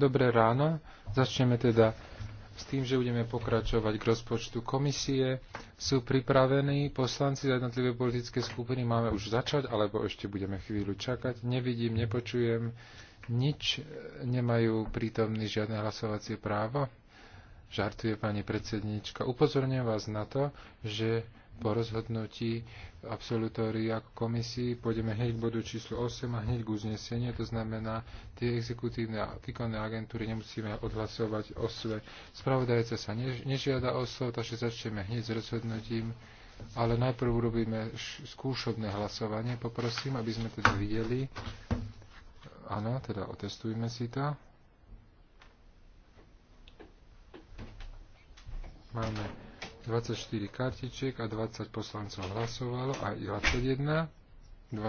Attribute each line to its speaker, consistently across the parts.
Speaker 1: Dobré ráno. Začneme teda s tým, že budeme pokračovať k rozpočtu komisie. Sú pripravení poslanci za jednotlivé politické skupiny? Máme už začať, alebo ešte budeme chvíľu čakať? Nevidím, nepočujem nič. E, nemajú prítomní žiadne hlasovacie právo? Žartuje pani predsedníčka. Upozorňujem vás na to, že po rozhodnutí absolutória ako komisii pôjdeme hneď k bodu číslo 8 a hneď k uzneseniu. To znamená, tie exekutívne a výkonné agentúry nemusíme odhlasovať o sve. Spravodajca sa nežiada o slovo, takže začneme hneď s rozhodnutím. Ale najprv urobíme skúšobné hlasovanie. Poprosím, aby sme teda videli. Áno, teda otestujme si to. Máme 24 kartičiek a 20 poslancov hlasovalo, a 21, 22.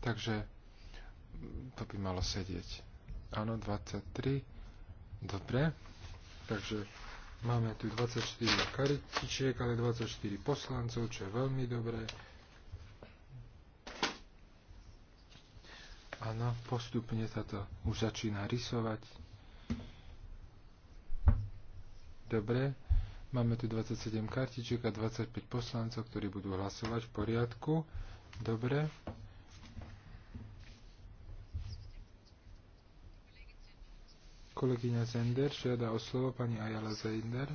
Speaker 1: Takže to by malo sedieť. Áno, 23. Dobre. Takže máme tu 24 kartičiek, ale 24 poslancov, čo je veľmi dobré. Áno, postupne sa to už začína rysovať. Dobre, máme tu 27 kartičiek a 25 poslancov, ktorí budú hlasovať v poriadku. Dobre. Kolegyňa Zender žiada o slovo pani Ajala Zender.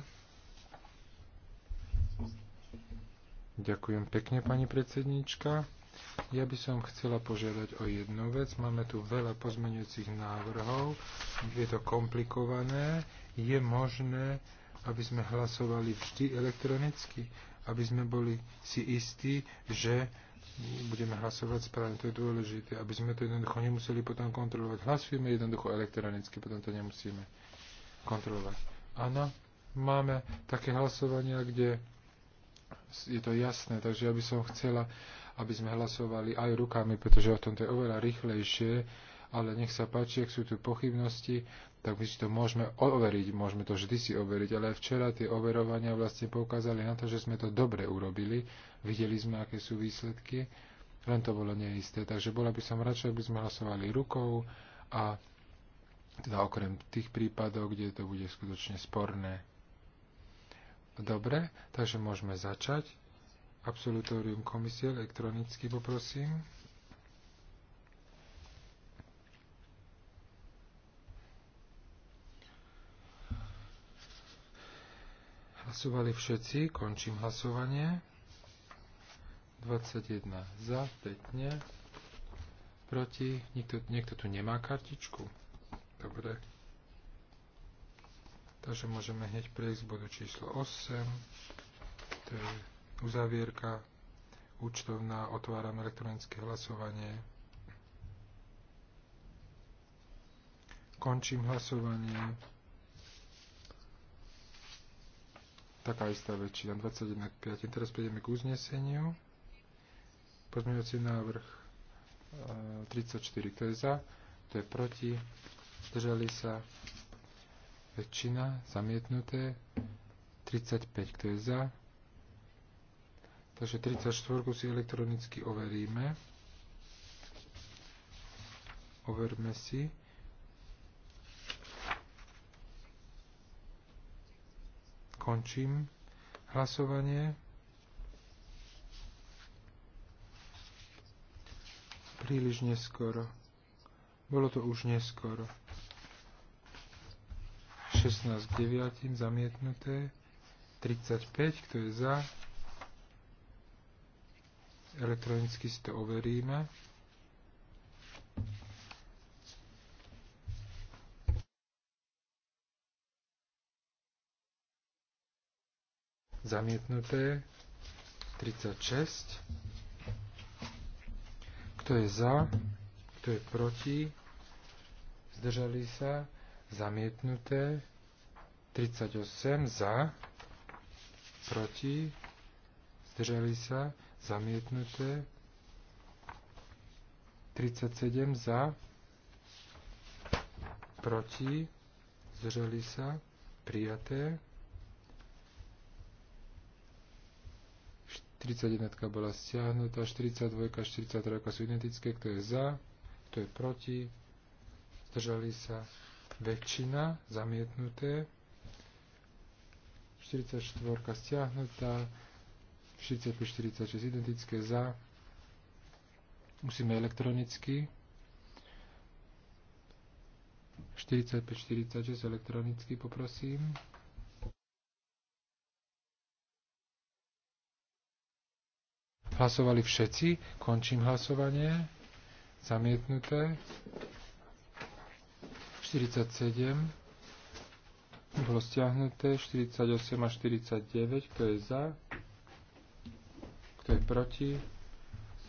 Speaker 1: Ďakujem pekne, pani predsednička. Ja by som chcela požiadať o jednu vec. Máme tu veľa pozmeňujúcich návrhov. Je to komplikované. Je možné aby sme hlasovali vždy elektronicky, aby sme boli si istí, že budeme hlasovať správne. To je dôležité, aby sme to jednoducho nemuseli potom kontrolovať. Hlasujeme jednoducho elektronicky, potom to nemusíme kontrolovať. Áno, máme také hlasovania, kde je to jasné, takže ja by som chcela, aby sme hlasovali aj rukami, pretože o tom to je oveľa rýchlejšie, ale nech sa páči, ak sú tu pochybnosti, tak my si to môžeme overiť, môžeme to vždy si overiť, ale včera tie overovania vlastne poukázali na to, že sme to dobre urobili, videli sme, aké sú výsledky, len to bolo neisté. Takže bola by som radšej, aby sme hlasovali rukou a teda okrem tých prípadov, kde to bude skutočne sporné. Dobre, takže môžeme začať. Absolutórium komisie elektronicky poprosím. Hlasovali všetci, končím hlasovanie. 21 za, 5 nie. Proti, niekto, niekto tu nemá kartičku. Dobre. Takže môžeme hneď prejsť k bodu číslo 8. To je uzavierka účtovná. Otváram elektronické hlasovanie. Končím hlasovanie. taká istá väčšina, 21 5. Teraz prejdeme k uzneseniu. Pozmeňujúci návrh 34, e, kto je za, kto je proti, zdržali sa, väčšina, zamietnuté, 35, kto je za. Takže 34 si elektronicky overíme. Overme si. Končím hlasovanie. Príliš neskoro. Bolo to už neskoro. 16 k 9 zamietnuté. 35, kto je za. Elektronicky si to overíme. zamietnuté. 36. Kto je za? Kto je proti? Zdržali sa? Zamietnuté. 38. Za? Proti? Zdržali sa? Zamietnuté. 37. Za? Proti? Zdržali sa? Prijaté. 31 bola stiahnutá, 42 a 43 sú identické, kto je za, kto je proti, zdržali sa väčšina, zamietnuté, 44 stiahnutá, 45, 46 identické za, musíme elektronicky, 45, 46 elektronicky poprosím. Hlasovali všetci. Končím hlasovanie. Zamietnuté. 47. Bolo stiahnuté. 48 a 49. Kto je za? Kto je proti?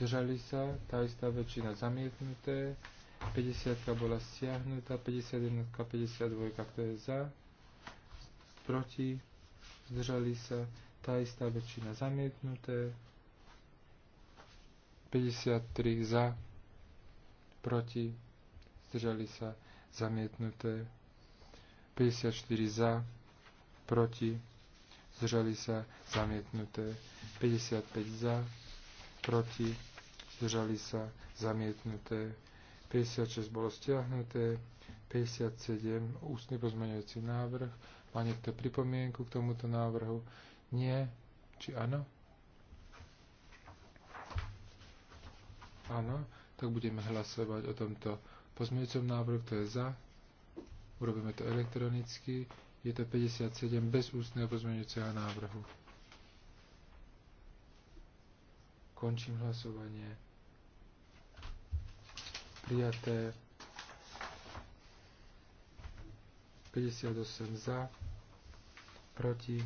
Speaker 1: Zdržali sa. Tá istá väčšina zamietnuté. 50 bola stiahnutá. 51, 52. Kto je za? Proti? Zdržali sa. Tá istá väčšina zamietnuté. 53 za, proti, zdržali sa, zamietnuté. 54 za, proti, zdržali sa, zamietnuté. 55 za, proti, zdržali sa, zamietnuté. 56 bolo stiahnuté, 57 ústny pozmeňujúci návrh. Má niekto pripomienku k tomuto návrhu? Nie? Či áno? Áno, tak budeme hlasovať o tomto pozmeňujúcom návrhu, kto je za. Urobíme to elektronicky. Je to 57 bez ústneho pozmeňujúceho návrhu. Končím hlasovanie. Prijaté 58 za, proti,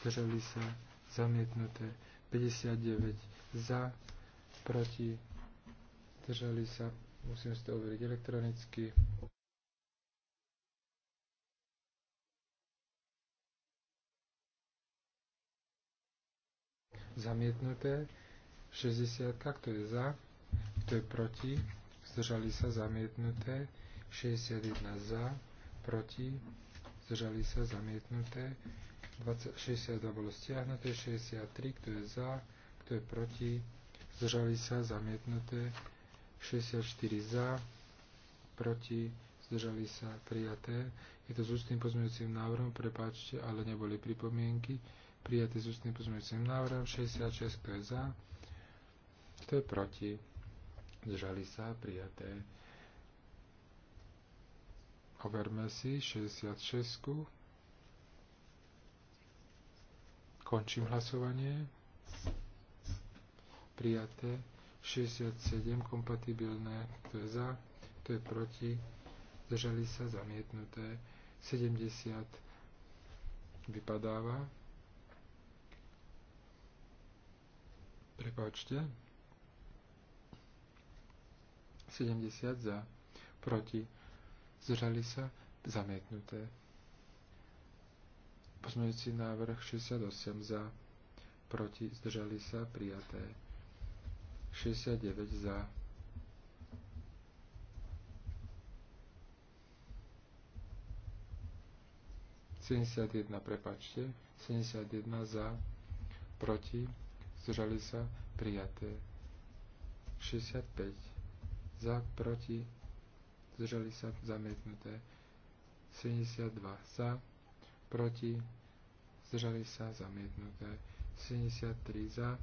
Speaker 1: zdržali sa, zamietnuté 59 za, proti, zdržali sa, musím si to overiť elektronicky. Zamietnuté. 60, kto je za, kto je proti, zdržali sa zamietnuté, 61 za, proti, zdržali sa zamietnuté, 20, 62 bolo stiahnuté, 63, kto je za, kto je proti, zdržali sa, zamietnuté, 64 za, proti, zdržali sa, prijaté. Je to s ústnym pozmeňujúcim návrhom, prepáčte, ale neboli pripomienky. Prijaté s ústnym pozmeňujúcim návrhom, 66, kto je za, kto je proti, zdržali sa, prijaté. Overme si 66. Končím hlasovanie prijaté, 67 kompatibilné, kto je za, kto je proti, zdržali sa zamietnuté, 70 vypadáva, prepáčte, 70 za, proti, zdržali sa zamietnuté. Pozmeňujúci návrh 68 za, proti, zdržali sa prijaté. 69 za. prepačte, 71 za, proti, zdržali sa, prijaté. 65 za, proti, zdržali sa, zamietnuté. 72 za, proti, zdržali sa, zamietnuté. 73 za,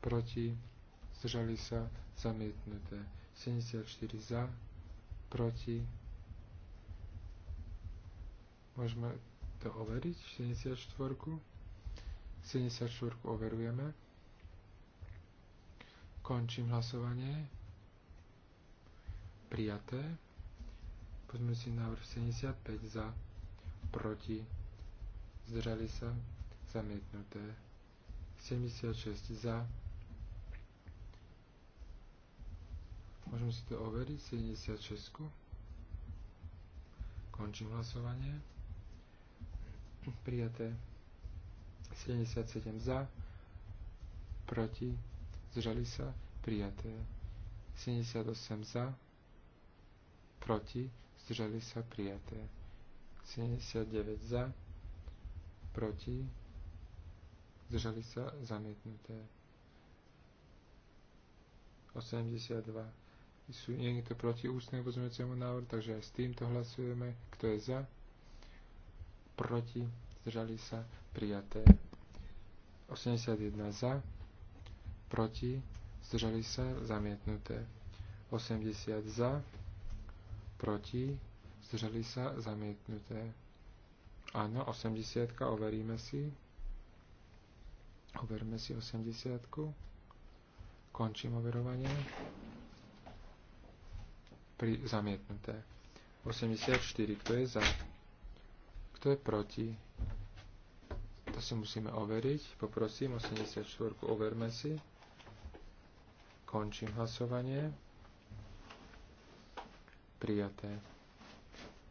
Speaker 1: proti, zdržali sa, zamietnuté. 74 za, proti. Môžeme to overiť, 74. 74 overujeme. Končím hlasovanie. Prijaté. si návrh 75 za, proti. Zdržali sa, zamietnuté. 76 za, Môžeme si to overiť. 76. Končím hlasovanie. Prijaté. 77 za. Proti. Zdržali sa. Prijaté. 78 za. Proti. Zdržali sa. Prijaté. 79 za. Proti. Zdržali sa. Zamietnuté. 82 sú, nie je to proti ústnemu pozmeňujúcemu návrhu, takže aj s týmto hlasujeme. Kto je za? Proti? Zdržali sa? Prijaté. 81 za? Proti? Zdržali sa? Zamietnuté. 80 za? Proti? Zdržali sa? Zamietnuté. Áno, 80 overíme si. Overme si 80 Končím overovanie pri zamietnuté. 84, kto je za, kto je proti. To si musíme overiť. Poprosím, 84 overme si. Končím hlasovanie. Prijaté.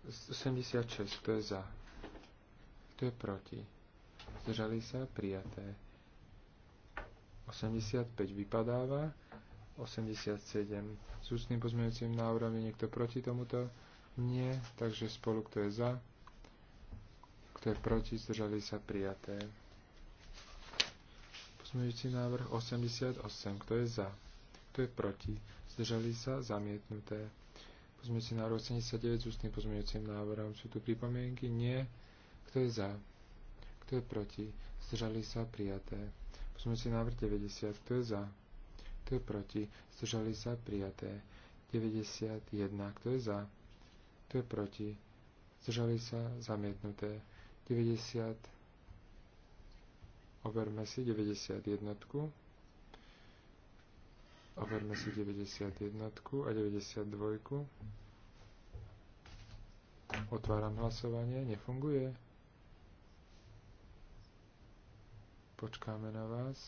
Speaker 1: 86, kto je za, kto je proti. Zdržali sa, prijaté. 85 vypadáva. 87 s ústnym pozmeňujúcim návrhom. Je niekto proti tomuto? Nie. Takže spolu, kto je za? Kto je proti? Zdržali sa prijaté. Pozmeňujúci návrh 88. Kto je za? Kto je proti? Zdržali sa? Zamietnuté. Pozmeňujúci návrh 89 s ústnym pozmeňujúcim návrhom. Sú tu pripomienky? Nie. Kto je za? Kto je proti? Zdržali sa? Prijaté. Pozmeňujúci návrh 90. Kto je za? kto je proti, zdržali sa prijaté. 91, kto je za, kto je proti, zdržali sa zamietnuté. 90, overme si 91, overme si 91 a 92. Otváram hlasovanie, nefunguje. Počkáme na vás.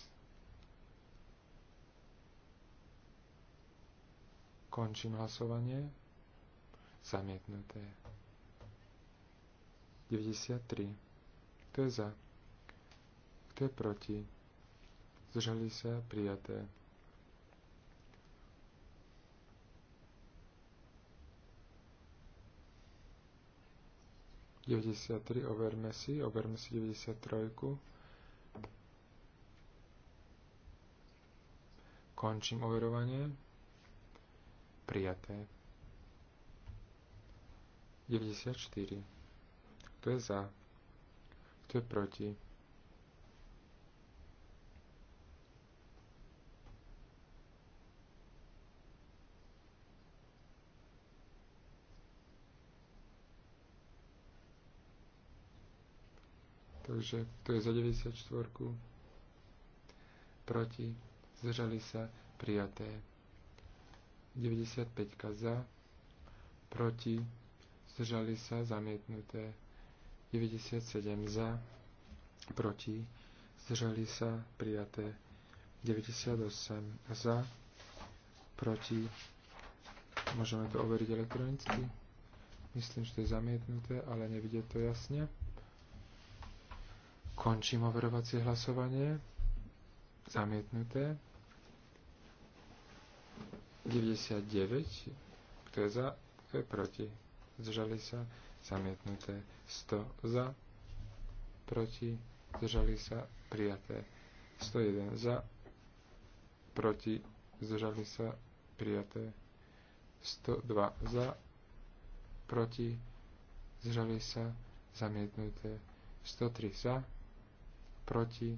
Speaker 1: Končím hlasovanie. Zamietnuté. 93. Kto je za? Kto je proti? Zdržali sa prijaté. Deväťdesiattri, overme si, overme si 93. Končím overovanie prijaté. 94. Kto je za? Kto je proti? Takže to je za 94. Proti. Zdržali sa prijaté. 95 za, proti, zdržali sa, zamietnuté. 97 za, proti, zdržali sa, prijaté. 98 za, proti, môžeme to overiť elektronicky. Myslím, že to je zamietnuté, ale nevidie to jasne. Končím overovacie hlasovanie. Zamietnuté. 99, kto je za, kto je proti, zdržali sa, zamietnuté. 100 za, proti, zdržali sa, prijaté. 101 za, proti, zdržali sa, prijaté. 102 za, proti, zdržali sa, zamietnuté. 103 za, proti,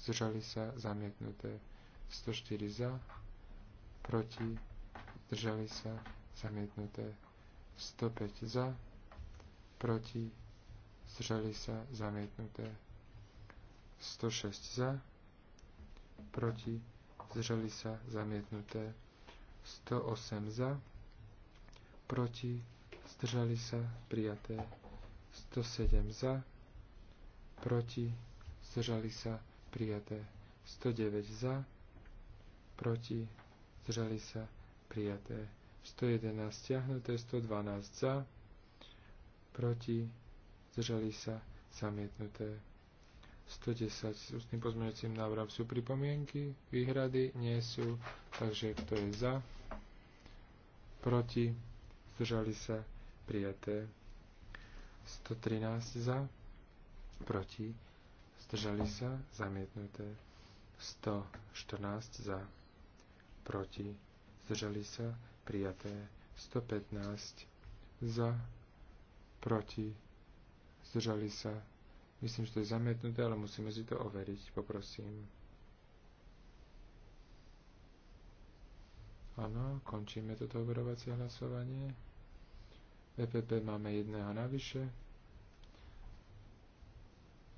Speaker 1: zdržali sa, zamietnuté. 104 za, proti, zdržali sa, zamietnuté. 105 za, proti, zdržali sa, zamietnuté. 106 za, proti, zdržali sa, zamietnuté. 108 za, proti, zdržali sa, prijaté. 107 za, proti, zdržali sa, prijaté. 109 za, proti, zdržali sa prijaté. 111 stiahnuté, 112 za, proti, zdržali sa zamietnuté. 110 s ústnym pozmeňujúcim návrhom sú pripomienky, výhrady nie sú, takže kto je za, proti, zdržali sa prijaté. 113 za, proti, zdržali sa zamietnuté. 114 za proti, zdržali sa, prijaté 115 za, proti, zdržali sa. Myslím, že to je zamietnuté, ale musíme si to overiť, poprosím. Áno, končíme toto overovacie hlasovanie. EPP máme jedného navyše.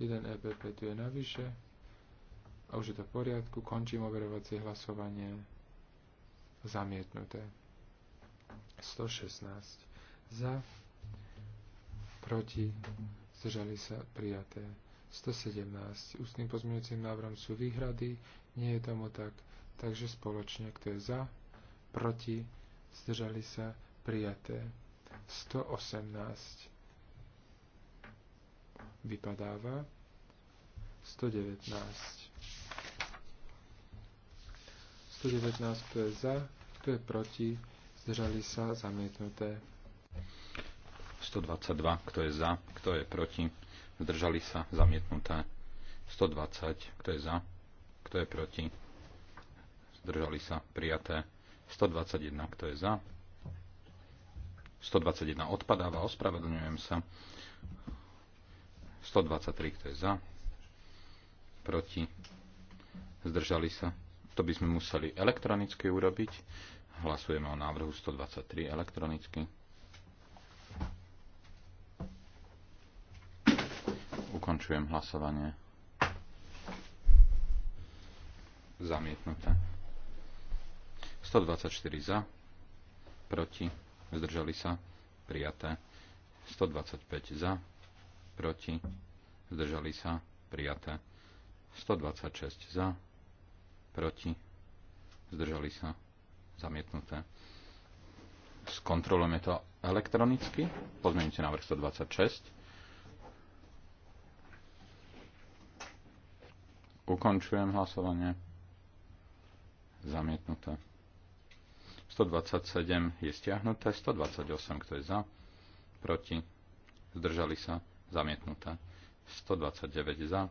Speaker 1: Jeden EPP tu je navyše. A už je to v poriadku, končím overovacie hlasovanie zamietnuté. 116 za, proti, zdržali sa prijaté. 117. Ústnym pozmeňujúcim návrhom sú výhrady, nie je tomu tak, takže spoločne, kto je za, proti, zdržali sa prijaté. 118 vypadáva. 119 119, kto je za, kto je proti, zdržali sa, zamietnuté.
Speaker 2: 122, kto je za, kto je proti, zdržali sa, zamietnuté. 120, kto je za, kto je proti, zdržali sa, prijaté. 121, kto je za, 121 odpadáva, ospravedlňujem sa. 123, kto je za, proti, zdržali sa, to by sme museli elektronicky urobiť. Hlasujeme o návrhu 123 elektronicky. Ukončujem hlasovanie. Zamietnuté. 124 za, proti, zdržali sa, prijaté. 125 za, proti, zdržali sa, prijaté. 126 za, proti, zdržali sa, zamietnuté. Skontrolujeme to elektronicky. Pozmeňujte návrh 126. Ukončujem hlasovanie. Zamietnuté. 127 je stiahnuté, 128 kto je za, proti, zdržali sa, zamietnuté. 129 za,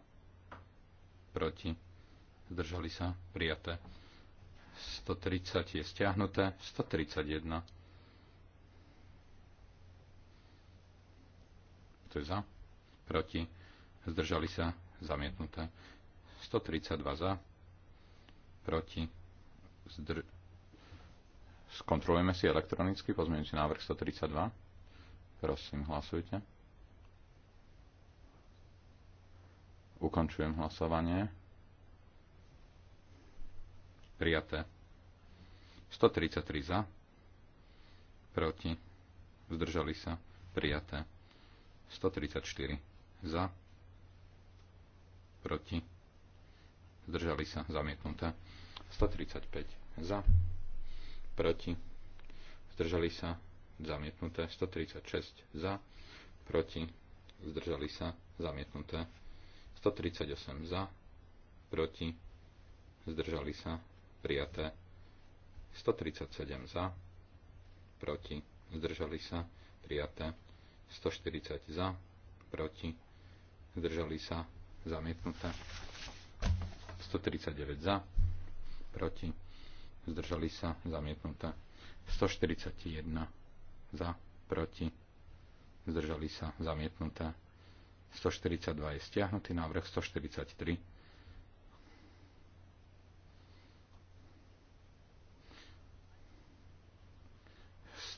Speaker 2: proti, zdržali sa, prijaté. 130 je stiahnuté, 131. Kto je za? Proti? Zdržali sa? Zamietnuté. 132 za. Proti? Zdr... Skontrolujeme si elektronicky pozmeňujúci návrh 132. Prosím, hlasujte. Ukončujem hlasovanie. Prijaté. 133 za. Proti. Zdržali sa. Prijaté. 134 za. Proti. Zdržali sa. Zamietnuté. 135 za. Proti. Zdržali sa. Zamietnuté. 136 za. Proti. Zdržali sa. Zamietnuté. 138 za. Proti. Zdržali sa prijaté. 137 za, proti, zdržali sa, prijaté. 140 za, proti, zdržali sa, zamietnuté. 139 za, proti, zdržali sa, zamietnuté. 141 za, proti, zdržali sa, zamietnuté. 142 je stiahnutý návrh, 143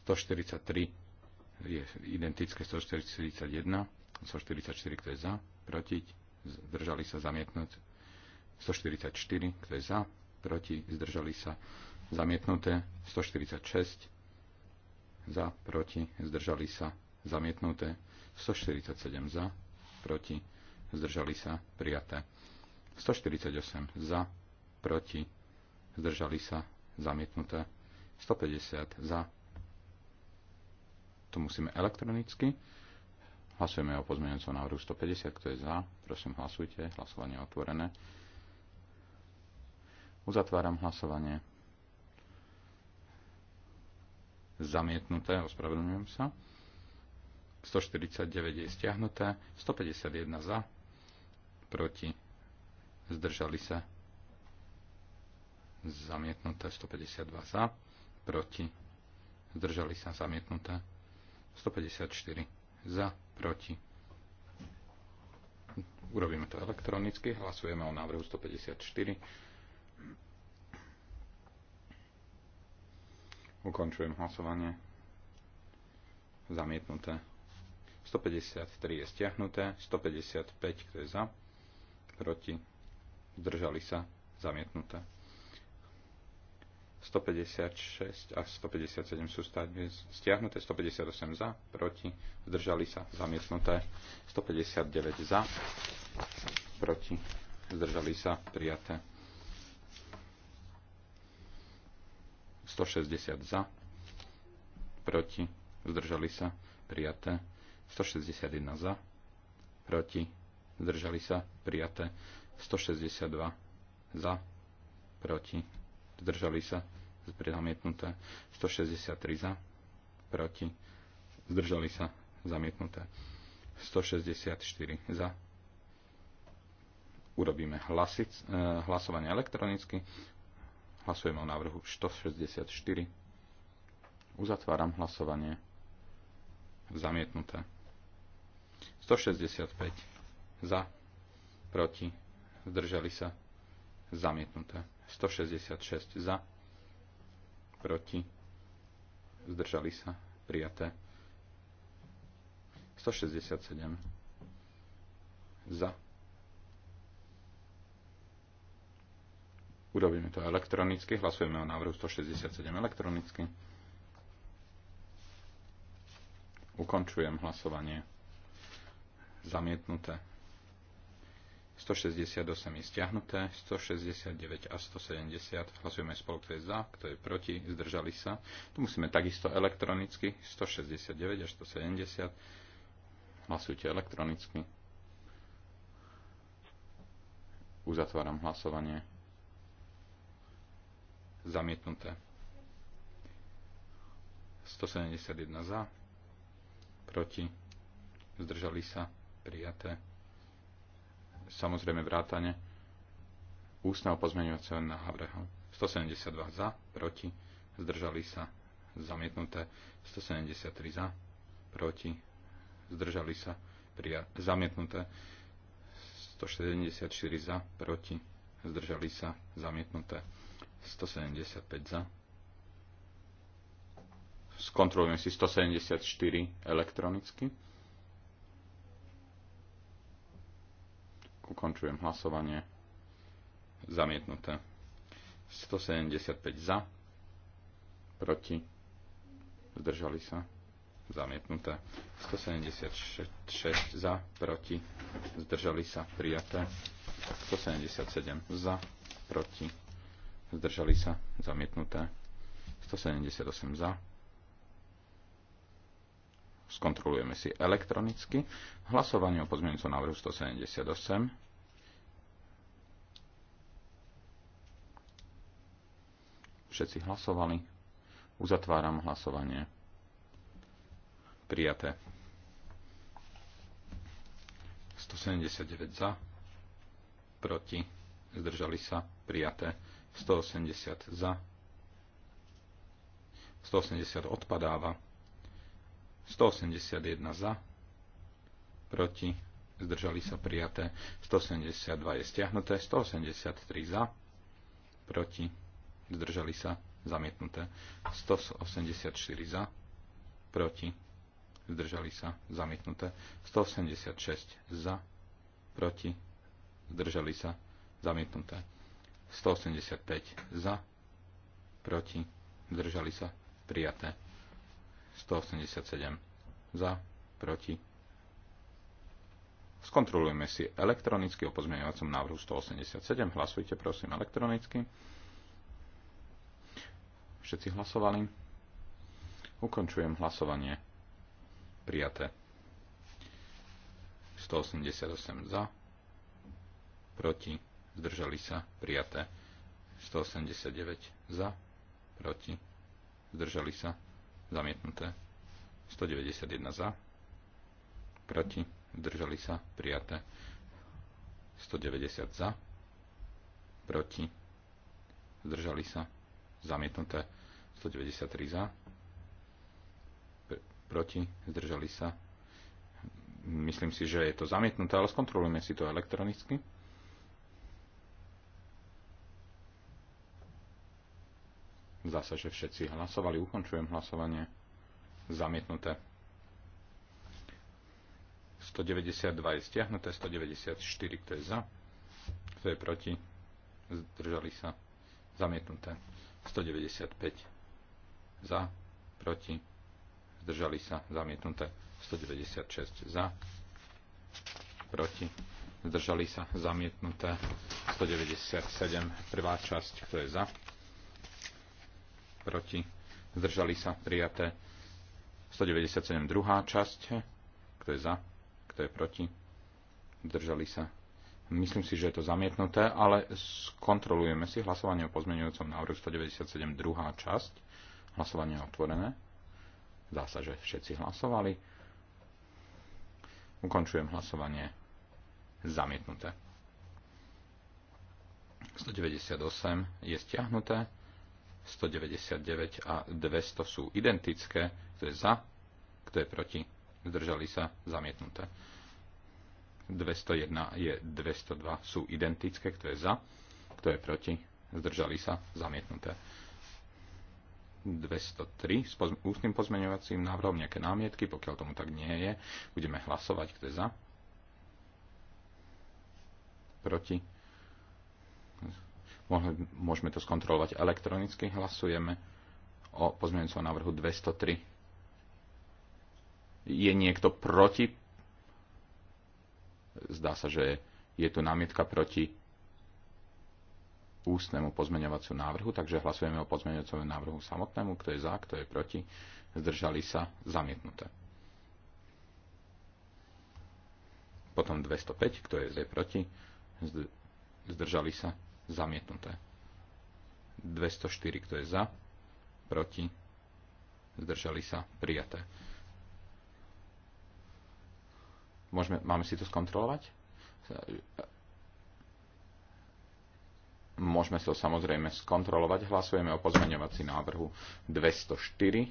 Speaker 2: 143 je identické 141, 144, kto je za, proti, zdržali sa zamietnúť, 144, kto je za, proti, zdržali sa zamietnuté, 146, za, proti, zdržali sa zamietnuté, 147 za, proti, zdržali sa prijaté, 148 za, proti, zdržali sa zamietnuté, 150 za, to musíme elektronicky. Hlasujeme o pozmeňujúcom návrhu 150, kto je za. Prosím, hlasujte. Hlasovanie je otvorené. Uzatváram hlasovanie. Zamietnuté, ospravedlňujem sa. 149 je stiahnuté, 151 za, proti, zdržali sa, zamietnuté, 152 za, proti, zdržali sa, zamietnuté. 154 za, proti. Urobíme to elektronicky. Hlasujeme o návrhu 154. Ukončujem hlasovanie. Zamietnuté. 153 je stiahnuté. 155, kto je za, proti. Zdržali sa. Zamietnuté. 156 a 157 sú stiahnuté, 158 za, proti, zdržali sa, zamietnuté, 159 za, proti, zdržali sa, prijaté, 160 za, proti, zdržali sa, prijaté, 161 za, proti, zdržali sa, prijaté, 162 za, proti, zdržali sa, zamietnuté. 163 za, proti, zdržali sa, zamietnuté. 164 za. Urobíme hlasic, e, hlasovanie elektronicky. Hlasujeme o návrhu 164. Uzatváram hlasovanie. Zamietnuté. 165 za, proti, zdržali sa, zamietnuté. 166 za, proti, zdržali sa, prijaté. 167 za. Urobíme to elektronicky, hlasujeme o návrhu 167 elektronicky. Ukončujem hlasovanie. Zamietnuté. 168 je stiahnuté, 169 a 170. Hlasujeme spolu, kto je za, kto je proti, zdržali sa. Tu musíme takisto elektronicky, 169 a 170. Hlasujte elektronicky. Uzatváram hlasovanie. Zamietnuté. 171 za, proti, zdržali sa, prijaté samozrejme vrátane ústneho pozmeňovacieho Havreho. 172 za, proti, zdržali sa, zamietnuté. 173 za, proti, zdržali sa, prija- zamietnuté. 174 za, proti, zdržali sa, zamietnuté. 175 za. Skontrolujeme si 174 elektronicky. Ukončujem hlasovanie. Zamietnuté. 175 za. Proti. Zdržali sa. Zamietnuté. 176 za. Proti. Zdržali sa. Prijaté. 177 za. Proti. Zdržali sa. Zamietnuté. 178 za Skontrolujeme si elektronicky. Hlasovanie o pozmeňujúcom návrhu 178. Všetci hlasovali. Uzatváram hlasovanie. Prijaté. 179 za, proti, zdržali sa, prijaté. 180 za, 180 odpadáva, 181 za, proti, zdržali sa prijaté, 172 je stiahnuté, 183 za, proti, zdržali sa zamietnuté, 184 za, proti, zdržali sa zamietnuté, 186 za, proti, zdržali sa zamietnuté, 185 za, proti, zdržali sa prijaté. 187 za, proti. Skontrolujeme si elektronicky o pozmeňovacom návrhu 187. Hlasujte prosím elektronicky. Všetci hlasovali. Ukončujem hlasovanie. Prijaté. 188 za. Proti. Zdržali sa. Prijaté. 189 za. Proti. Zdržali sa zamietnuté. 191 za, proti, zdržali sa, prijaté. 190 za, proti, zdržali sa, zamietnuté. 193 za, pr- proti, zdržali sa. Myslím si, že je to zamietnuté, ale skontrolujeme si to elektronicky. Zdá sa, že všetci hlasovali. Ukončujem hlasovanie. Zamietnuté. 192 je stiahnuté, 194 kto je za, kto je proti, zdržali sa, zamietnuté. 195 za, proti, zdržali sa, zamietnuté. 196 za, proti, zdržali sa, zamietnuté. 197 prvá časť, kto je za, proti, zdržali sa, prijaté. 197, druhá časť, kto je za, kto je proti, zdržali sa. Myslím si, že je to zamietnuté, ale skontrolujeme si hlasovanie o pozmeňujúcom návrhu 197, druhá časť. Hlasovanie je otvorené. Zdá sa, že všetci hlasovali. Ukončujem hlasovanie. Zamietnuté. 198 je stiahnuté. 199 a 200 sú identické. Kto je za, kto je proti, zdržali sa, zamietnuté. 201 je 202 sú identické. Kto je za, kto je proti, zdržali sa, zamietnuté. 203 s ústnym pozmeňovacím návrhom nejaké námietky, pokiaľ tomu tak nie je, budeme hlasovať, kto je za, proti, Môžeme to skontrolovať elektronicky. Hlasujeme o pozmeňujúcom návrhu 203. Je niekto proti? Zdá sa, že je tu námietka proti ústnemu pozmeňovaciu návrhu, takže hlasujeme o pozmeňovacom návrhu samotnému, kto je za, kto je proti, zdržali sa, zamietnuté. Potom 205, kto je proti, zdržali sa, Zamietnuté. 204, kto je za, proti, zdržali sa, prijaté. Môžeme, máme si to skontrolovať? Môžeme to samozrejme skontrolovať. Hlasujeme o pozmeňovací návrhu 204.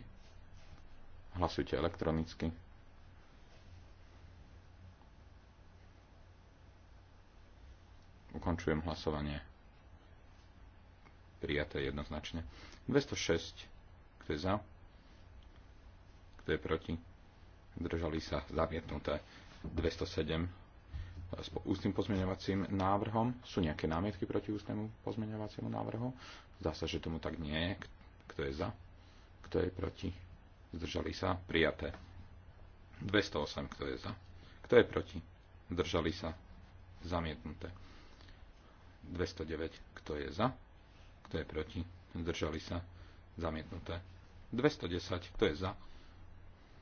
Speaker 2: Hlasujte elektronicky. Ukončujem hlasovanie prijaté jednoznačne. 206, kto je za, kto je proti, Držali sa zamietnuté. 207 s ústnym pozmeňovacím návrhom. Sú nejaké námietky proti ústnemu pozmeňovaciemu návrhu? Zdá sa, že tomu tak nie je. Kto je za? Kto je proti? Zdržali sa? Prijaté. 208, kto je za? Kto je proti? Zdržali sa? Zamietnuté. 209, kto je za? Kto je proti? Zdržali sa. Zamietnuté. 210. Kto je za?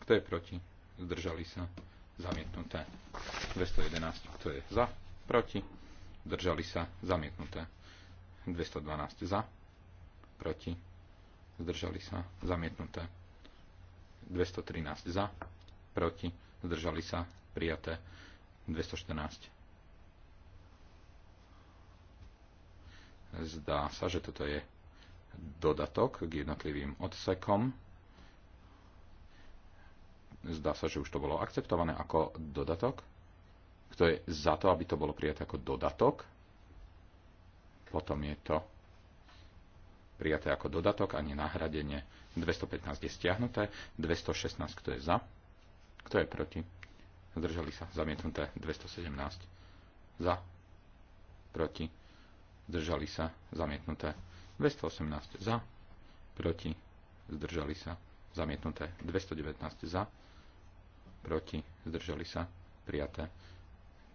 Speaker 2: Kto je proti? Zdržali sa. Zamietnuté. 211. Kto je za? Proti. Zdržali sa. Zamietnuté. 212 za. Proti. Zdržali sa. Zamietnuté. 213 za. Proti. Zdržali sa. Prijaté. 214 Zdá sa, že toto je dodatok k jednotlivým odsekom. Zdá sa, že už to bolo akceptované ako dodatok. Kto je za to, aby to bolo prijaté ako dodatok? Potom je to prijaté ako dodatok a nenahradenie. 215 je stiahnuté, 216 kto je za, kto je proti. Zdržali sa, zamietnuté 217 za, proti zdržali sa, zamietnuté. 218 za, proti, zdržali sa, zamietnuté. 219 za, proti, zdržali sa, prijaté.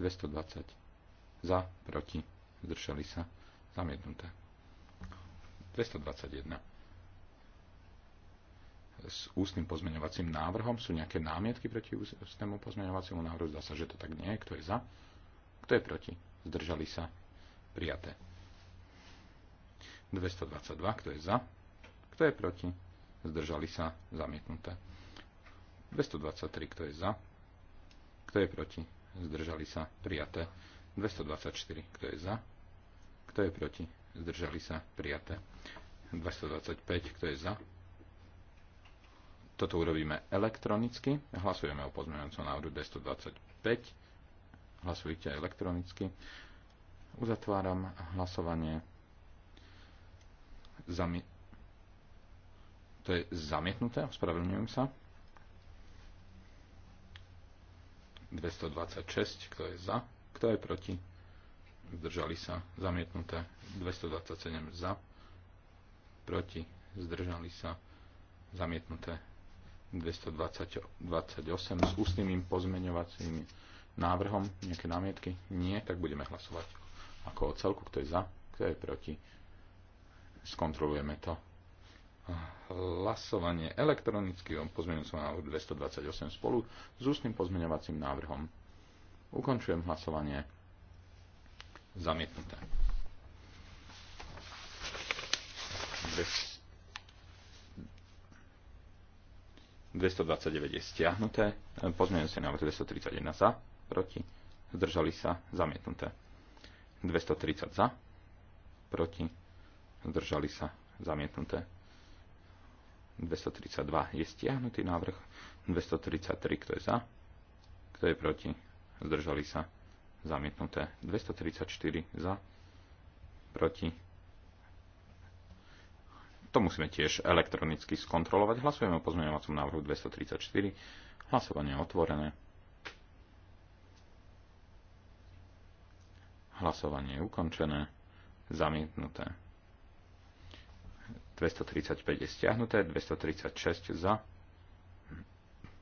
Speaker 2: 220 za, proti, zdržali sa, zamietnuté. 221 s ústnym pozmeňovacím návrhom. Sú nejaké námietky proti ústnemu pozmeňovaciemu návrhu? Zdá sa, že to tak nie je. Kto je za? Kto je proti? Zdržali sa? Prijaté. 222, kto je za, kto je proti, zdržali sa, zamietnuté. 223, kto je za, kto je proti, zdržali sa, prijaté. 224, kto je za, kto je proti, zdržali sa, prijaté. 225, kto je za. Toto urobíme elektronicky. Hlasujeme o pozmeňujúcom návrhu 225. Hlasujte elektronicky. Uzatváram hlasovanie. Zami- to je zamietnuté, ospravedlňujem sa. 226, kto je za, kto je proti, zdržali sa, zamietnuté, 227 za, proti, zdržali sa, zamietnuté, 228 s ústnym pozmeňovacím návrhom, nejaké námietky? Nie, tak budeme hlasovať ako o celku, kto je za, kto je proti, Skontrolujeme to. Hlasovanie elektronicky o pozmeňujúcom návrhu 228 spolu s ústnym pozmeňovacím návrhom. Ukončujem hlasovanie. Zamietnuté. 229 je stiahnuté. Pozmeňujúci návrh 231 za, proti. Zdržali sa, zamietnuté. 230 za, proti zdržali sa zamietnuté. 232 je stiahnutý návrh. 233, kto je za, kto je proti, zdržali sa zamietnuté. 234 za, proti. To musíme tiež elektronicky skontrolovať. Hlasujeme o pozmeňovacom návrhu 234. Hlasovanie je otvorené. Hlasovanie je ukončené. Zamietnuté. 235 je stiahnuté, 236 za,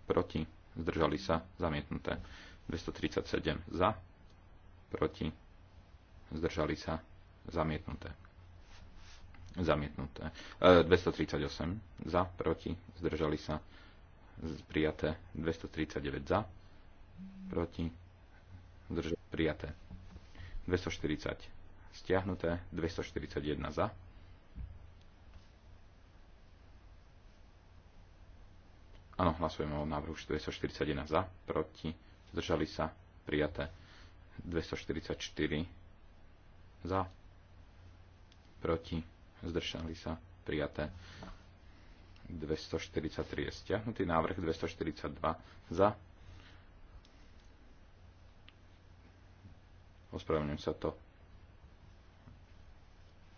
Speaker 2: proti, zdržali sa, zamietnuté. 237 za, proti, zdržali sa, zamietnuté. Zamietnuté. E, 238 za, proti, zdržali sa, prijaté. 239 za, proti, zdržali, prijaté. 240 stiahnuté, 241 za, Áno, hlasujeme o návrhu 241 za, proti, zdržali sa, prijaté 244 za, proti, zdržali sa, prijaté 243 je stiahnutý, návrh 242 za. Ospravedlňujem sa to.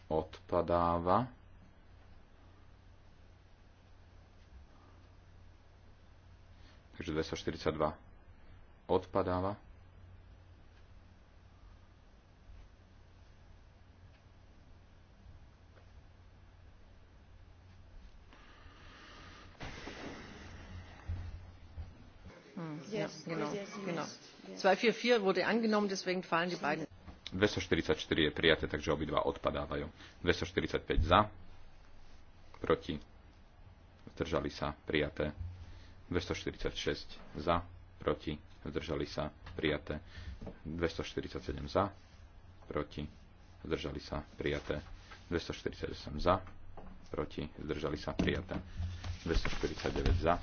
Speaker 2: Odpadáva. Takže 242 odpadáva. Hm, je prijaté, takže obidva odpadávajú. 245 za, proti, zdržali sa, prijaté. 246 za, proti, zdržali sa, prijaté. 247 za, proti, zdržali sa, prijaté. 248 za, proti, zdržali sa, prijaté. 249 za,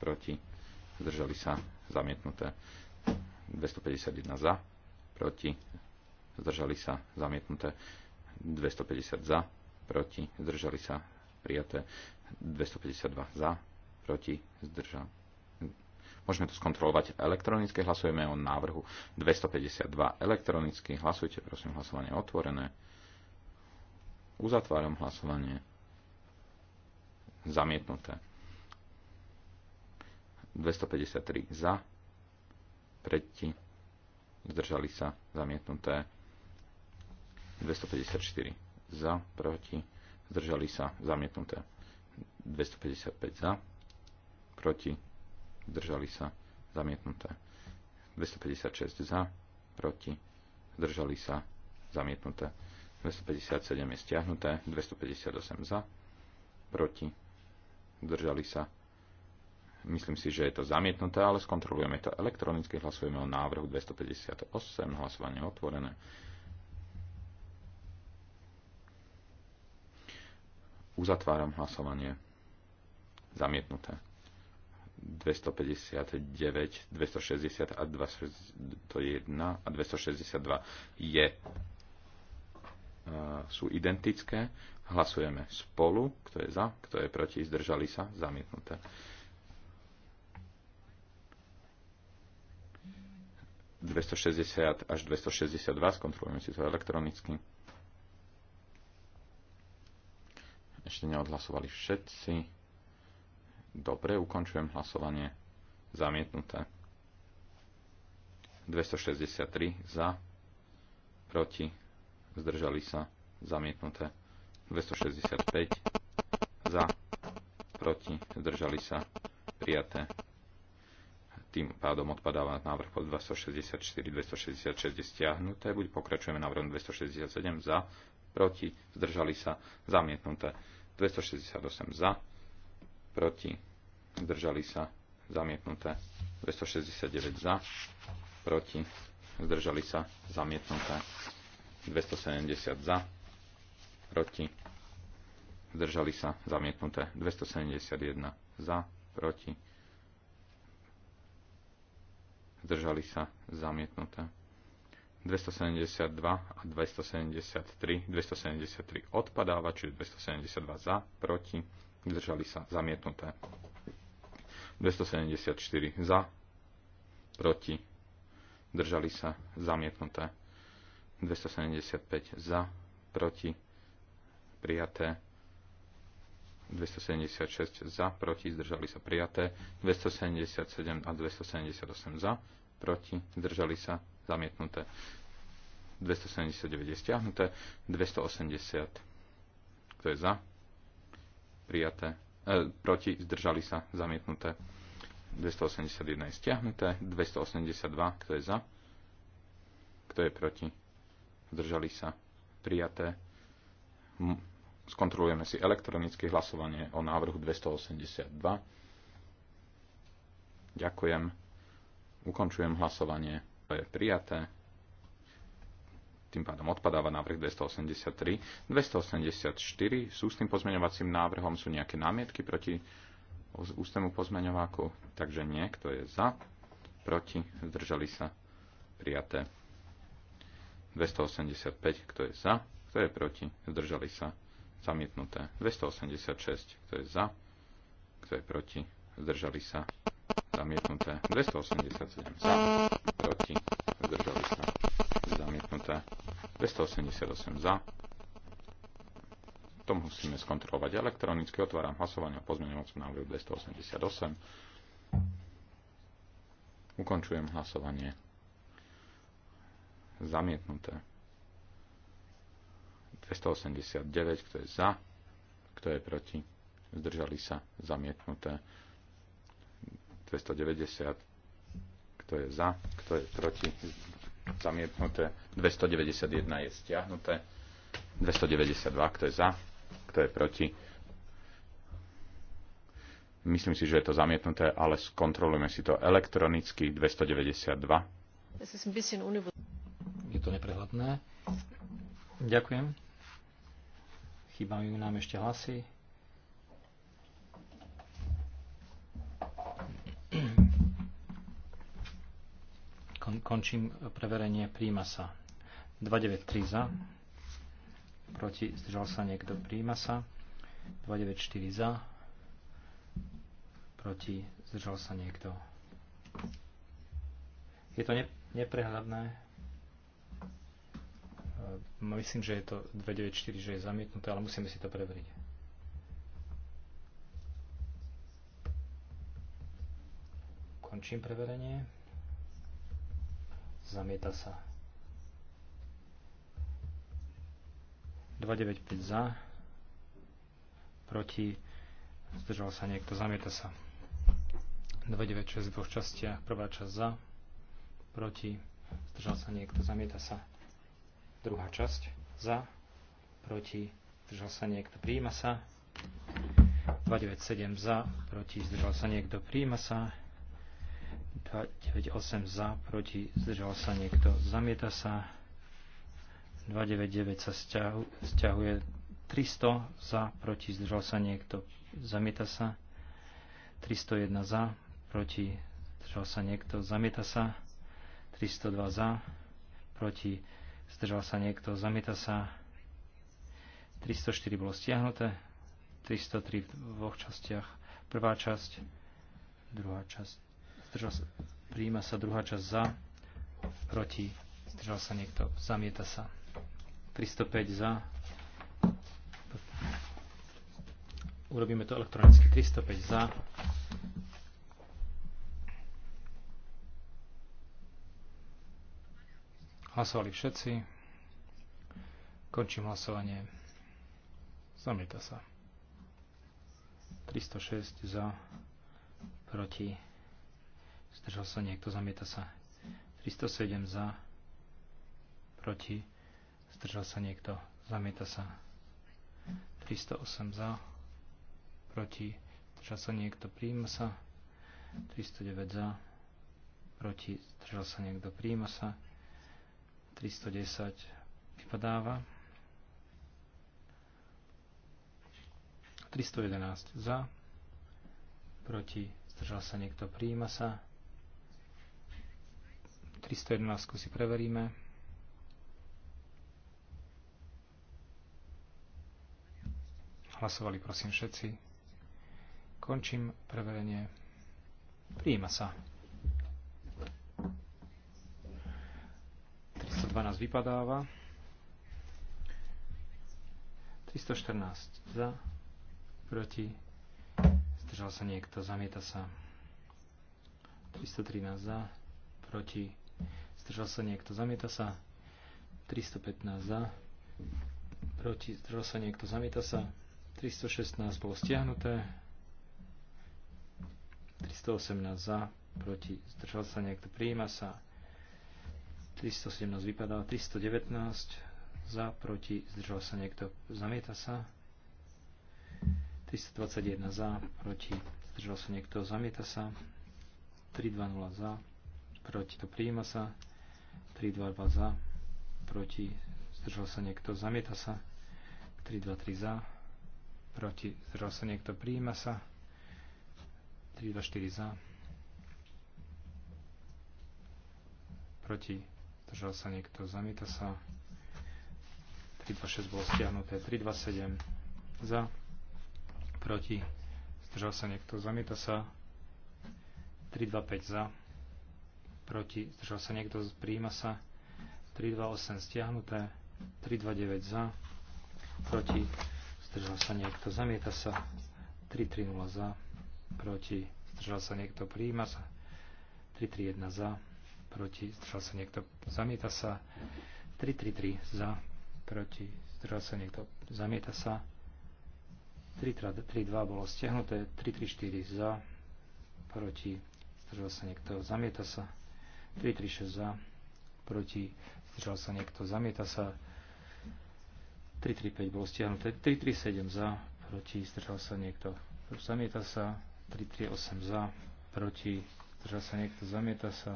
Speaker 2: proti, zdržali sa, zamietnuté. 251 za, proti, zdržali sa, zamietnuté. 250 za, proti, zdržali sa, prijaté. 252 za, proti, zdržan. Môžeme to skontrolovať elektronicky. Hlasujeme o návrhu 252 elektronicky. Hlasujte, prosím, hlasovanie otvorené. Uzatváram hlasovanie. Zamietnuté. 253 za, proti, zdržali sa, zamietnuté. 254 za, proti, zdržali sa, zamietnuté. 255 za, proti, zdržali sa, zamietnuté. 256 za, proti, zdržali sa, zamietnuté. 257 je stiahnuté, 258 za, proti, zdržali sa. Myslím si, že je to zamietnuté, ale skontrolujeme to elektronicky, hlasujeme o návrhu 258, hlasovanie otvorené. Uzatváram hlasovanie. Zamietnuté. 259, 260 a 261 a 262 je, e, sú identické. Hlasujeme spolu, kto je za, kto je proti, zdržali sa, zamietnuté. ...260 až 262, skontrolujeme si to elektronicky. Ešte neodhlasovali všetci. Dobre, ukončujem hlasovanie. Zamietnuté. 263 za, proti, zdržali sa, zamietnuté. 265 za, proti, zdržali sa, prijaté. Tým pádom odpadáva návrh pod 264, 266 je stiahnuté. Buď pokračujeme návrhom 267 za, proti, zdržali sa, zamietnuté. 268 za, proti, zdržali sa, zamietnuté. 269 za, proti, zdržali sa, zamietnuté. 270 za, proti, zdržali sa, zamietnuté. 271 za, proti, zdržali sa, zamietnuté. 272 a 273, 273 odpadáva, čiže 272 za, proti, zdržali sa, zamietnuté. 274 za, proti, zdržali sa, zamietnuté. 275 za, proti, prijaté. 276 za, proti, zdržali sa, prijaté. 277 a 278 za, proti, zdržali sa, zamietnuté. 279 je stiahnuté, 280 kto je za, prijaté, e, proti, zdržali sa, zamietnuté. 281 je stiahnuté, 282, kto je za, kto je proti, zdržali sa, prijaté. Skontrolujeme si elektronické hlasovanie o návrhu 282. Ďakujem. Ukončujem hlasovanie. To je prijaté tým pádom odpadáva návrh 283. 284 sú s tým pozmeňovacím návrhom, sú nejaké námietky proti ústnemu pozmeňováku, takže nie, kto je za, proti, zdržali sa, prijaté. 285, kto je za, kto je proti, zdržali sa, zamietnuté. 286, kto je za, kto je proti, zdržali sa, zamietnuté. 287 za, proti, zdržali zamietnuté. 288 za. To musíme skontrolovať elektronicky. Otváram hlasovanie o pozmeňovacom návrhu 288. Ukončujem hlasovanie. Zamietnuté. 289, kto je za, kto je proti, zdržali sa, zamietnuté. 290, kto je za, kto je proti, zamietnuté, 291 je stiahnuté, 292, kto je za, kto je proti. Myslím si, že je to zamietnuté, ale skontrolujeme si to elektronicky, 292.
Speaker 3: Je to neprehľadné. Ďakujem. Chýbajú nám ešte hlasy. Kon, končím preverenie, príjma sa. 293 za, proti, zdržal sa niekto, príjma sa. 294 za, proti, zdržal sa niekto. Je to ne, neprehľadné. Ehm, myslím, že je to 294, že je zamietnuté, ale musíme si to preveriť. Končím preverenie. Zamieta sa. 295 za. Proti. Zdržal sa niekto. Zamieta sa. 296 dvoch častiach. Prvá časť za. Proti. Zdržal sa niekto. Zamieta sa. Druhá časť. Za. Proti. Zdržal sa niekto. Príjima sa. 297 za. Proti. Zdržal sa niekto. Príjima sa. 298 za, proti, zdržal sa niekto, zamieta sa. 299 sa stiahu, stiahuje 300 za, proti, zdržal sa niekto, zamieta sa. 301 za, proti, zdržal sa niekto, zamieta sa. 302 za, proti, zdržal sa niekto, zamieta sa. 304 bolo stiahnuté, 303 v dvoch častiach. Prvá časť, druhá časť zdržal sa, príjima sa druhá časť za, proti, zdržal sa niekto, zamieta sa. 305 za, urobíme to elektronicky, 305 za, Hlasovali všetci. Končím hlasovanie. Zamieta sa. 306 za, proti Zdržal sa niekto, zamieta sa. 307 za, proti, zdržal sa niekto, zamieta sa. 308 za, proti, zdržal sa niekto, príjma sa. 309 za, proti, zdržal sa niekto, príjma sa. 310 vypadáva. 311 za, proti, zdržal sa niekto, príjma sa. 311 si preveríme. Hlasovali prosím všetci. Končím preverenie. Prijíma sa. 312 vypadáva. 314 za, proti, zdržal sa niekto, zamieta sa. 313 za, proti, Zdržal sa niekto. Zamieta sa. 315 za. Proti. Zdržal sa niekto. Zamieta sa. 316 bolo stiahnuté. 318 za. Proti. Zdržal sa niekto. Prijíma sa. 317 vypadá. 319 za. Proti. Zdržal sa niekto. Zamieta sa. 321 za. Proti. Zdržal sa niekto. Zamieta sa. 320 za. Proti. To prijíma sa. 3-2 za, proti, zdržal sa niekto, zamieta sa, 323 za, proti, zdržal sa niekto, prijíma sa, 4 za, proti, zdržal sa niekto, zamieta sa, 326 bolo stiahnuté, 327 za, proti, zdržal sa niekto, zamieta sa, 325 za, proti, zdržal sa niekto, príjima sa. 328 stiahnuté, 329 za, proti, zdržal sa niekto, zamieta sa. 330 za, proti, zdržal sa niekto, príjima sa. 331 za, proti, zdržal sa niekto, zamieta sa. 333 za, proti, zdržal sa niekto, zamieta sa. 332 bolo stiahnuté, 334 za, proti, zdržal sa niekto, zamieta sa. 6 za, proti, zdržal sa niekto, zamieta sa. 5 bolo stiahnuté, 337 za, proti, zdržal sa niekto, zamieta sa. 338 za, proti, zdržal sa niekto, zamieta sa.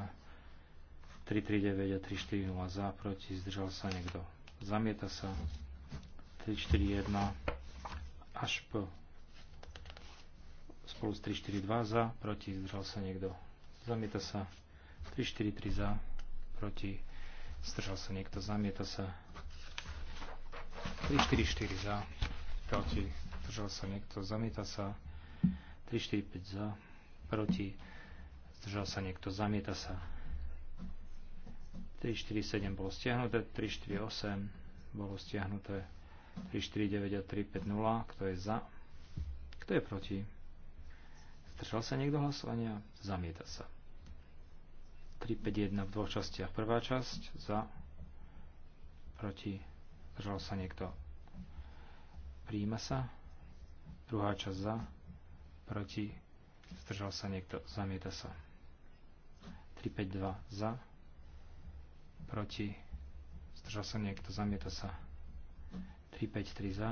Speaker 3: 339 a 340 za, proti, zdržal sa niekto, zamieta sa. 1 až po spolu s 3-2 za, proti, zdržal sa niekto, zamieta sa. 3-4-3 za, proti, stržal sa niekto, zamieta sa. 3-4-4 za, proti, stržal sa niekto, zamieta sa. 3-4-5 za, proti, stržal sa niekto, zamieta sa. 3-4-7 bolo stiahnuté, 3-4-8 bolo stiahnuté, 3-4-9 a 3-5-0, kto je za, kto je proti. Zdržal sa niekto hlasovania? Zamieta sa. 351 v dvoch častiach. Prvá časť za, proti, zdržal sa niekto. Príjima sa. Druhá časť za, proti, zdržal sa niekto. Zamieta sa. 352 za, proti, zdržal sa niekto. Zamieta sa. 353 za,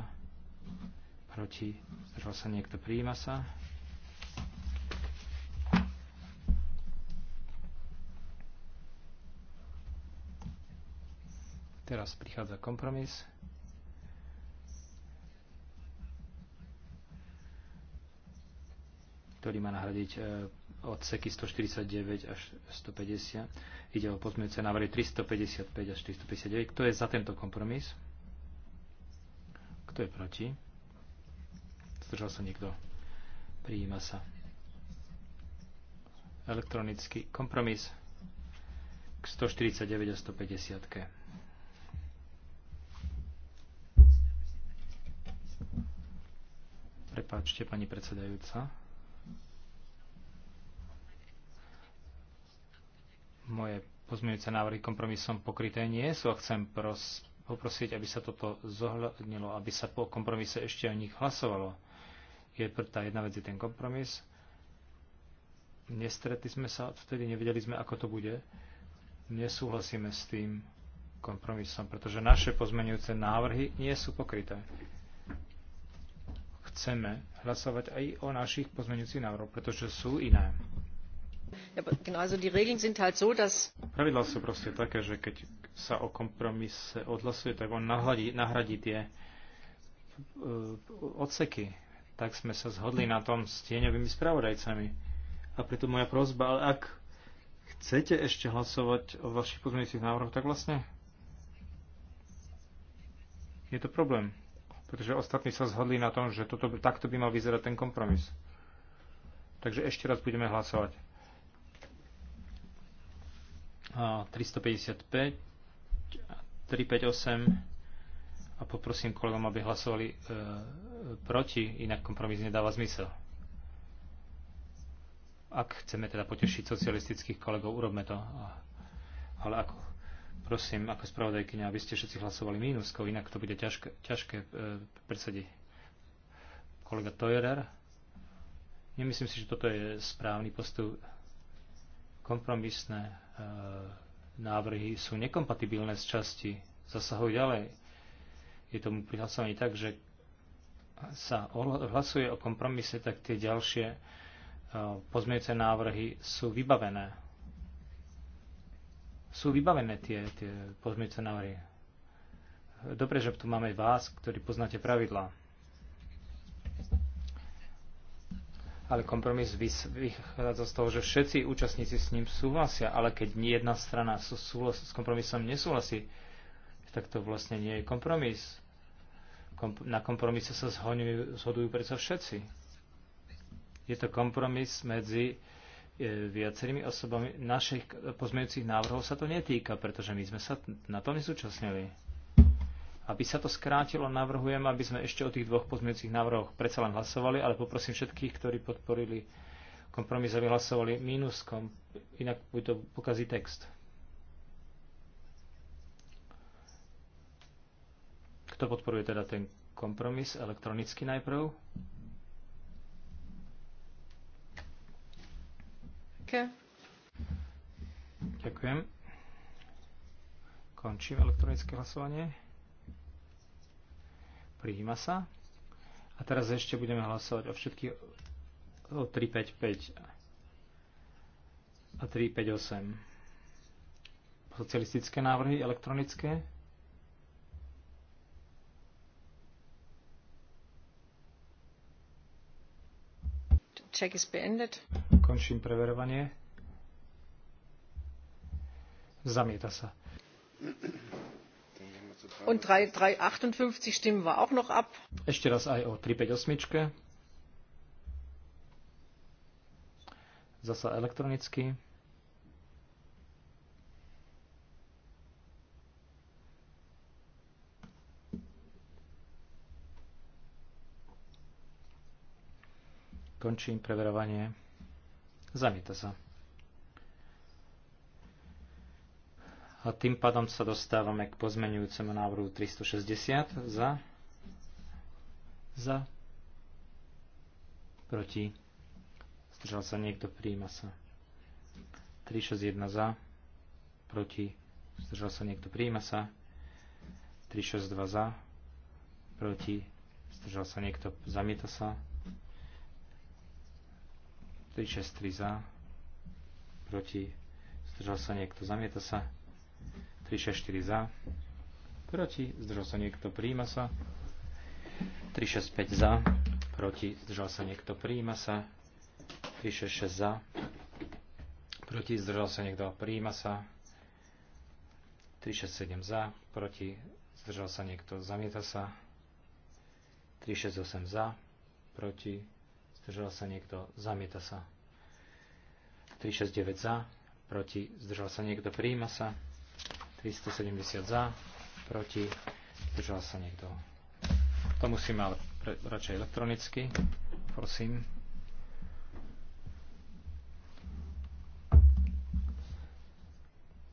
Speaker 3: proti, zdržal sa niekto. Príjima sa. Teraz prichádza kompromis. ktorý má nahradiť e, odseky 149 až 150. Ide o pozmeňujúce návrhy 355 až 459. Kto je za tento kompromis? Kto je proti? Zdržal sa niekto? Prijíma sa. Elektronický kompromis k 149 a 150. Prepáčte, pani predsedajúca. Moje pozmeňujúce návrhy kompromisom pokryté nie sú a chcem pros- poprosiť, aby sa toto zohľadnilo, aby sa po kompromise ešte o nich hlasovalo. Je tá jedna vec je ten kompromis. Nestretli sme sa, vtedy nevedeli sme, ako to bude. Nesúhlasíme s tým kompromisom, pretože naše pozmeňujúce návrhy nie sú pokryté chceme hlasovať aj o našich pozmeňujúcich návrhoch, pretože sú iné. Pravidlá sú proste také, že keď sa o kompromise odhlasuje, tak on nahradí, nahradí tie e, odseky. Tak sme sa zhodli na tom s tieňovými spravodajcami. A preto moja prozba, ale ak chcete ešte hlasovať o vašich pozmeňujúcich návrhoch, tak vlastne je to problém pretože ostatní sa zhodli na tom, že toto, takto by mal vyzerať ten kompromis. Takže ešte raz budeme hlasovať. 355, 358 a poprosím kolegom, aby hlasovali e, proti, inak kompromis nedáva zmysel. Ak chceme teda potešiť socialistických kolegov, urobme to. Ale ako Prosím, ako spravodajkyňa, aby ste všetci hlasovali mínusko, inak to bude ťažké, ťažké e, presadiť. Kolega Tojerer, nemyslím si, že toto je správny postup. Kompromisné e, návrhy sú nekompatibilné z časti, zasahujú ďalej. Je tomu pri hlasovaní tak, že sa hlasuje o kompromise, tak tie ďalšie e, pozmiece návrhy sú vybavené sú vybavené tie, tie pozmeňujúce návrhy. Dobre, že tu máme vás, ktorí poznáte pravidlá. Ale kompromis vychádza z toho, že všetci účastníci s ním súhlasia, ale keď nie jedna strana s, súhlas, s kompromisom nesúhlasí, tak to vlastne nie je kompromis. na kompromise sa zhodujú predsa všetci. Je to kompromis medzi E, viacerými osobami. Našich pozmeňujúcich návrhov sa to netýka, pretože my sme sa na to nezúčastnili. Aby sa to skrátilo, navrhujem, aby sme ešte o tých dvoch pozmeňujúcich návrhoch predsa len hlasovali, ale poprosím všetkých, ktorí podporili kompromis, aby hlasovali mínus, kom, inak buď to pokazí text. Kto podporuje teda ten kompromis elektronicky najprv? Ďakujem. Končím elektronické hlasovanie. Prijíma sa. A teraz ešte budeme hlasovať o všetky o 355 a 358. Socialistické návrhy elektronické.
Speaker 4: Check is beendet.
Speaker 3: Končím preverovanie. Zamieta sa.
Speaker 4: Und 358 stimmen wir auch noch ab. Ešte raz
Speaker 3: aj o 358. Zasa elektronicky. Končím preverovanie. Zamieta sa. A tým pádom sa dostávame k pozmenujúcemu návrhu 360 za, za, proti, zdržal sa niekto, prijíma sa. 361 za, proti, zdržal sa niekto, prijíma sa. 362 za, proti, zdržal sa niekto, zamieta sa. 363 za, proti, zdržal sa niekto, zamieta sa, 364 za, proti, zdržal sa niekto, príjima sa, 365 za, proti, zdržal sa niekto, príjima sa, 366 za, proti, zdržal sa niekto, príjima sa, 367 za, proti, zdržal sa niekto, zamieta sa, 368 za, proti, zdržal sa niekto, zamieta sa. 369 za, proti, zdržal sa niekto, Prijíma sa. 370 za, proti, zdržal sa niekto. To musíme ale pre, radšej elektronicky, prosím.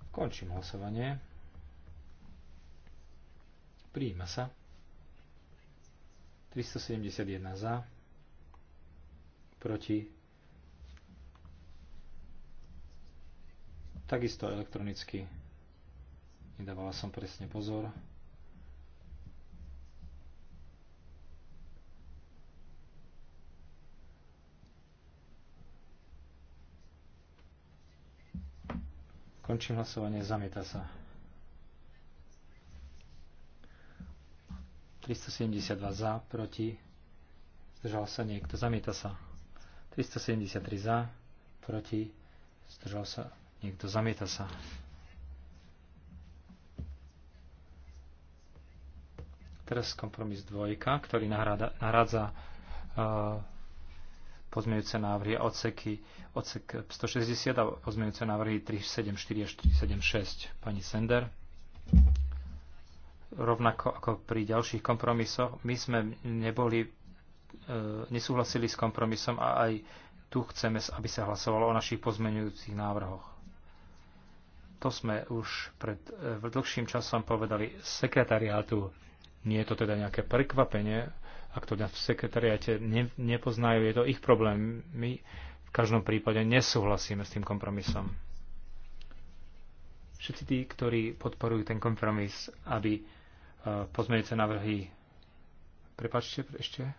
Speaker 3: Končím hlasovanie. Prijíma sa. 371 za, proti. Takisto elektronicky. Nedávala som presne pozor. Končím hlasovanie, zamieta sa. 372 za, proti, zdržal sa niekto, zamieta sa. 373 za, proti, zdržal sa, niekto zamieta sa. Teraz kompromis dvojka, ktorý nahráda, nahrádza uh, pozmeňujúce návrhy a odseky, odsek 160 a pozmeňujúce návrhy 374 až 376. Pani Sender rovnako ako pri ďalších kompromisoch, my sme neboli E, nesúhlasili s kompromisom a aj tu chceme, aby sa hlasovalo o našich pozmenujúcich návrhoch. To sme už pred e, dlhším časom povedali sekretariátu. Nie je to teda nejaké prekvapenie, ak to v sekretariáte ne, nepoznajú, je to ich problém. My v každom prípade nesúhlasíme s tým kompromisom. Všetci tí, ktorí podporujú ten kompromis, aby e, pozmeňujúce návrhy... Prepačte ešte,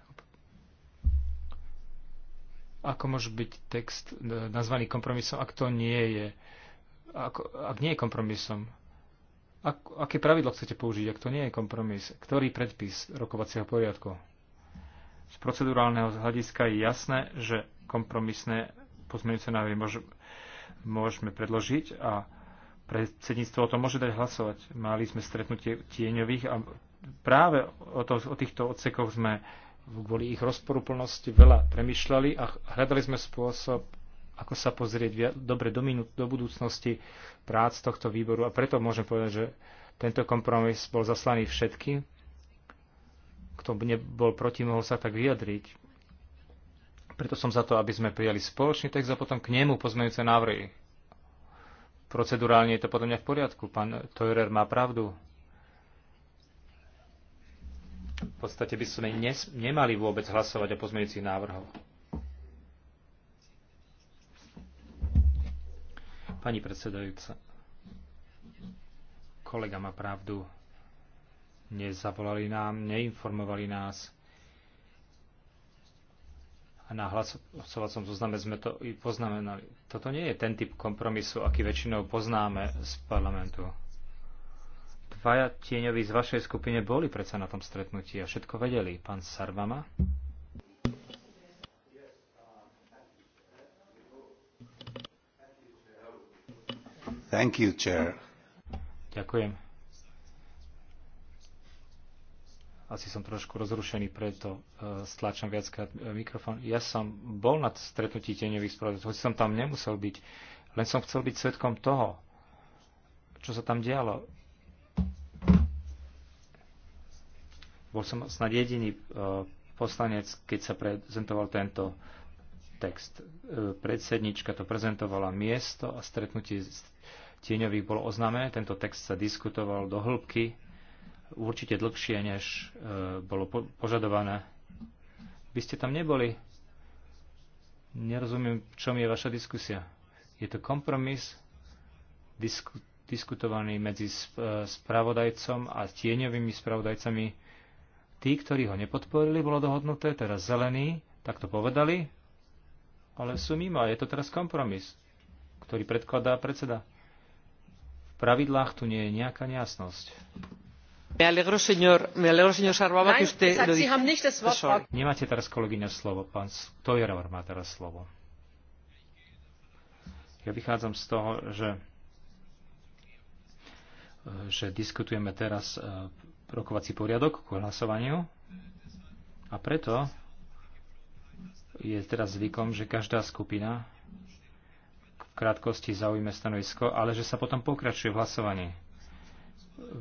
Speaker 3: ako môže byť text e, nazvaný kompromisom, ak to nie je? Ako, ak nie je kompromisom? Ak, aké pravidlo chcete použiť, ak to nie je kompromis? Ktorý predpis rokovacieho poriadku? Z procedurálneho hľadiska je jasné, že kompromisné pozmeňujúce návrhy môž, môžeme predložiť a predsedníctvo o tom môže dať hlasovať. Mali sme stretnutie tieňových a práve o, to, o týchto odsekoch sme kvôli ich rozporuplnosti veľa premyšľali a hľadali sme spôsob, ako sa pozrieť dobre do, minút, do budúcnosti prác tohto výboru. A preto môžem povedať, že tento kompromis bol zaslaný všetkým. Kto nebol proti, mohol sa tak vyjadriť. Preto som za to, aby sme prijali spoločný text a potom k nemu pozmeňujúce návrhy. Procedurálne je to podľa mňa v poriadku. Pán Teurer má pravdu v podstate by sme nes- nemali vôbec hlasovať o pozmeňujúcich návrhoch. Pani predsedajúca, kolega má pravdu. Nezavolali nám, neinformovali nás. A na hlasovacom zozname sme to i poznamenali. Toto nie je ten typ kompromisu, aký väčšinou poznáme z parlamentu dvaja tieňovi z vašej skupine boli predsa na tom stretnutí a všetko vedeli. Pán Sarvama? Thank you, chair. Ďakujem. Asi som trošku rozrušený, preto uh, stlačam viackrát uh, mikrofón. Ja som bol na stretnutí tieňových spravodajcov, hoci som tam nemusel byť, len som chcel byť svetkom toho, čo sa tam dialo Bol som snad jediný e, poslanec, keď sa prezentoval tento text. E, predsednička to prezentovala miesto a stretnutie tieňových bolo oznámené. Tento text sa diskutoval do hĺbky, určite dlhšie, než e, bolo požadované. By ste tam neboli. Nerozumiem, v čom je vaša diskusia. Je to kompromis disku, diskutovaný medzi spravodajcom a tieňovými spravodajcami Tí, ktorí ho nepodporili, bolo dohodnuté, teraz zelení, tak to povedali, ale sú mimo. Je to teraz kompromis, ktorý predkladá predseda. V pravidlách tu nie je nejaká nejasnosť. Nemáte teraz, kolegyňa, slovo. Pán Stojerovar má teraz slovo. Ja vychádzam z toho, že, že diskutujeme teraz eh, rokovací poriadok k hlasovaniu. A preto je teraz zvykom, že každá skupina v krátkosti zaujme stanovisko, ale že sa potom pokračuje v hlasovaní.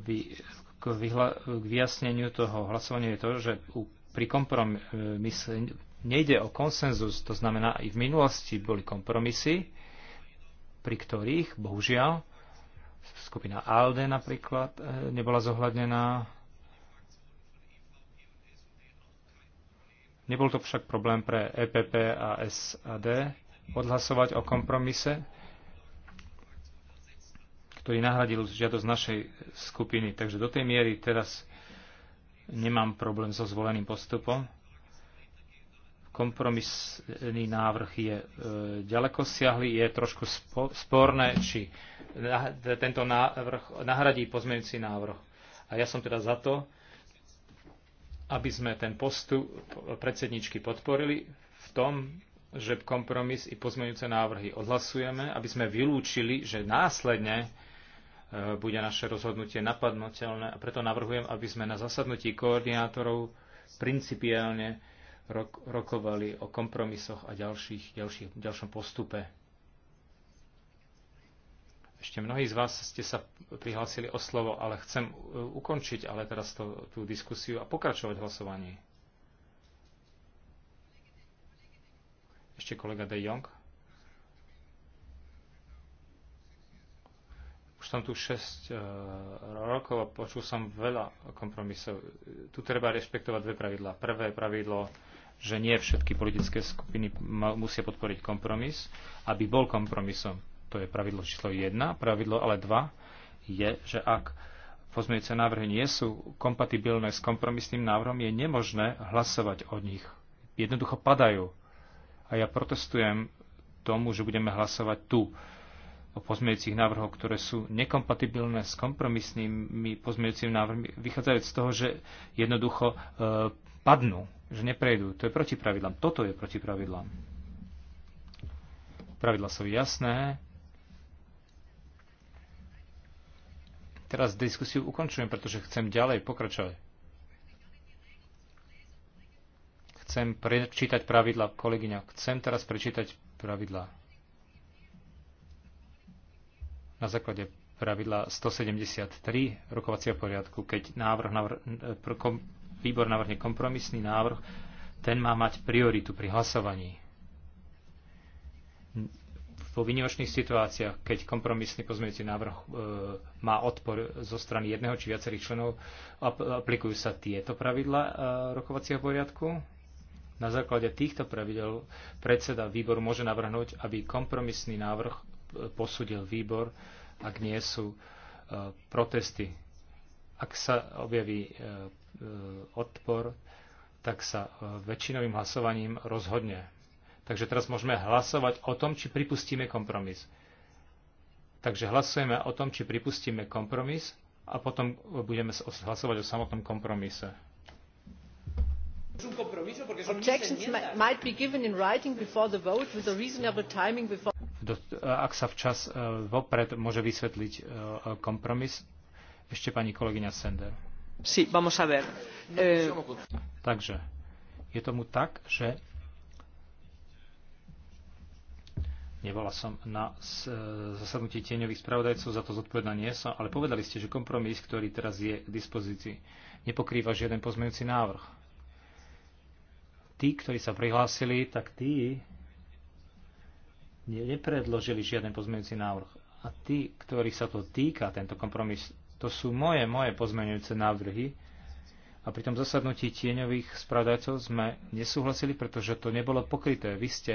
Speaker 3: Vy, k, vyhla, k vyjasneniu toho hlasovania je to, že u, pri kompromise nejde o konsenzus, to znamená, i v minulosti boli kompromisy, pri ktorých, bohužiaľ, skupina ALDE napríklad e, nebola zohľadnená, Nebol to však problém pre EPP a SAD odhlasovať o kompromise, ktorý nahradil žiadosť našej skupiny. Takže do tej miery teraz nemám problém so zvoleným postupom. Kompromisný návrh je e, ďaleko siahly, je trošku spo, sporné, či na, tento návrh nahradí pozmeňujúci návrh. A ja som teda za to, aby sme ten postup predsedničky podporili v tom, že kompromis i pozmeňujúce návrhy odhlasujeme, aby sme vylúčili, že následne e, bude naše rozhodnutie napadnutelné a preto navrhujem, aby sme na zasadnutí koordinátorov principiálne rokovali o kompromisoch a ďalších, ďalších, ďalšom postupe. Ešte mnohí z vás ste sa prihlásili o slovo, ale chcem e, ukončiť ale teraz to, tú diskusiu a pokračovať v hlasovaní. Ešte kolega De Jong. Už som tu 6 e, rokov a počul som veľa kompromisov. Tu treba rešpektovať dve pravidlá. Prvé pravidlo, že nie všetky politické skupiny musia podporiť kompromis, aby bol kompromisom to je pravidlo číslo 1. Pravidlo ale 2 je, že ak pozmeňujúce návrhy nie sú kompatibilné s kompromisným návrhom, je nemožné hlasovať o nich. Jednoducho padajú. A ja protestujem tomu, že budeme hlasovať tu o pozmeňujúcich návrhoch, ktoré sú nekompatibilné s kompromisnými pozmeňujúcimi návrhmi, vychádzajúc z toho, že jednoducho e, padnú, že neprejdú. To je proti pravidlám. Toto je proti pravidlám. Pravidla sú jasné, Teraz diskusiu ukončujem, pretože chcem ďalej pokračovať. Chcem prečítať pravidla, kolegyňa. Chcem teraz prečítať pravidla. Na základe pravidla 173 rokovacieho poriadku, keď návrh, návrh eh, kom, výbor navrhne kompromisný návrh, ten má mať prioritu pri hlasovaní vo výnimočných situáciách, keď kompromisný pozmeňujúci návrh e, má odpor zo strany jedného či viacerých členov, aplikujú sa tieto pravidla e, rokovacieho poriadku. Na základe týchto pravidel predseda výboru môže navrhnúť, aby kompromisný návrh e, posudil výbor, ak nie sú e, protesty. Ak sa objaví e, e, odpor, tak sa e, väčšinovým hlasovaním rozhodne Takže teraz môžeme hlasovať o tom, či pripustíme kompromis. Takže hlasujeme o tom, či pripustíme kompromis a potom budeme hlasovať o samotnom kompromise. Ak sa včas eh, vopred môže vysvetliť eh, eh, kompromis, ešte pani kolegyňa Sender.
Speaker 4: Sí, vamos a ver. No, no, no,
Speaker 3: Takže, je tomu tak, že Nebola som na e, zasadnutí tieňových spravodajcov, za to zodpovedná nie som, ale povedali ste, že kompromis, ktorý teraz je k dispozícii, nepokrýva žiaden pozmejúci návrh. Tí, ktorí sa prihlásili, tak tí nepredložili žiaden pozmeňujúci návrh. A tí, ktorí sa to týka, tento kompromis, to sú moje, moje pozmeňujúce návrhy. A pri tom zasadnutí tieňových spravodajcov sme nesúhlasili, pretože to nebolo pokryté. Vy ste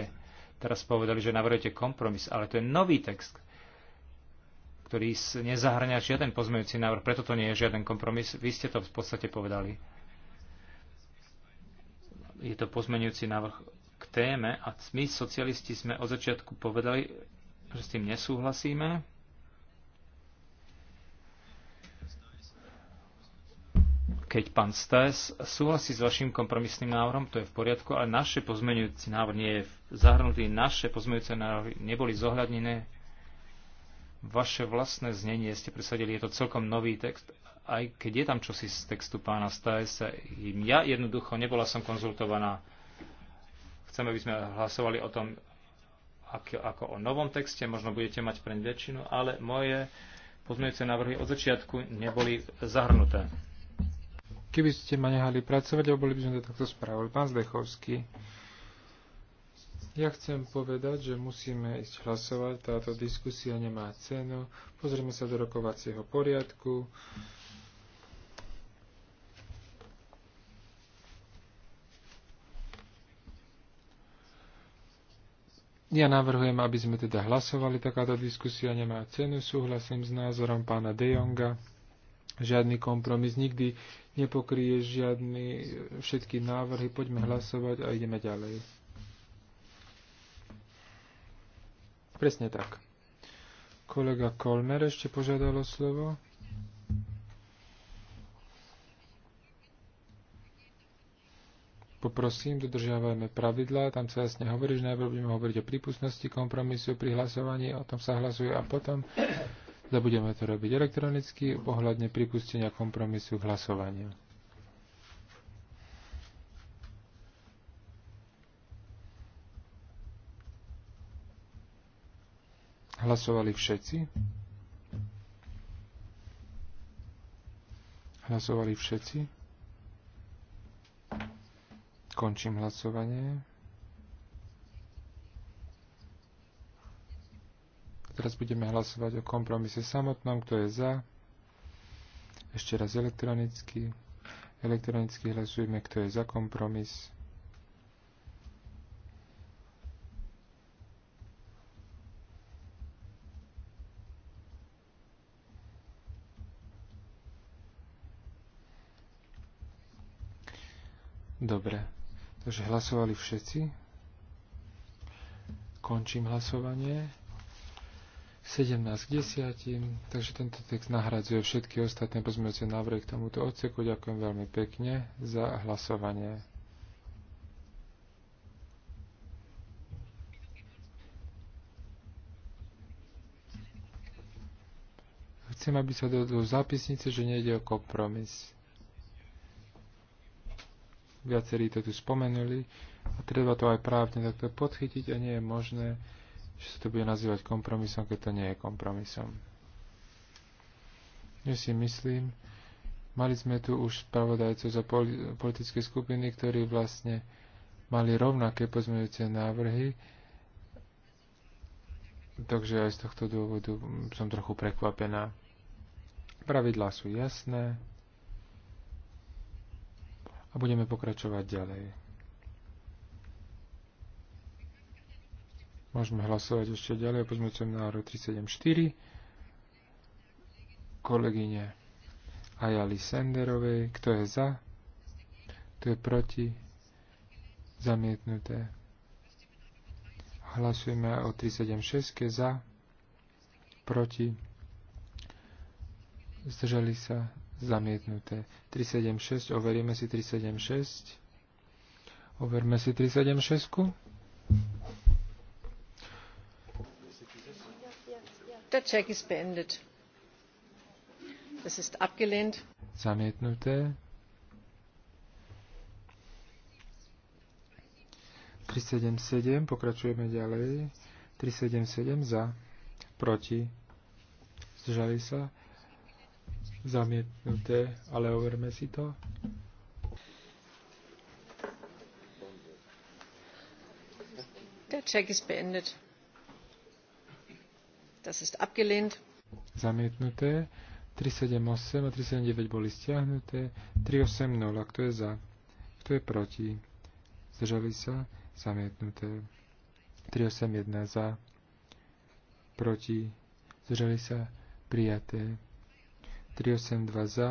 Speaker 3: Teraz povedali, že navrhujete kompromis, ale to je nový text, ktorý nezahrňa žiaden pozmeňujúci návrh, preto to nie je žiaden kompromis. Vy ste to v podstate povedali. Je to pozmeňujúci návrh k téme a my socialisti sme od začiatku povedali, že s tým nesúhlasíme keď pán Stes súhlasí s vašim kompromisným návrhom, to je v poriadku, ale naše pozmeňujúce návrh nie je zahrnutý, naše pozmeňujúce návrhy neboli zohľadnené. Vaše vlastné znenie ste presadili, je to celkom nový text, aj keď je tam čosi z textu pána Stajsa, ja jednoducho nebola som konzultovaná. Chceme, aby sme hlasovali o tom ako, ako o novom texte, možno budete mať preň väčšinu, ale moje pozmeňujúce návrhy od začiatku neboli
Speaker 1: zahrnuté. Keby ste ma nehali pracovať, alebo boli by sme to takto spravili. Pán Zdechovský, ja chcem povedať, že musíme ísť hlasovať. Táto diskusia nemá cenu. Pozrieme sa do rokovacieho poriadku. Ja navrhujem, aby sme teda hlasovali. Takáto diskusia nemá cenu. Súhlasím s názorom pána De Jonga žiadny kompromis, nikdy nepokrie žiadny všetky návrhy, poďme hlasovať a ideme ďalej. Presne tak. Kolega Kolmer ešte požiadalo slovo. Poprosím, dodržiavajme pravidlá, tam sa jasne hovorí, že najprv budeme hovoriť o prípustnosti kompromisu pri hlasovaní, o tom sa hlasuje a potom teda budeme to robiť elektronicky ohľadne pripustenia kompromisu k hlasovaniu. Hlasovali všetci? Hlasovali všetci? Končím hlasovanie. teraz budeme hlasovať o kompromise samotnom, kto je za. Ešte raz elektronicky. Elektronicky hlasujeme, kto je za kompromis. Dobre, takže hlasovali všetci. Končím hlasovanie. 17 k 10, takže tento text nahradzuje všetky ostatné pozmeňujúce návrhy k tomuto odseku. Ďakujem veľmi pekne za hlasovanie. Chcem, aby sa do, do zápisnice, že nejde o kompromis. Viacerí to tu spomenuli a treba to aj právne takto podchytiť a nie je možné že sa to bude nazývať kompromisom, keď to nie je kompromisom. Ja si myslím, mali sme tu už spravodajcov za politické skupiny, ktorí vlastne mali rovnaké pozmeňujúce návrhy, takže aj z tohto dôvodu som trochu prekvapená. Pravidlá sú jasné a budeme pokračovať ďalej. Môžeme hlasovať ešte ďalej o pozmeňujúcom návrhu 374 kolegyne Ajali Senderovej. Kto je za? Kto je proti? Zamietnuté. Hlasujeme o 376 za, proti, zdržali sa, zamietnuté. 376, overíme si 376. Overme si 376.
Speaker 4: Der Check ist beendet. Das ist abgelehnt.
Speaker 1: Zamietnuté. 377, pokračujeme ďalej. 377 za, proti, zdržali sa, zamietnuté, ale overme si to.
Speaker 4: Der Check ist beendet. Das ist abgelehnt.
Speaker 1: Zamietnuté. 378 a 379 boli stiahnuté. 380, kto je za? Kto je proti? Zdržali sa? Zamietnuté. 381 za. Proti. Zdržali sa? Prijaté. 382 za.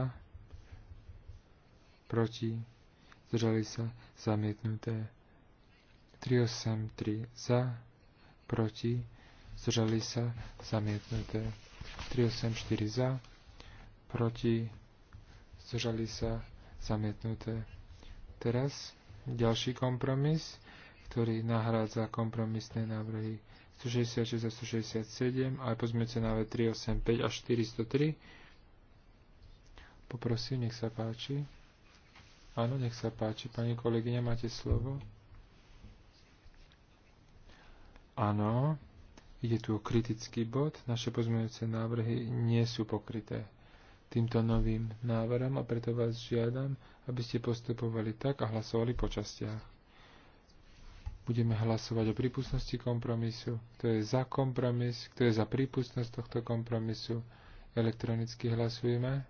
Speaker 1: Proti. Zdržali sa? Zamietnuté. 383 za. Proti zdržali sa, zamietnuté. 384 za, proti, zdržali sa, zamietnuté. Teraz ďalší kompromis, ktorý nahrádza kompromisné návrhy 166 a 167, aj pozmeňujúce návrhy 385 a 403. Poprosím, nech sa páči. Áno, nech sa páči. Pani kolegyňa, máte slovo. Áno. Ide tu o kritický bod. Naše pozmeňujúce návrhy nie sú pokryté týmto novým návrhom a preto vás žiadam, aby ste postupovali tak a hlasovali po častiach. Budeme hlasovať o prípustnosti kompromisu, kto je za kompromis, kto je za prípustnosť tohto kompromisu. Elektronicky hlasujeme.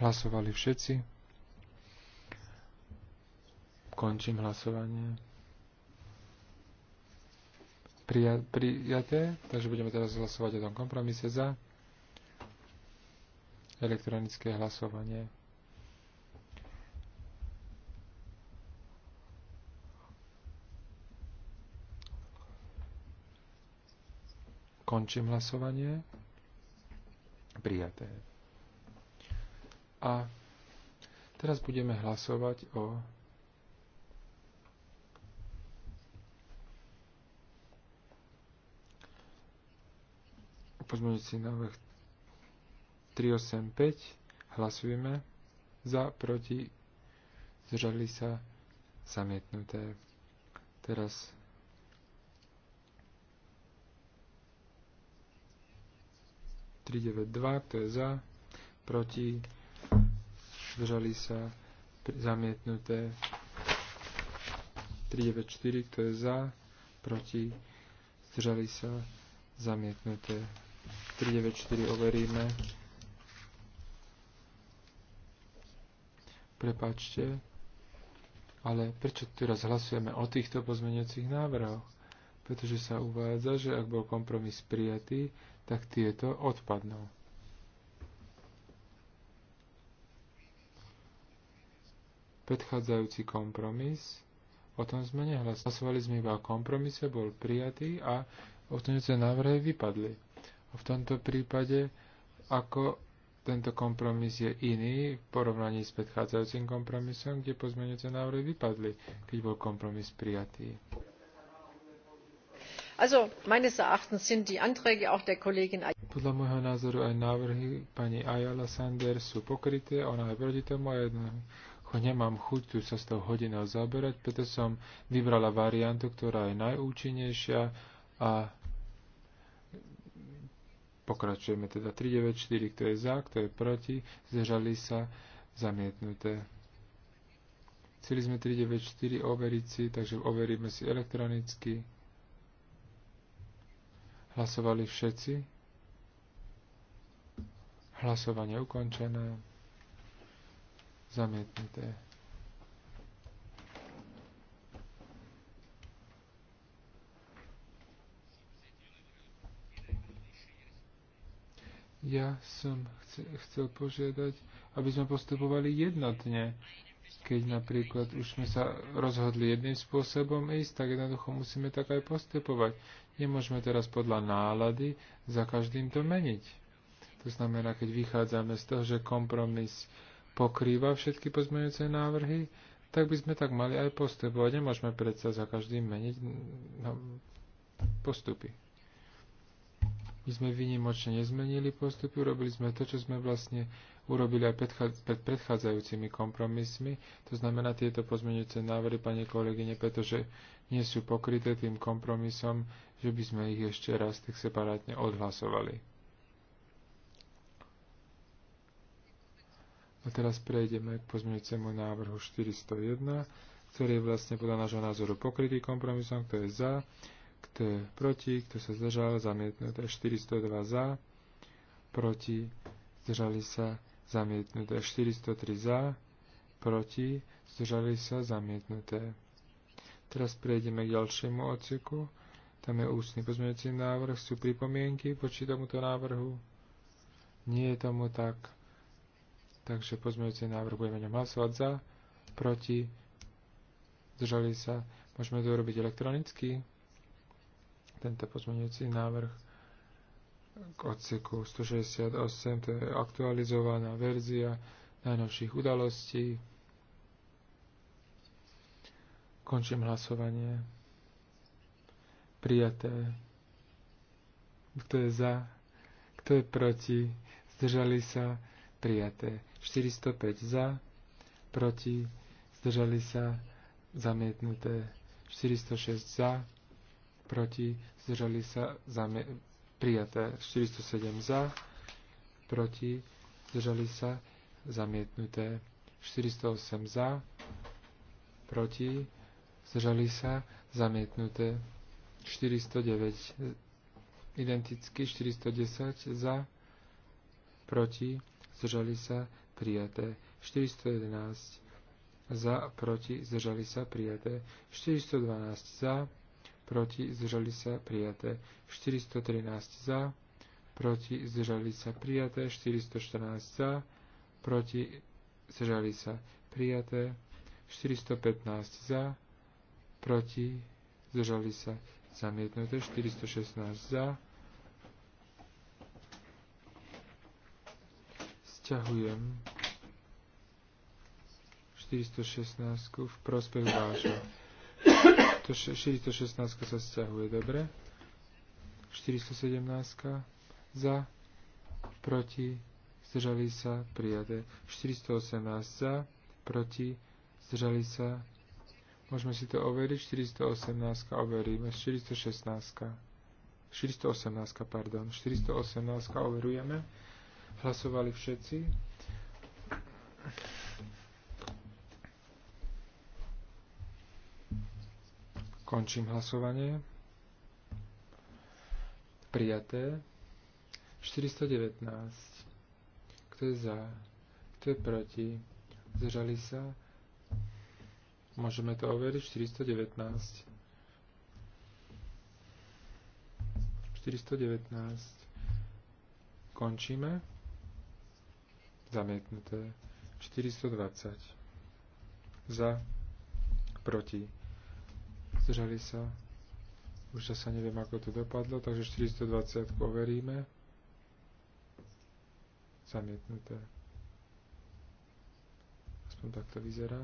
Speaker 1: Hlasovali všetci. Končím hlasovanie. prijaté, takže budeme teraz hlasovať o tom kompromise za elektronické hlasovanie. Končím hlasovanie. Prijaté. A teraz budeme hlasovať o Pozmeňujúci návrh 385. Hlasujeme. Za, proti, zdržali sa, zamietnuté. Teraz to je za, proti, zdržali sa, zamietnuté. 394, to je za, proti, zdržali sa, zamietnuté. 394 overíme. Prepačte, ale prečo teraz hlasujeme o týchto pozmeniacich návrhoch? Pretože sa uvádza, že ak bol kompromis prijatý, tak tieto odpadnú. Predchádzajúci kompromis, o tom sme nehlasovali. Hlasovali sme iba o kompromise, bol prijatý a obtenujúce návrhy vypadli v tomto prípade, ako tento kompromis je iný v porovnaní s predchádzajúcim kompromisom, kde pozmeňujúce návrhy vypadli, keď bol kompromis prijatý.
Speaker 4: Also, meines Erachtens sind die Anträge auch der Kollegin
Speaker 1: Podľa môjho názoru aj návrhy pani Ayala Sander sú pokryté, ona je proti tomu a jednoducho nemám chuť tu sa s tou hodinou zaberať, preto som vybrala variantu, ktorá je najúčinnejšia a Pokračujeme teda 394, kto je za, kto je proti, zdržali sa, zamietnuté. Chceli sme 394 overiť si, takže overíme si elektronicky. Hlasovali všetci. Hlasovanie ukončené. Zamietnuté. Ja som chcel požiadať, aby sme postupovali jednotne. Keď napríklad už sme sa rozhodli jedným spôsobom ísť, tak jednoducho musíme tak aj postupovať. Nemôžeme teraz podľa nálady za každým to meniť. To znamená, keď vychádzame z toho, že kompromis pokrýva všetky pozmeňujúce návrhy, tak by sme tak mali aj postupovať. Nemôžeme predsa za každým meniť no, postupy. My sme vynimočne nezmenili postupy, urobili sme to, čo sme vlastne urobili aj pred predchádzajúcimi kompromismi. To znamená, tieto pozmeňujúce návrhy, pani kolegyne, pretože nie sú pokryté tým kompromisom, že by sme ich ešte raz tak separátne odhlasovali. A teraz prejdeme k pozmeňujúcemu návrhu 401, ktorý je vlastne podľa nášho názoru pokrytý kompromisom, kto je za, kto je proti, kto sa zdržal, zamietnuté 402 za, proti, zdržali sa, zamietnuté 403 za, proti, zdržali sa, zamietnuté. Teraz prejdeme k ďalšiemu odseku. Tam je ústny pozmeňujúci návrh. Sú pripomienky voči tomuto návrhu? Nie je tomu tak. Takže pozmeňujúci návrh budeme ňom hlasovať za, proti, zdržali sa. Môžeme to urobiť elektronicky tento pozmeňujúci návrh k odseku 168, to je aktualizovaná verzia najnovších udalostí. Končím hlasovanie. Prijaté. Kto je za? Kto je proti? Zdržali sa? Prijaté. 405 za, proti, zdržali sa, zamietnuté. 406 za, proti, zdržali sa zame, prijaté 407 za, proti, zdržali sa zamietnuté 408 za, proti, zdržali sa zamietnuté 409 identicky 410 za, proti, zdržali sa prijaté 411 za, proti, zdržali sa prijaté 412 za, proti zdržali sa prijaté 413 za, proti zdržali sa prijaté 414 za, proti zdržali sa prijaté 415 za, proti zdržali sa zamietnuté 416 za, sťahujem 416 v prospech vášho. 416 sa stiahuje, dobre. 417 za, proti, zdržali sa, prijaté. 418 za, proti, zdržali sa. Môžeme si to overiť, 418 overíme, 416. 418, pardon. 418 overujeme. Hlasovali všetci. Končím hlasovanie. Prijaté. 419. Kto je za? Kto je proti? Zdržali sa? Môžeme to overiť. 419. 419. Končíme. Zamietnuté. 420. Za. Proti Zdržali sa. Už sa neviem, ako to dopadlo, takže 420 overíme. Zamietnuté. Aspoň tak to vyzerá.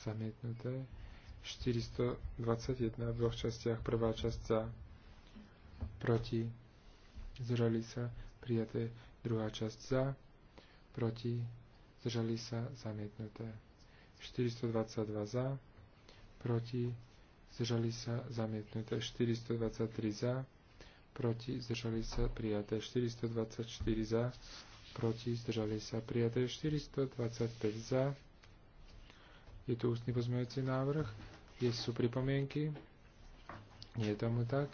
Speaker 1: zamietnuté. 421 v dvoch častiach. Prvá časť sa proti zdržali sa prijaté. Druhá časť za, proti, zdržali sa, zamietnuté. 422 za, proti, zdržali sa, zamietnuté. 423 za, proti, zdržali sa, prijaté. 424 za, proti, zdržali sa, prijaté. 425 za, je tu ústny pozmeňujúci návrh, je, sú pripomienky, nie je tomu tak.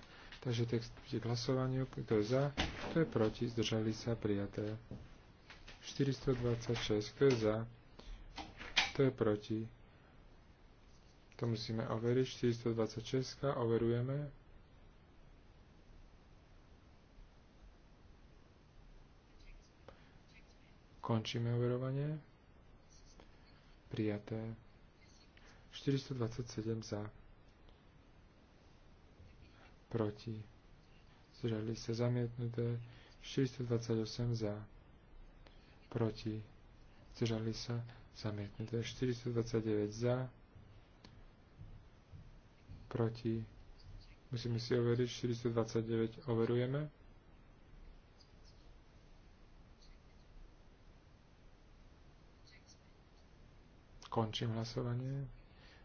Speaker 1: Takže text k hlasovaniu, kto je za, kto je proti, zdržali sa prijaté. 426, kto je za, kto je proti. To musíme overiť. 426, overujeme. Končíme overovanie. Prijaté. 427 za proti, zdržali sa zamietnuté, 428 za, proti, zdržali sa zamietnuté, 429 za, proti, musíme si overiť, 429 overujeme. Končím hlasovanie.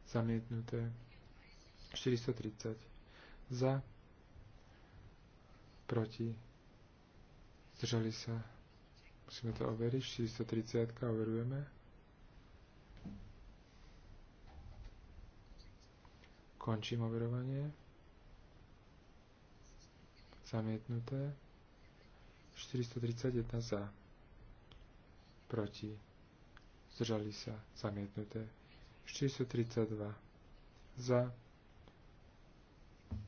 Speaker 1: Zamietnuté. 430. Za proti, zdržali sa, musíme to overiť, 430 overujeme. Končím overovanie. Zamietnuté. 431 za. Proti. Zdržali sa. Zamietnuté. 432 za.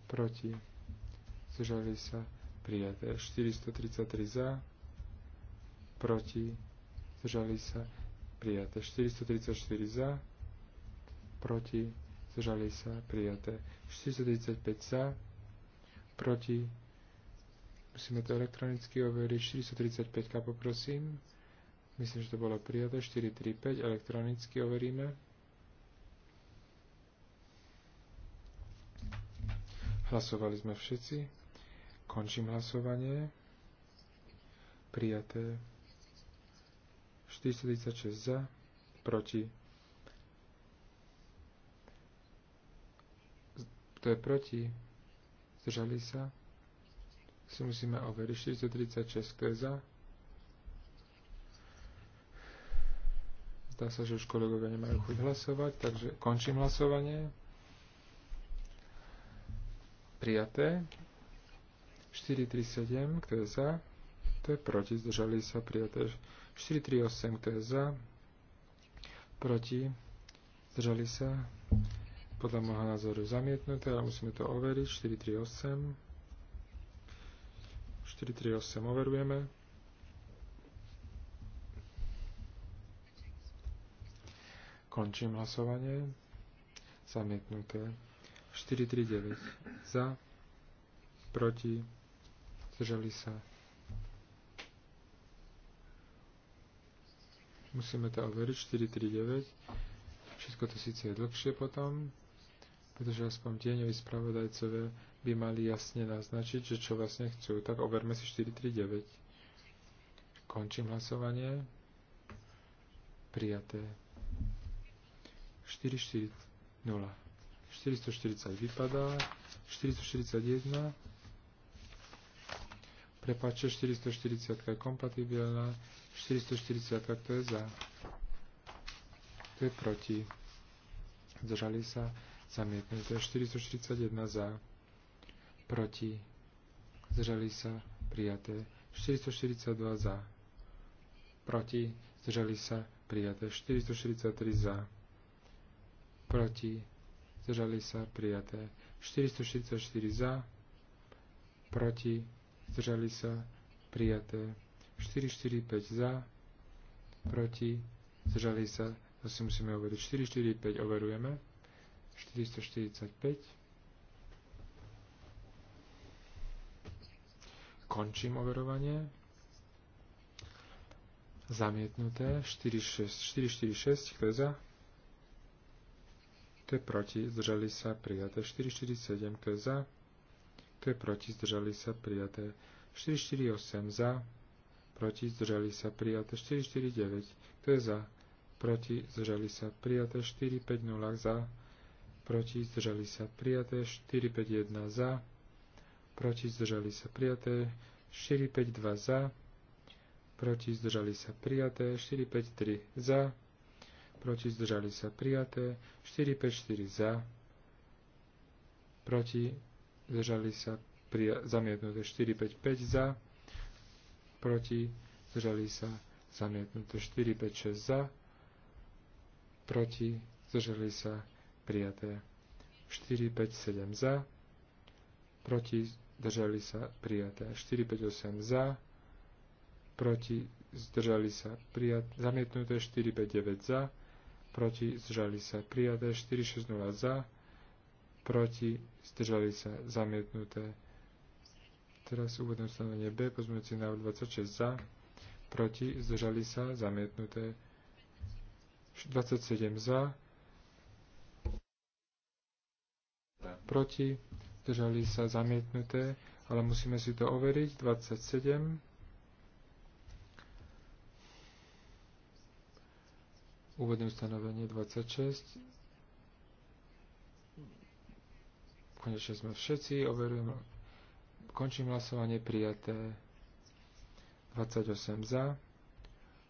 Speaker 1: Proti. Zdržali sa prijaté. 433 za, proti, zdržali sa, prijaté. 434 za, proti, zdržali sa, prijaté. 435 za, proti, musíme to elektronicky overiť, 435 poprosím. Myslím, že to bolo prijaté, 435, elektronicky overíme. Hlasovali sme všetci. Končím hlasovanie. Prijaté. 436 za, proti. To je proti. Zdržali sa. Si musíme overiť. 436, kto je za. Zdá sa, že už kolegovia nemajú chuť hlasovať, takže končím hlasovanie. Prijaté. 437, kto je za, kto je proti, zdržali sa prijaté 438, kto je za, proti, zdržali sa, podľa môjho názoru zamietnuté, ale musíme to overiť, 438, 438 overujeme. Končím hlasovanie. Zamietnuté. 439 za, proti zdržali sa. Musíme to overiť, 439. Všetko to síce je dlhšie potom, pretože aspoň tieňoví spravodajcové by mali jasne naznačiť, že čo vlastne chcú. Tak overme si 439. Končím hlasovanie. Prijaté. 440. 440 vypadá. 441 Prepáčte, 440 je kompatibilná. 440 to je za. To je proti. Zdržali sa. je 441 za. Proti. Zdržali sa. Prijaté. 442 za. Proti. Zdržali sa. Prijaté. 443 za. Proti. Zdržali sa. Prijaté. 444 za. Proti zdržali sa, prijaté. 4, 4, 5 za, proti, zdržali sa, to si musíme overiť. 4, 4, 5 overujeme. 445. Končím overovanie. Zamietnuté. 4, 6, 4, 4, 6, kto je za? Kto je proti? Zdržali sa, prijaté. 447, kto je za? Kto je proti? Zdržali sa prijaté. 448 za. Proti? Zdržali sa prijaté. 449. Kto je za? Proti? Zdržali sa prijaté. 450 za. Proti? Zdržali sa prijaté. 451 za. Proti? Zdržali sa prijaté. 452 za. Proti? Zdržali sa prijaté. 453 za. Proti? Zdržali sa prijaté. 454 za. Proti? zdržali sa pri zamietnuté 5 za, proti, zdržali sa zamietnuté 456 za, proti, zdržali sa prijaté 7 za, proti, zdržali sa prijaté 8 za, proti, zdržali sa prijat, zamietnuté 9 za, proti, zdržali sa prijaté 0 za, proti, zdržali sa, zamietnuté. Teraz úvodné ustanovenie B, pozmeňujúci návrh 26 za, proti, zdržali sa, zamietnuté. 27 za, proti, zdržali sa, zamietnuté, ale musíme si to overiť. 27. Úvodné ustanovenie 26 Konečne sme všetci, overujem, končím hlasovanie prijaté 28 za,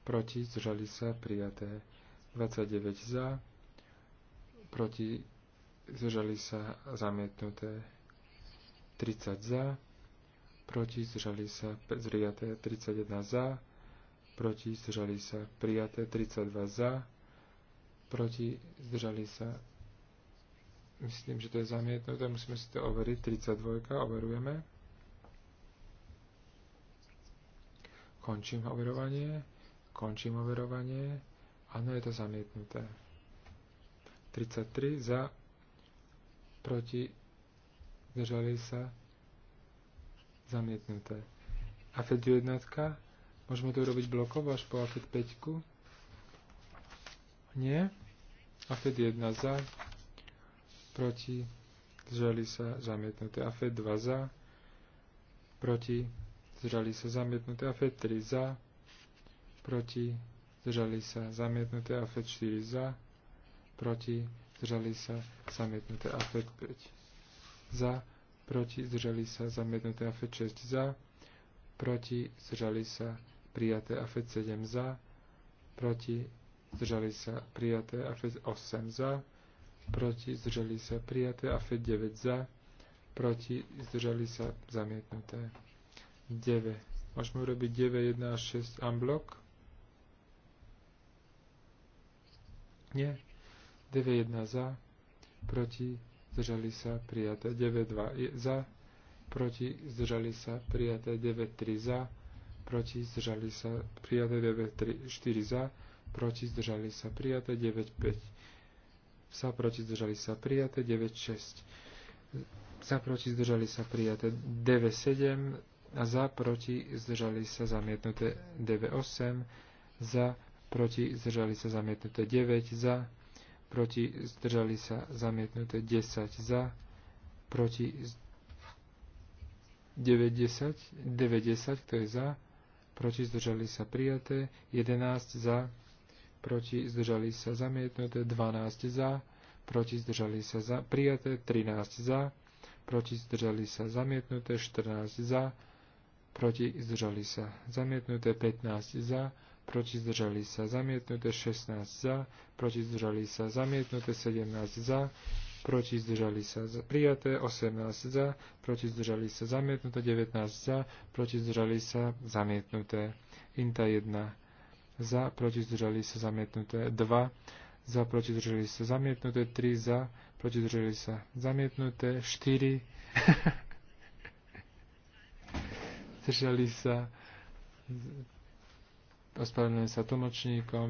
Speaker 1: proti, zdržali sa, prijaté 29 za, proti, zdržali sa, zamietnuté 30 za, proti, zdržali sa, prijaté 31 za, proti, zdržali sa, prijaté 32 za, proti, zdržali sa, Myslím, že to je zamietnuté. Musíme si to overiť. 32. Overujeme. Končím overovanie. Končím overovanie. Áno, je to zamietnuté. 33 za. Proti. Zdržali sa. Zamietnuté. AFED 1. Môžeme to urobiť blokovo až po AFED 5. Nie. AFED 1 za proti, zdržali sa zamietnuté. fe 2 za, proti, zdržali sa zamietnuté. fe 3 za, proti, zdržali sa zamietnuté. fe 4 za, proti, zdržali sa zamietnuté. fe 5 za, proti, zdržali sa zamietnuté. fe 6 za, proti, zdržali sa prijaté. fe 7 za, proti, zdržali sa prijaté. AFED 8 za, proti, zdržali sa prijaté, a FED 9 za, proti, zdržali sa zamietnuté. 9. Môžeme urobiť 9, 1 a 6 unblock? Nie. 9, 1 za, proti, zdržali sa prijaté. 9, 2 za, proti, zdržali sa prijaté. 9, 3 za, proti, zdržali sa prijaté. 9, 3, 4 za, proti, zdržali sa prijaté. 9, 5 za proti zdržali sa prijaté, 9-6. za proti zdržali sa prijaté, DV7 a za proti zdržali sa zamietnuté DV8, za proti zdržali sa zamietnuté 9 za proti zdržali sa zamietnuté 10 za proti 90, 90, kto je za, proti zdržali sa prijaté, 11 za, proti zdržali sa zamietnuté, 12 za, proti zdržali sa za, prijaté, 13 za, proti zdržali sa zamietnuté, 14 za, proti zdržali sa zamietnuté, 15 za, proti zdržali sa zamietnuté, 16 za, proti zdržali sa zamietnuté, 17 za, proti zdržali sa prijaté, 18 za, proti zdržali sa zamietnuté, 19 za, proti zdržali sa zamietnuté, inta 1 za, proti zdržali sa zamietnuté 2, za, proti zdržali sa zamietnuté 3, za, proti zdržali sa zamietnuté 4, zdržali sa, ospravedlňujem sa tlmočníkom,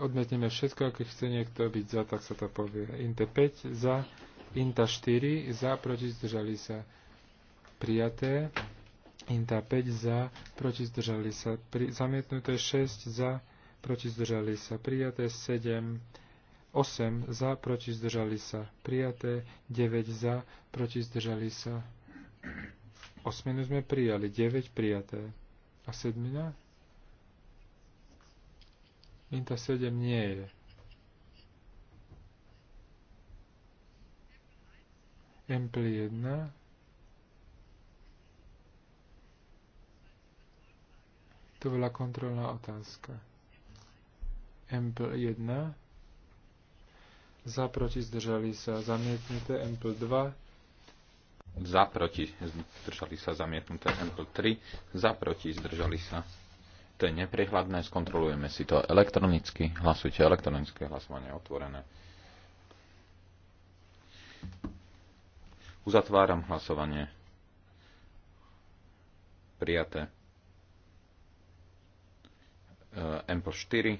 Speaker 1: odmetneme všetko, keď chce niekto byť za, tak sa to povie. Inte 5 za, Inta 4 za, proti zdržali sa prijaté. Inta 5 za, proti zdržali sa pri, zamietnuté 6 za, proti zdržali sa prijaté 7, 8 za, proti zdržali sa prijaté 9 za, proti zdržali sa 8 sme prijali, 9 prijaté a 7 Inta 7 nie je. Empl 1 To bola kontrolná otázka. MPL 1. Za, proti, zdržali sa zamietnuté. MPL 2.
Speaker 2: Za, proti, zdržali sa zamietnuté. MPL 3. Za, proti, zdržali sa. To je neprehľadné. Skontrolujeme si to elektronicky. Hlasujte elektronické hlasovanie otvorené. Uzatváram hlasovanie. Prijaté. E, m 4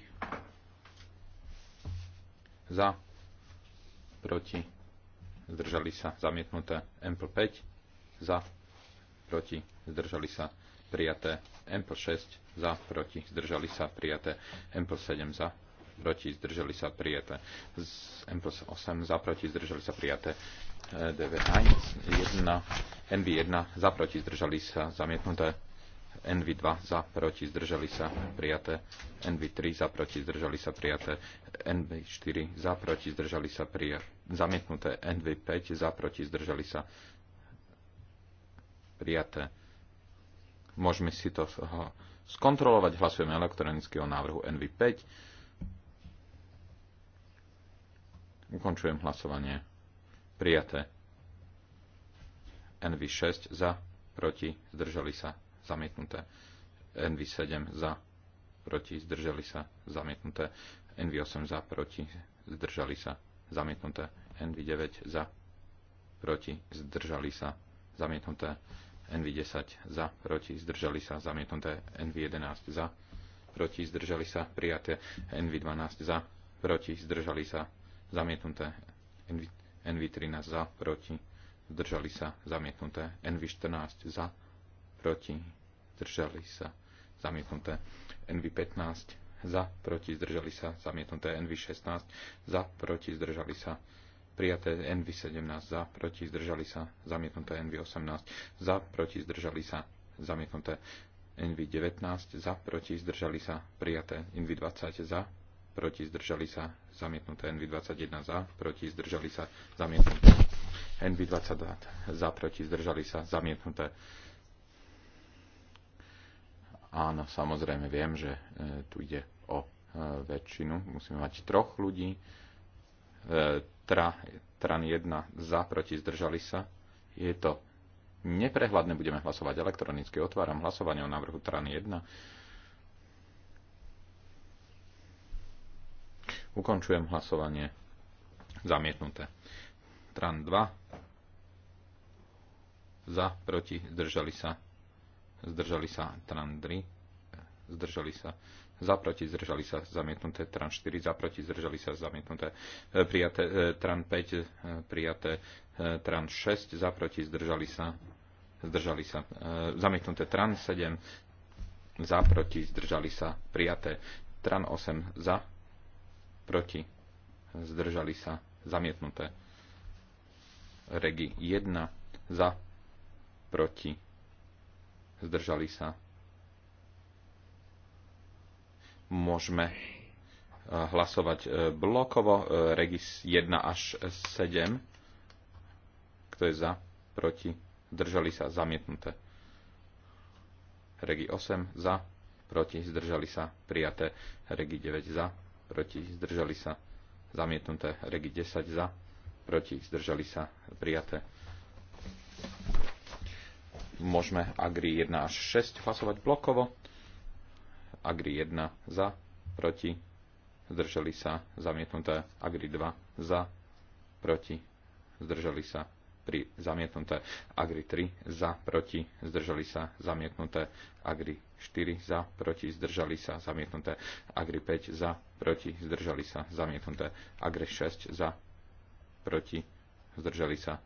Speaker 2: za proti zdržali sa zamietnuté m 5 za proti zdržali sa prijaté m 6 za proti zdržali sa prijaté m 7 za proti zdržali sa prijaté m 8 za proti zdržali sa prijaté e, DV1 NV1 za proti zdržali sa zamietnuté NV2 za, proti, zdržali sa, prijaté. NV3 za, proti, zdržali sa, prijaté. NV4 za, proti, zdržali sa, prijaté. Zamietnuté NV5 za, proti, zdržali sa, prijaté. Môžeme si to skontrolovať. Hlasujeme elektronicky o návrhu NV5. Ukončujem hlasovanie. Prijaté. NV6 za, proti, zdržali sa, zamietnuté. NV7 za, proti, zdržali sa, zamietnuté. NV8 za, proti, zdržali sa, zamietnuté. NV9 za, proti, zdržali sa, zamietnuté. NV10 za, proti, zdržali sa, zamietnuté. NV11 za, proti, zdržali sa, prijaté. NV12 za, proti, zdržali sa, zamietnuté. NV, NV13 za, proti, zdržali sa, zamietnuté. NV14 za, proti, zdržali sa, zamietnuté. NV15 za, proti, zdržali sa, zamietnuté. NV16 za, proti, zdržali sa, prijaté NV17 za, proti, zdržali sa, zamietnuté NV18 za, proti, zdržali sa, zamietnuté NV19 za, proti, zdržali sa, prijaté NV20 za, proti, zdržali sa, zamietnuté NV21 za, proti, zdržali sa, zamietnuté NV22 za, proti, zdržali sa, zamietnuté Áno, samozrejme viem, že e, tu ide o e, väčšinu. Musíme mať troch ľudí. E, tra, tran 1 za, proti, zdržali sa. Je to neprehľadné, budeme hlasovať elektronicky. Otváram hlasovanie o návrhu tran 1. Ukončujem hlasovanie. Zamietnuté. Tran 2. Za, proti, zdržali sa zdržali sa tran 3, zdržali sa zaproti, zdržali sa zamietnuté tran 4, zaproti, zdržali sa zamietnuté e, prijaté e, tran 5, e, prijaté tran 6, zaproti, zdržali sa zdržali sa zamietnuté tran 7, zaproti, zdržali sa prijaté tran 8, za proti, zdržali sa zamietnuté regi 1, za proti, zdržali sa. Môžeme eh, hlasovať eh, blokovo eh, regis 1 až 7. Kto je za, proti, zdržali sa, zamietnuté. Regi 8 za, proti, zdržali sa, prijaté. Regi 9 za, proti, zdržali sa, zamietnuté. Regi 10 za, proti, zdržali sa, prijaté. Môžeme Agri 1 až 6 hlasovať blokovo. Agri 1 za, proti, zdržali sa, zamietnuté. Agri 2 za, proti, zdržali sa, pri zamietnuté. Agri 3 za, proti, zdržali sa, zamietnuté. Agri 4 za, proti, zdržali sa, zamietnuté. Agri 5 za, proti, zdržali sa, zamietnuté. Agri 6 za, proti, zdržali sa,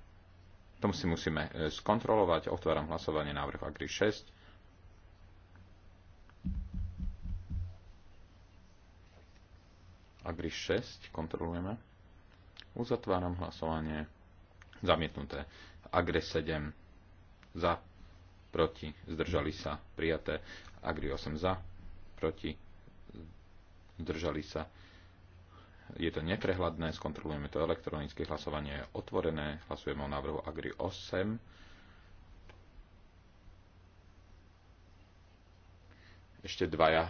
Speaker 2: to si musíme e, skontrolovať. Otváram hlasovanie návrh Agri 6. Agri 6 kontrolujeme. Uzatváram hlasovanie. Zamietnuté. Agri 7 za, proti, zdržali sa, prijaté. Agri 8 za, proti, zdržali sa, prijaté je to neprehľadné, skontrolujeme to elektronické hlasovanie je otvorené, hlasujeme o návrhu Agri 8. Ešte dvaja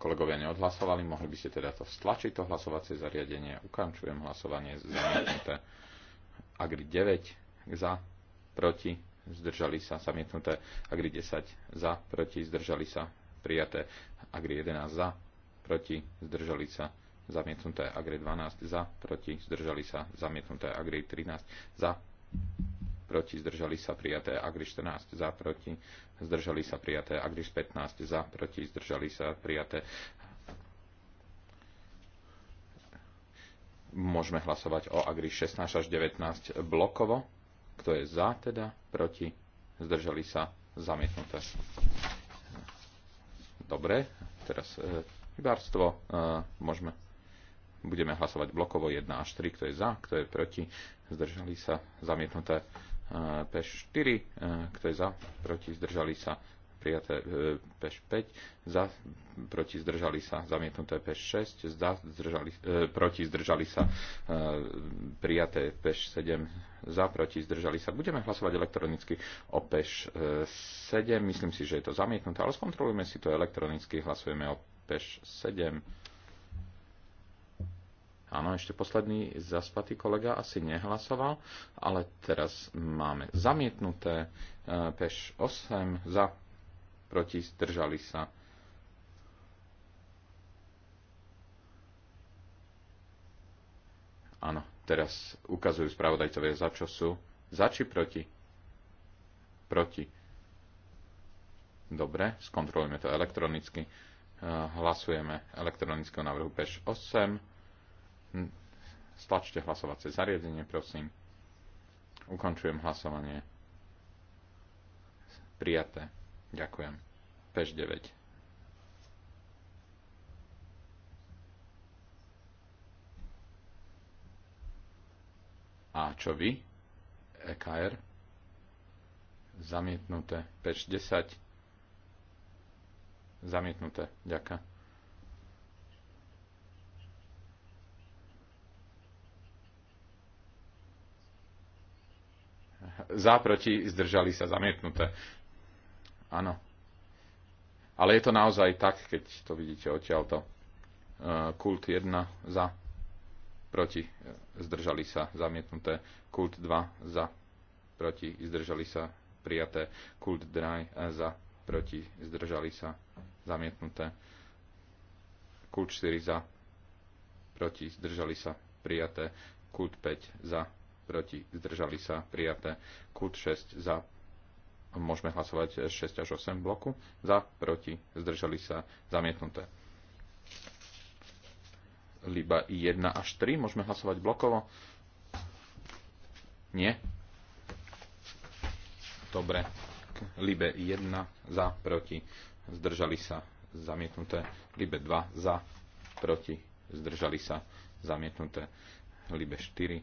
Speaker 2: kolegovia neodhlasovali, mohli by ste teda to stlačiť, to hlasovacie zariadenie. Ukončujem hlasovanie zamietnuté. Agri 9 za, proti, zdržali sa, zamietnuté. Agri 10 za, proti, zdržali sa, prijaté. Agri 11 za, proti, zdržali sa, zamietnuté Agri 12 za, proti, zdržali sa, zamietnuté Agri 13 za, proti, zdržali sa, prijaté Agri 14 za, proti, zdržali sa, prijaté Agri 15 za, proti, zdržali sa, prijaté. Môžeme hlasovať o Agri 16 až 19 blokovo. Kto je za teda, proti, zdržali sa, zamietnuté. Dobre, teraz e, rybárstvo e, môžeme Budeme hlasovať blokovo 1 až 3, kto je za, kto je proti. Zdržali sa zamietnuté e, P4, e, kto je za, proti, zdržali sa prijaté e, P5, za, proti, zdržali sa zamietnuté P6, za, zdržali, proti, zdržali sa prijaté P7, za, proti, zdržali sa. Budeme hlasovať elektronicky o P7, myslím si, že je to zamietnuté, ale skontrolujme si to elektronicky, hlasujeme o p 7. Áno, ešte posledný zaspatý kolega asi nehlasoval, ale teraz máme zamietnuté e, peš 8 za, proti, zdržali sa. Áno, teraz ukazujú spravodajcovia, za čo sú. Za či proti? Proti. Dobre, skontrolujeme to elektronicky. E, hlasujeme elektronického návrhu PEŠ 8. Stlačte hlasovacie zariadenie, prosím. Ukončujem hlasovanie. Prijaté. Ďakujem. Pež 9. A čo vy? EKR? Zamietnuté. Pež 10. Zamietnuté. Ďakujem. za, proti, zdržali sa, zamietnuté. Áno. Ale je to naozaj tak, keď to vidíte odtiaľto. E, kult 1 e, e, za, proti, zdržali sa, zamietnuté. Kult 2 za, proti, zdržali sa, prijaté. Kult 3 za, proti, zdržali sa, zamietnuté. Kult 4 za, proti, zdržali sa, prijaté. Kult 5 za, proti, zdržali sa, prijaté. Kult 6 za, môžeme hlasovať 6 až 8 bloku, za, proti, zdržali sa, zamietnuté. Liba 1 až 3, môžeme hlasovať blokovo. Nie. Dobre. Libe 1 za, proti, zdržali sa, zamietnuté. Libe 2 za, proti, zdržali sa, zamietnuté. Libe 4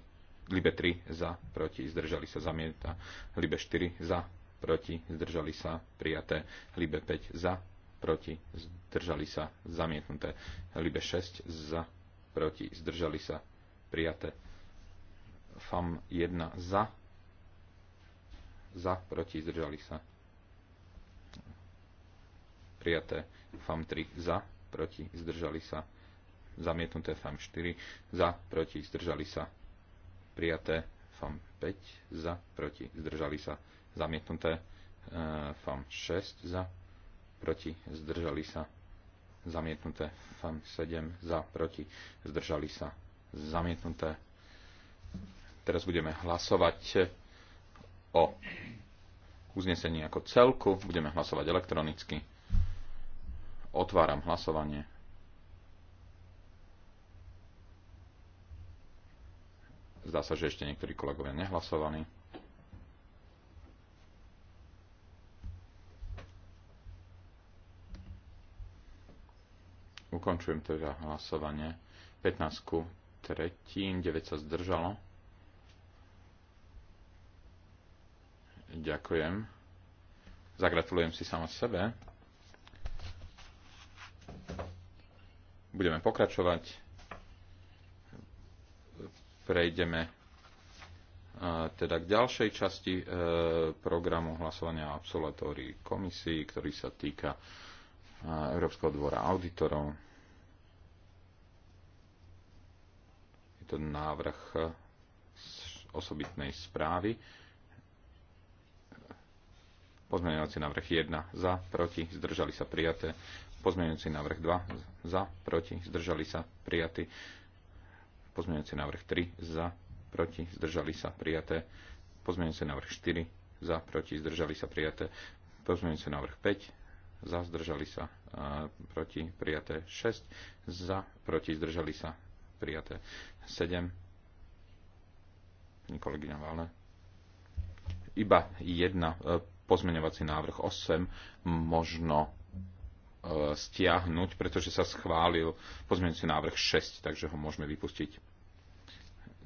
Speaker 2: Libe 3 za, proti, zdržali sa, zamieta. Libe 4 za, proti, zdržali sa, prijaté. Libe 5 za, proti, zdržali sa, zamietnuté. Libe 6 za, proti, zdržali sa, prijaté. FAM 1 za, za, proti, zdržali sa, prijaté. FAM 3 za, proti, zdržali sa, zamietnuté. FAM 4 za, proti, zdržali sa, prijaté FAM 5 e, za, proti, zdržali sa, zamietnuté FAM 6 za, proti, zdržali sa, zamietnuté FAM 7 za, proti, zdržali sa, zamietnuté. Teraz budeme hlasovať o uznesení ako celku. Budeme hlasovať elektronicky. Otváram hlasovanie. Zdá sa, že ešte niektorí kolegovia nehlasovaní. Ukončujem teda hlasovanie. 15 ku 9 sa zdržalo. Ďakujem. Zagratulujem si sama sebe. Budeme pokračovať prejdeme e, teda k ďalšej časti e, programu hlasovania absolutórií komisii, ktorý sa týka e, Európskeho dvora auditorov. Je to návrh osobitnej správy. Pozmeňujúci návrh 1 za, proti, zdržali sa prijaté. Pozmeňujúci návrh 2 za, proti, zdržali sa prijaté Pozmeňujúci návrh 3 za, proti, zdržali sa prijaté. Pozmeňujúci návrh 4 za, proti, zdržali sa prijaté. Pozmeňujúci návrh 5 za, zdržali sa proti, prijaté 6 za, proti, zdržali sa prijaté 7. Pani kolegyňa Vále. Iba jedna e, pozmeňovací návrh 8 možno stiahnuť, pretože sa schválil pozmeňujúci návrh 6, takže ho môžeme vypustiť.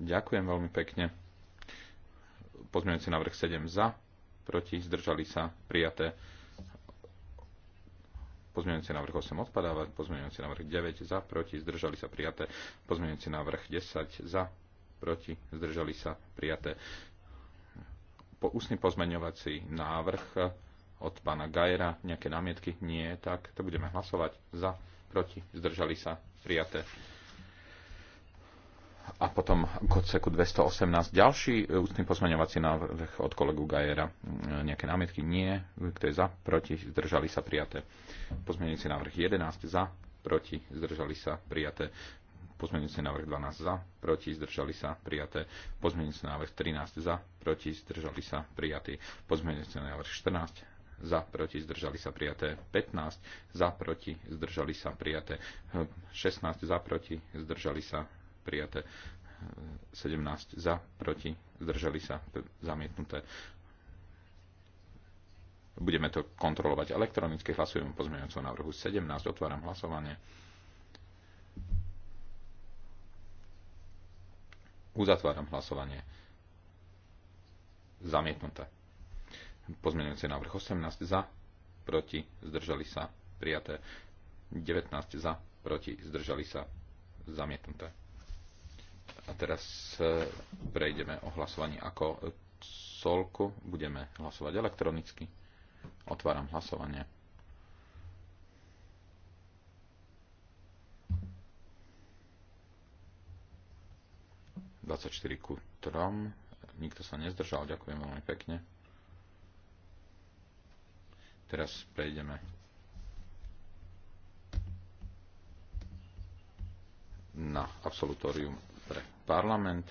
Speaker 2: Ďakujem veľmi pekne. Pozmeňujúci návrh 7 za, proti, zdržali sa, prijaté. Pozmeňujúci návrh 8 odpadáva, pozmeňujúci návrh 9 za, proti, zdržali sa, prijaté. Pozmeňujúci návrh 10 za, proti, zdržali sa, prijaté. Po ústny pozmeňovací návrh od pána Gajera nejaké námietky? Nie, tak to budeme hlasovať za, proti, zdržali sa, prijaté. A potom k odseku 218 ďalší e, ústny pozmeňovací návrh od kolegu Gajera. E, nejaké námietky? Nie. Kto je za? Proti? Zdržali sa prijaté. Pozmeňujúci návrh 11 za, proti, zdržali sa prijaté. Pozmeňujúci návrh 12 za, proti, zdržali sa, prijaté. Pozmeňujúci návrh 13 za, proti, zdržali sa, prijatý. Pozmeňujúci návrh 14 za, proti, zdržali sa prijaté. 15 za, proti, zdržali sa prijaté. 16 za, proti, zdržali sa prijaté. 17 za, proti, zdržali sa zamietnuté. Budeme to kontrolovať elektronicky. Hlasujeme o návrhu 17. Otváram hlasovanie. Uzatváram hlasovanie. Zamietnuté. Pozmeňujúci návrh 18 za, proti, zdržali sa, prijaté. 19 za, proti, zdržali sa, zamietnuté. A teraz e, prejdeme o hlasovaní ako solku. Budeme hlasovať elektronicky. Otváram hlasovanie. ku trom. Nikto sa nezdržal. Ďakujem veľmi pekne teraz prejdeme na absolutórium pre parlament.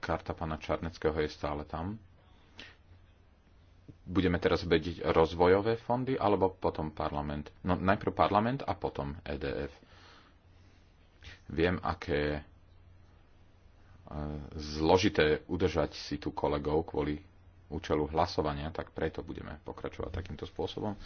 Speaker 2: Karta pána Čarneckého je stále tam. Budeme teraz vedieť rozvojové fondy alebo potom parlament? No najprv parlament a potom EDF. Viem, aké e, zložité udržať si tu kolegov kvôli účelu hlasovania, tak preto budeme pokračovať takýmto spôsobom. Uh,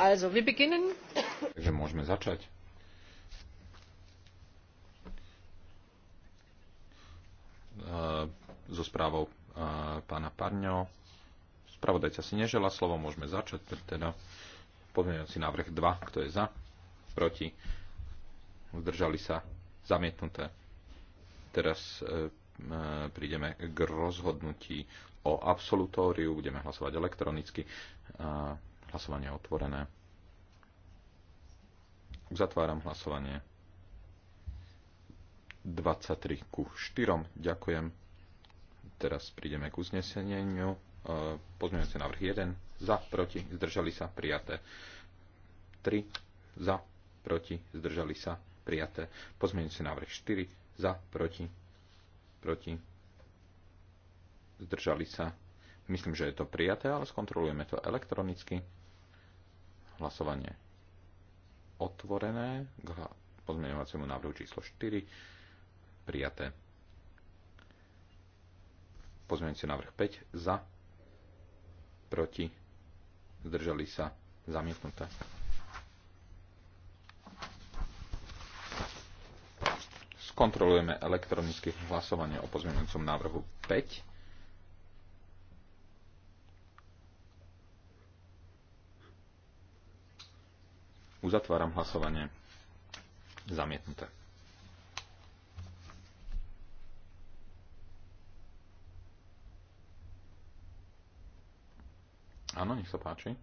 Speaker 4: Also, wir beginnen. Takže
Speaker 2: môžeme začať. So správou pána Parňo. Spravodajca si nežela slovo, môžeme začať. Teda pozmeňujúci návrh 2, kto je za, proti, zdržali sa, zamietnuté. Teraz e, e, prídeme k rozhodnutí o absolutóriu, budeme hlasovať elektronicky. Hlasovanie otvorené. Uzatváram hlasovanie. 23 ku 4. Ďakujem. Teraz prídeme k uzneseniu. E, Pozmeňujúci návrh 1. Za, proti, zdržali sa, prijaté. 3. Za, proti, zdržali sa, prijaté. Pozmeňujúci návrh 4. Za, proti, proti, zdržali sa. Myslím, že je to prijaté, ale skontrolujeme to elektronicky. Hlasovanie otvorené k pozmeňovaciemu návrhu číslo 4. Prijaté. Pozmeňujúci návrh 5. Za. Proti. Zdržali sa. Zamietnuté. Skontrolujeme elektronické hlasovanie o pozmeňujúcom návrhu 5. Uzatváram hlasovanie. Zamietnuté. Áno, nech sa páči.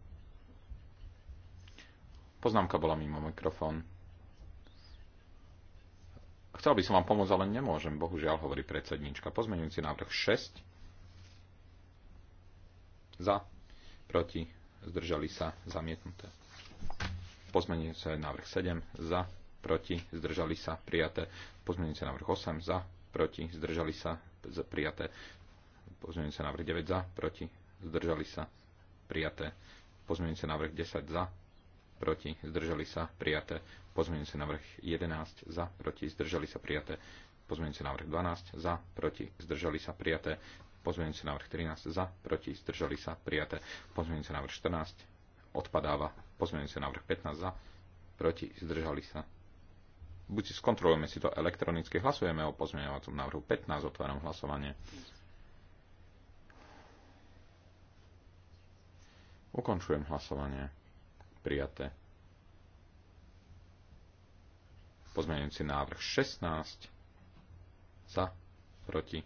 Speaker 2: Poznámka bola mimo mikrofón. Chcel by som vám pomôcť, ale nemôžem, bohužiaľ, hovorí predsednička. Pozmeňujúci návrh 6. Za, proti, zdržali sa, zamietnuté. Pozmenujúce návrh 7 za, proti, zdržali sa, prijaté. Pozmenujúce návrh 8 za, proti, zdržali sa, prijaté. Pozmenujúce návrh 9 za, proti, zdržali sa, prijaté. Pozmenujúce návrh 10 za, proti, zdržali sa, prijaté. Pozmenujúce návrh 11 za, proti, zdržali sa, prijaté. Pozmenujúce návrh 12 za, proti, zdržali sa, prijaté. Pozmenujúce návrh 13 za, proti, zdržali sa, prijaté. Pozmenujúce návrh 14 odpadáva. Pozmeňujúci návrh 15 za, proti, zdržali sa. Buď skontrolujeme si to elektronicky, hlasujeme o pozmeňovacom návrhu 15, otváram hlasovanie. Ukončujem hlasovanie. Prijaté. Pozmeňujúci návrh 16 za, proti,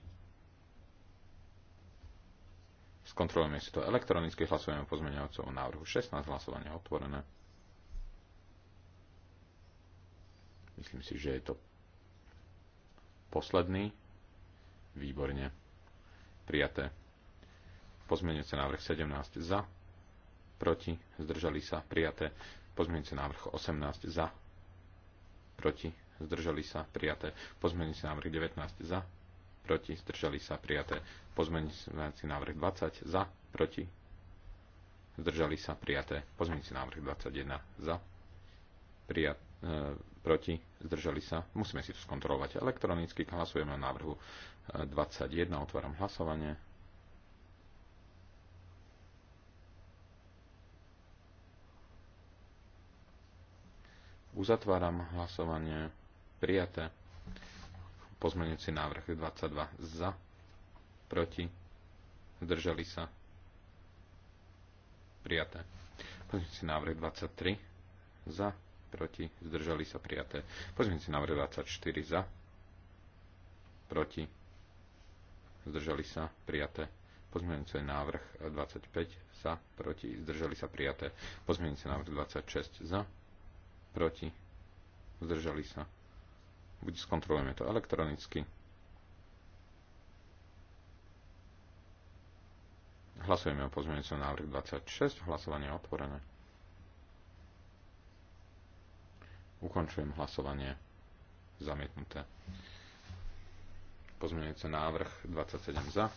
Speaker 2: Skontrolujeme si to elektronicky, hlasujeme o pozmeňovacom návrhu 16, hlasovanie otvorené. Myslím si, že je to posledný. Výborne. Prijaté. Pozmeňujúce návrh 17 za, proti, zdržali sa, prijaté. Pozmeňujúce návrh 18 za, proti, zdržali sa, prijaté. Pozmeňujúce návrh 19 za, proti, zdržali sa prijaté. Pozmeňujúci návrh 20 za, proti, zdržali sa prijaté. Pozmeňujúci návrh 21 za, prijat, e, proti, zdržali sa. Musíme si to skontrolovať elektronicky. Hlasujeme o návrhu 21. E, Otváram hlasovanie. Uzatváram hlasovanie. Prijaté pozmeňujúci návrh 22 za, proti, zdržali sa, prijaté. Pozmeňujúci návrh 23 za, proti, zdržali sa, prijaté. Pozmeňujúci návrh 24 za, proti, zdržali sa, prijaté. Pozmeňujúci návrh 25 za, proti, zdržali sa, prijaté. Pozmeňujúci návrh 26 za, proti, zdržali sa, Buď skontrolujeme to elektronicky. Hlasujeme o pozmeňujúcom návrh 26. Hlasovanie je otvorené. Ukončujem hlasovanie. Zamietnuté. Pozmeňujúce návrh 27 za.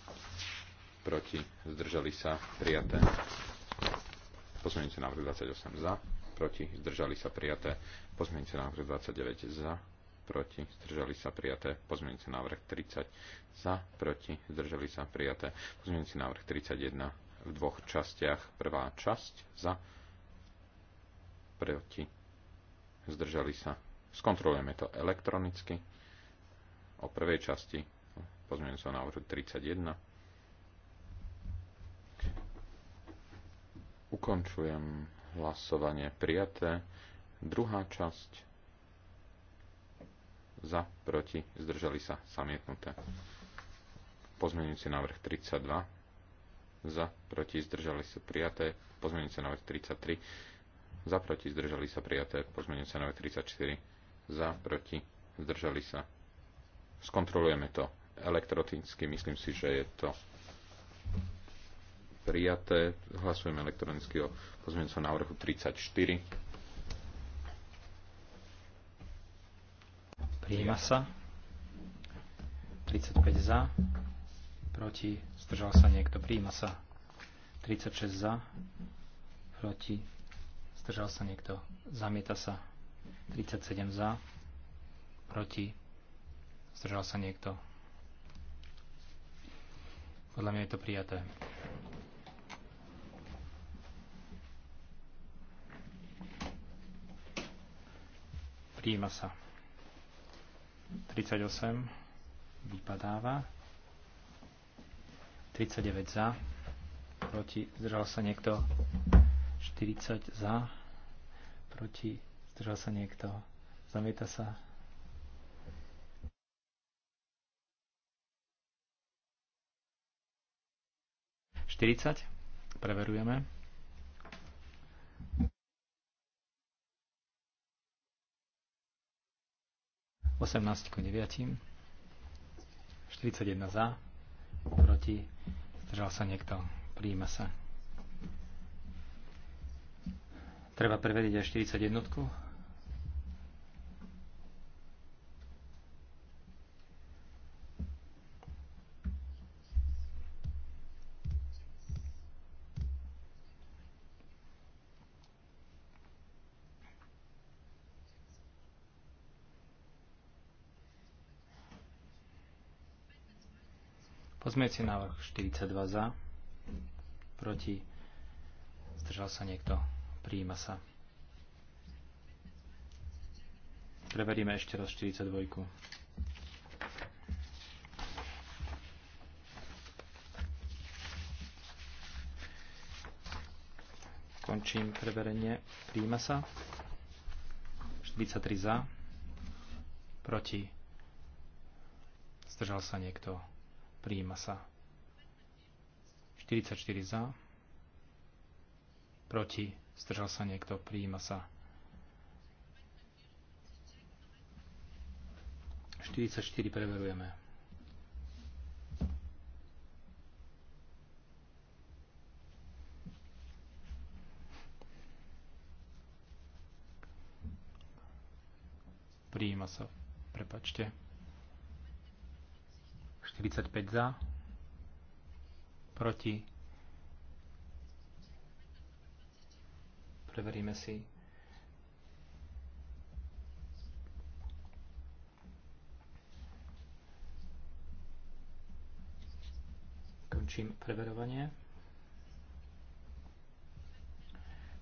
Speaker 2: Proti. Zdržali sa. Prijaté. Pozmeňujúce návrh 28 za. Proti. Zdržali sa. Prijaté. Pozmeňujúce návrh 29 za proti, zdržali sa prijaté. Pozmeňujúci návrh 30 za, proti, zdržali sa prijaté. Pozmeňujúci návrh 31 v dvoch častiach. Prvá časť za, proti, zdržali sa. Skontrolujeme to elektronicky. O prvej časti pozmeňujúci návrhu 31. Ukončujem hlasovanie prijaté. Druhá časť za, proti, zdržali sa, zamietnuté. Pozmeňujúci návrh 32, za, proti, zdržali sa, prijaté. Pozmeňujúci návrh 33, za, proti, zdržali sa, prijaté. Pozmeňujúci návrh 34, za, proti, zdržali sa. Skontrolujeme to elektronicky, myslím si, že je to prijaté. Hlasujeme elektronicky o pozmeňujúcom návrhu 34. Prijíma sa. 35 za.
Speaker 3: Proti. Zdržal sa niekto. príjma sa. 36 za. Proti. Zdržal sa niekto. Zamieta sa. 37 za. Proti. Zdržal sa niekto. Podľa mňa je to prijaté. Príjima sa. 38 vypadáva. 39 za. Proti zdržal sa niekto. 40 za. Proti zdržal sa niekto. Zamieta sa. Štyridsať. Preverujeme. 18 ku 9. 41 za. Proti. Zdržal sa niekto. Príjima sa. Treba prevediť aj 41. si návrh 42 za, proti, zdržal sa niekto, prijíma sa. Preveríme ešte raz 42. Končím preverenie, prijíma sa. 43 za, proti, zdržal sa niekto, Prijíma sa. 44 za. Proti. Zdržal sa niekto. Prijíma sa. 44 preverujeme. Prijíma sa. Prepačte. 45 za, proti. Preveríme si. Končím preverovanie.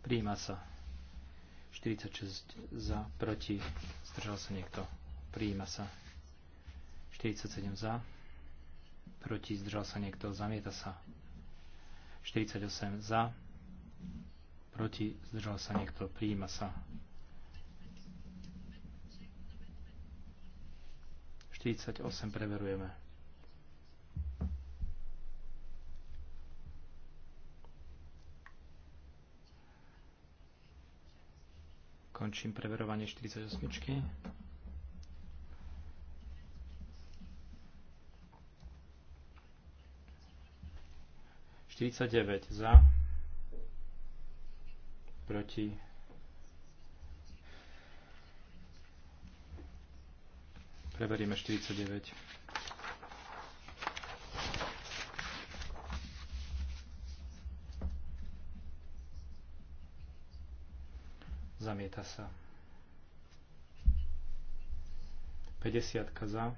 Speaker 3: Príjima sa. 46 za, proti, zdržal sa niekto. Prijíma sa. 47 za, proti, zdržal sa niekto, zamieta sa. 48 za, proti, zdržal sa niekto, prijíma sa. 48 preverujeme. Končím preverovanie 48. 39 za, proti, preberieme 49. Zamieta sa. 50 za.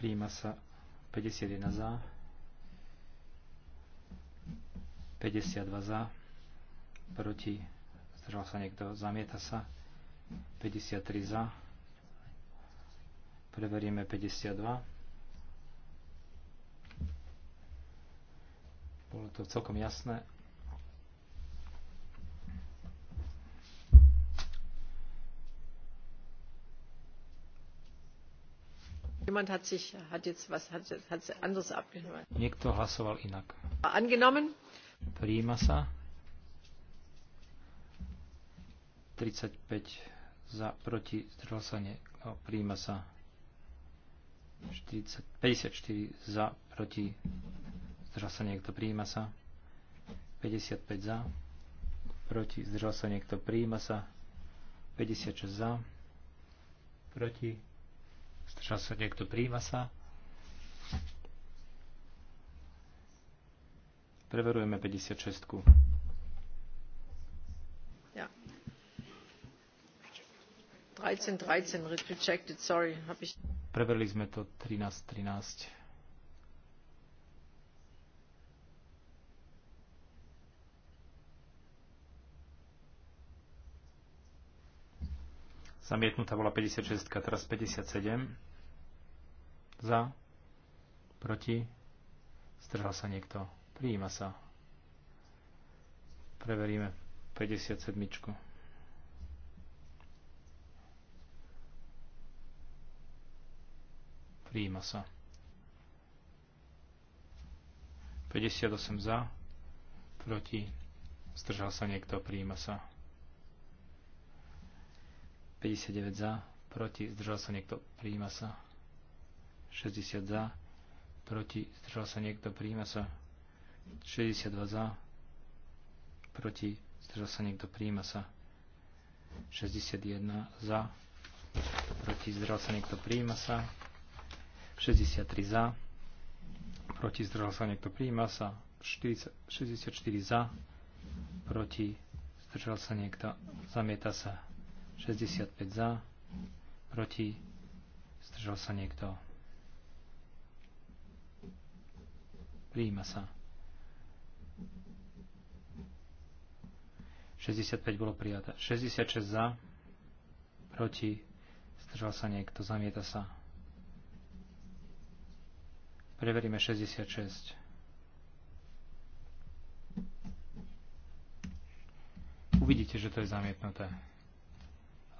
Speaker 3: Príjima sa 51 za. 52 za. Proti. Zdržal sa niekto. Zamieta sa. 53 za. Preveríme 52. Bolo to celkom jasné.
Speaker 4: Jemand hat sich, hat jetzt was, hat, hat anders abgenommen.
Speaker 3: Niekto hlasoval inak.
Speaker 4: Angenommen.
Speaker 3: Príjima sa. 35 za, proti, zdržal no, príjima sa. 40, 54 za, proti, zdržal sa niekto, príjima sa. 55 za, proti, zdržal sa niekto, príjima sa. 56 za, proti, Zdržal sa niekto? príjma sa? Preverujeme 56. -ku.
Speaker 4: Ja. 13, 13, rejected, sorry.
Speaker 3: Preverili sme to 13, 13. Zamietnutá bola 56, teraz 57. Za. Proti. Zdržal sa niekto. Prijíma sa. Preveríme 57. Prijíma sa. 58 za. Proti. Zdržal sa niekto. Prijíma sa. 59 za, proti, zdržal sa niekto, prijíma sa. 60 za, proti, zdržal sa niekto, prijíma sa. 62 za, proti, zdržal sa niekto, prijíma sa. 61 za, proti, zdržal sa niekto, prijíma sa. 63 za, proti, zdržal sa niekto, prijíma sa. 64 za, proti, zdržal sa niekto, zamieta sa. 65 za, proti, zdržal sa niekto. Prijíma sa. 65 bolo prijaté. 66 za, proti, zdržal sa niekto, zamieta sa. Preveríme 66. Uvidíte, že to je zamietnuté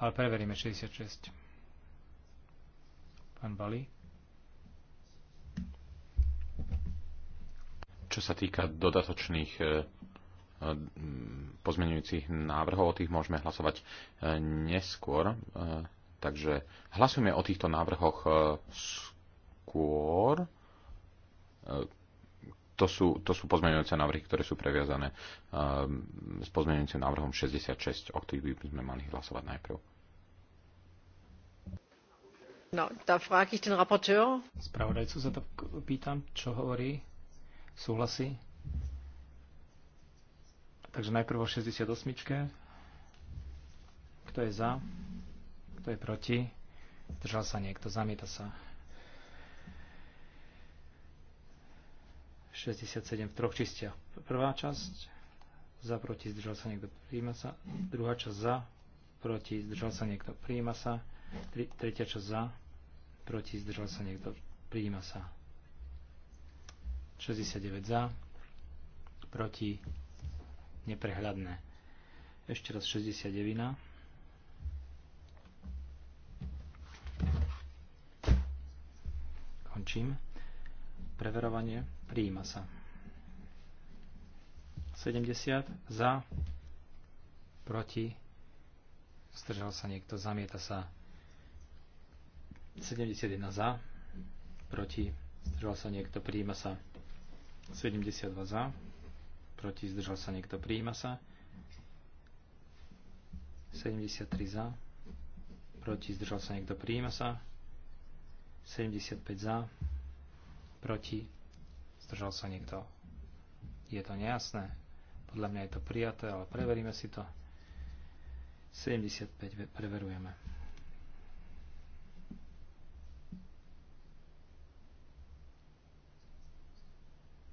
Speaker 3: ale preveríme 66. Pán Bali.
Speaker 2: Čo sa týka dodatočných e, e, pozmenujúcich návrhov, o tých môžeme hlasovať e, neskôr. Takže hlasujeme o týchto návrhoch skôr to sú, to sú pozmeňujúce návrhy, ktoré sú previazané ehm, s pozmeňujúcim návrhom 66, o ktorých by sme mali hlasovať najprv.
Speaker 4: No, da frage ich den Rapporteur.
Speaker 3: Spravodajcu sa to pýtam, čo hovorí, súhlasí. Takže najprv o 68. Kto je za? Kto je proti? Držal sa niekto, zamieta sa. 67 v troch čistiach. Prvá časť za, proti, zdržal sa niekto, príjma sa. Druhá časť za, proti, zdržal sa niekto, príjma sa. Tri, tretia časť za, proti, zdržal sa niekto, príjma sa. 69 za, proti, neprehľadné. Ešte raz 69. Končím preverovanie, prijíma sa. 70 za, proti, zdržal sa niekto, zamieta sa. 71 za, proti, zdržal sa niekto, prijíma sa. 72 za, proti, zdržal sa niekto, prijíma sa. 73 za, proti, zdržal sa niekto, prijíma sa. 75 za, Proti? Zdržal sa niekto? Je to nejasné. Podľa mňa je to prijaté, ale preveríme si to. 75 preverujeme.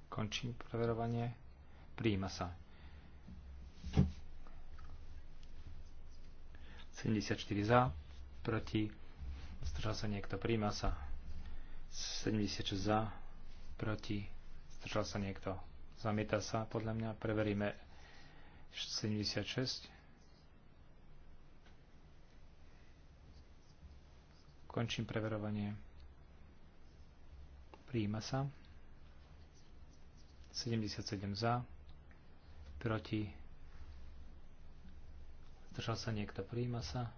Speaker 3: Končím preverovanie. Prijíma sa. 74 za, proti, zdržal sa niekto, príjma sa, 76 za, proti, zdržal sa niekto. Zamieta sa, podľa mňa, preveríme 76. Končím preverovanie. Prijíma sa. 77 za, proti, zdržal sa niekto, Prijíma sa.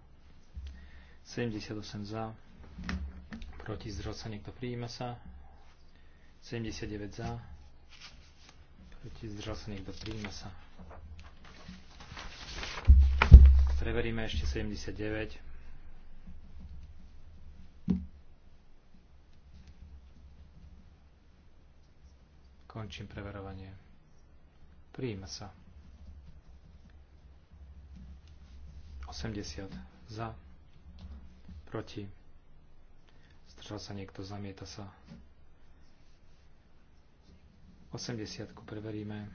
Speaker 3: 78 za, proti, zdržal sa niekto, Prijíma sa. 79 za. Proti zdržal sa niekto, príjme sa. Preveríme ešte 79. Končím preverovanie. Príjme sa. 80 za. Proti. Zdržal sa niekto, zamieta sa. 80 preveríme.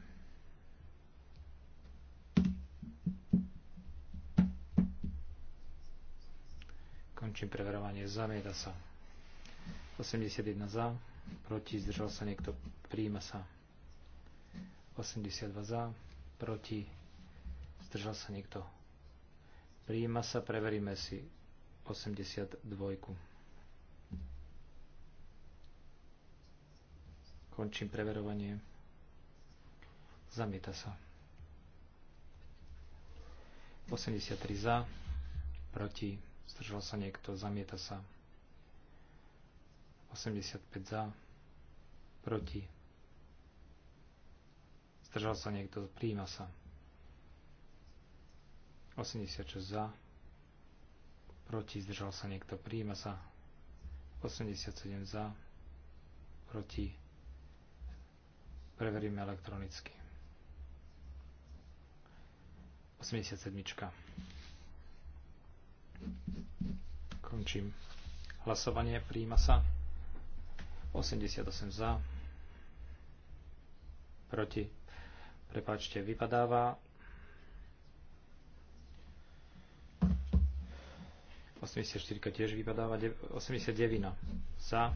Speaker 3: Končím preverovanie. Zamieta sa. 81 za. Proti. Zdržal sa niekto. Príjima sa. 82 za. Proti. Zdržal sa niekto. Príjima sa. Preveríme si 82. Končím preverovanie. Zamieta sa. 83 za, proti, zdržal sa niekto, zamieta sa. 85 za, proti, zdržal sa niekto, príjima sa. 86 za, proti, zdržal sa niekto, príjima sa. 87 za, proti, Preveríme elektronicky. 87. Končím. Hlasovanie príjma sa. 88 za. Proti. Prepáčte, vypadáva. 84 tiež vypadáva. 89 za.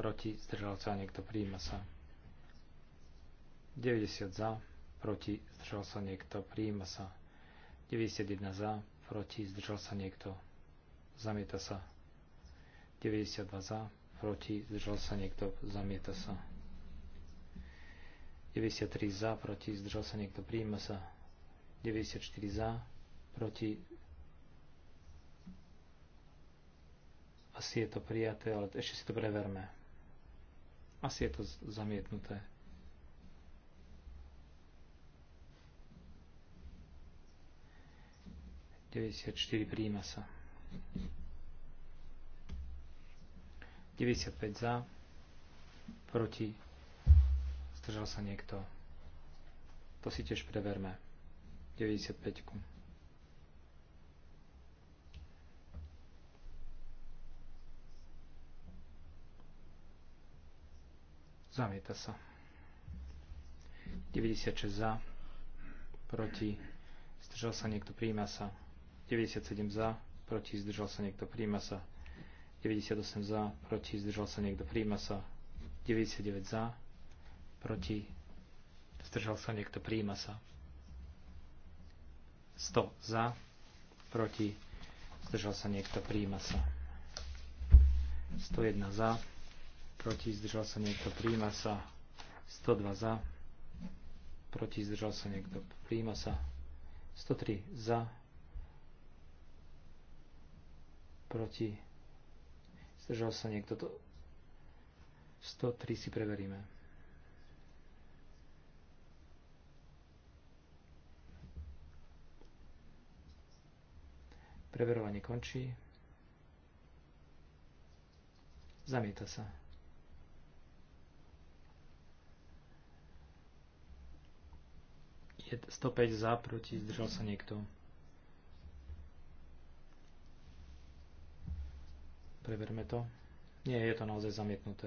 Speaker 3: Proti. Zdržal sa niekto. príjma sa. 90 za, proti, zdržal sa niekto, prijíma sa. 91 za, proti, zdržal sa niekto, zamieta sa. 92 za, proti, zdržal sa niekto, zamieta sa. 93 za, proti, zdržal sa niekto, prijíma sa. 94 za, proti, asi je to prijaté, ale ešte si to preverme. Asi je to zamietnuté. 94 príjima sa. 95 za, proti, zdržal sa niekto. To si tiež preverme. 95. -ku. Zamieta sa. 96 za, proti, zdržal sa niekto, príjma sa. 97 za, proti zdržal sa niekto, príjma sa. 98 za, proti zdržal sa niekto, príjma sa. 99 za, proti zdržal sa niekto, príjma sa. 100 za, proti zdržal sa niekto, príjma sa. 101 za, proti zdržal sa niekto, príjma sa. 102 za, proti zdržal sa niekto, príjma sa. 103 za, proti, zdržal sa niekto, to 103 si preveríme. Preverovanie končí. Zamieta sa. Je 105 za, proti, zdržal sa niekto. Preverme to. Nie, je to naozaj zamietnuté.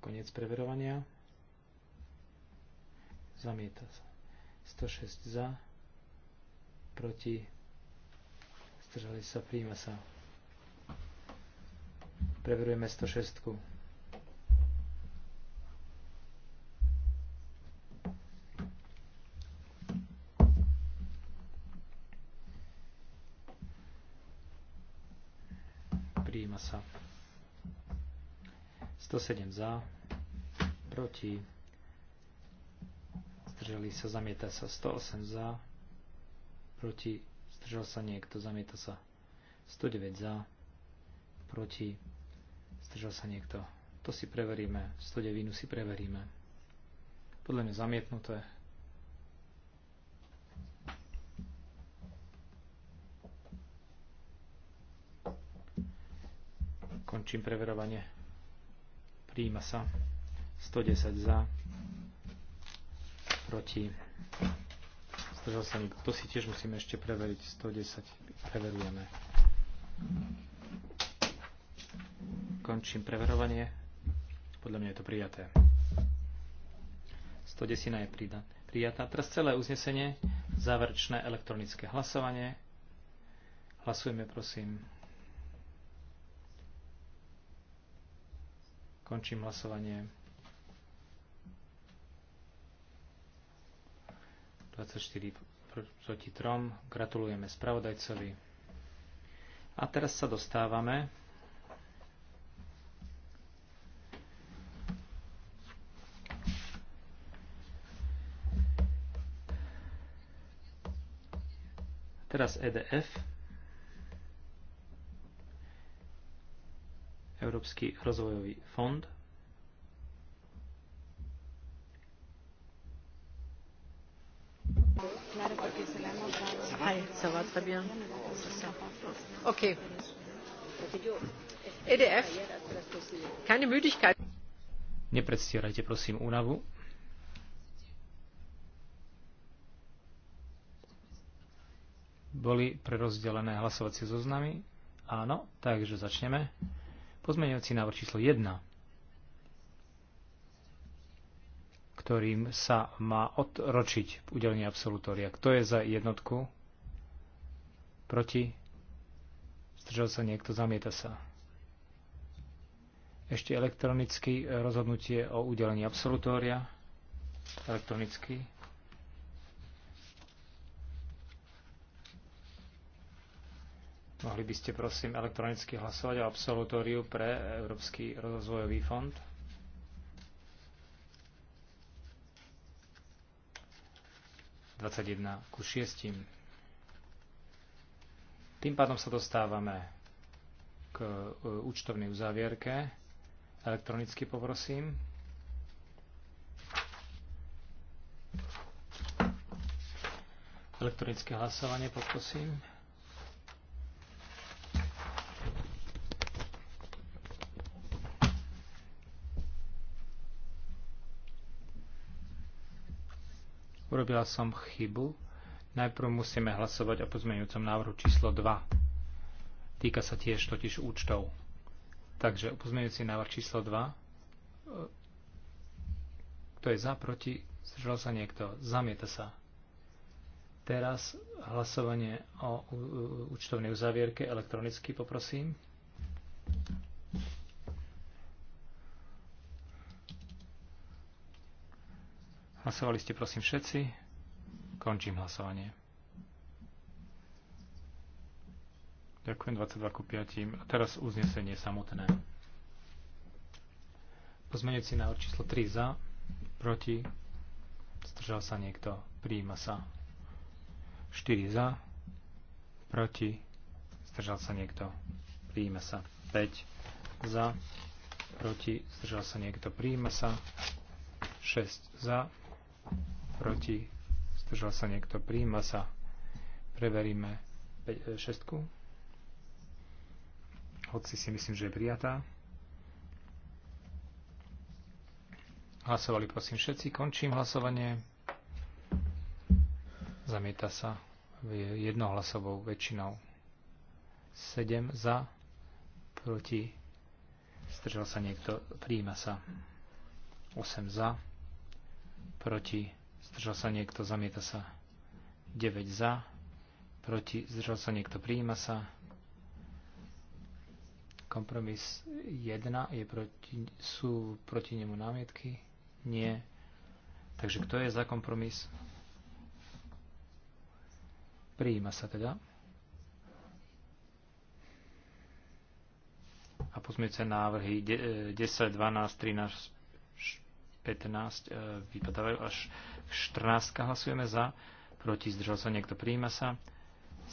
Speaker 3: Koniec preverovania. Zamieta sa. 106 za, proti, zdržali sa, príjma sa. Preverujeme 106. Príjma sa. 107 za. Proti. Zdržali sa. Zamieta sa. 108 za. Proti. Zdržal sa niekto. Zamieta sa. 109 za. Proti. Zdržal sa niekto. To si preveríme. 109 si preveríme. Podľa mňa zamietnuté. Končím preverovanie. Príjima sa. 110 za. Proti. Zdržal sa nikto. To si tiež musíme ešte preveriť. 110. Preverujeme. Končím preverovanie. Podľa mňa je to prijaté. 110 je prijatá. Teraz celé uznesenie. Záverečné elektronické hlasovanie. Hlasujeme, prosím. Končím hlasovanie. 24 proti 3. Gratulujeme spravodajcovi. A teraz sa dostávame teraz EDF Európsky rozvojový fond. E Nepredstierajte prosím únavu. Boli prerozdelené hlasovacie zoznamy? Áno, takže začneme. Pozmeňujúci návrh číslo 1, ktorým sa má odročiť udelenie absolutória. Kto je za jednotku? Proti? Zdržal sa niekto? Zamieta sa. Ešte elektronicky rozhodnutie o udelení absolutória. Elektronicky. Mohli by ste prosím elektronicky hlasovať o absolutóriu pre Európsky rozvojový fond? ...21 ku 6. Tým pádom sa dostávame k e, účtovnej uzávierke. Elektronicky poprosím. Elektronické hlasovanie poprosím. Urobila som chybu. Najprv musíme hlasovať o pozmeňujúcom návrhu číslo 2. Týka sa tiež totiž účtov. Takže pozmeňujúci návrh číslo 2. Kto je za, proti, zdržal sa niekto, zamieta sa. Teraz hlasovanie o účtovnej uzavierke elektronicky poprosím. Hlasovali ste prosím všetci? Končím hlasovanie. Ďakujem 22 ku 5. A teraz uznesenie samotné. Pozmeňujúci návrh číslo 3 za, proti, zdržal sa niekto, prijíma sa. 4 za, proti, zdržal sa niekto, prijíma sa. 5 za, proti, zdržal sa niekto, prijíma sa. 6 za, proti, zdržal sa niekto, príjma sa. Preveríme 6. E, Hoci si myslím, že je prijatá. Hlasovali prosím všetci. Končím hlasovanie. Zamieta sa jednohlasovou väčšinou. 7 za, proti, zdržal sa niekto, príjma sa. 8 za, proti, zdržal sa niekto, zamieta sa. 9 za, proti, zdržal sa niekto, prijíma sa. Kompromis 1 je proti, sú proti nemu námietky? Nie. Takže kto je za kompromis? Prijíma sa teda. A pozmiece návrhy 10, 12, 13, 15 e, vypadávajú až 14 hlasujeme za, proti zdržal sa niekto, príjma sa.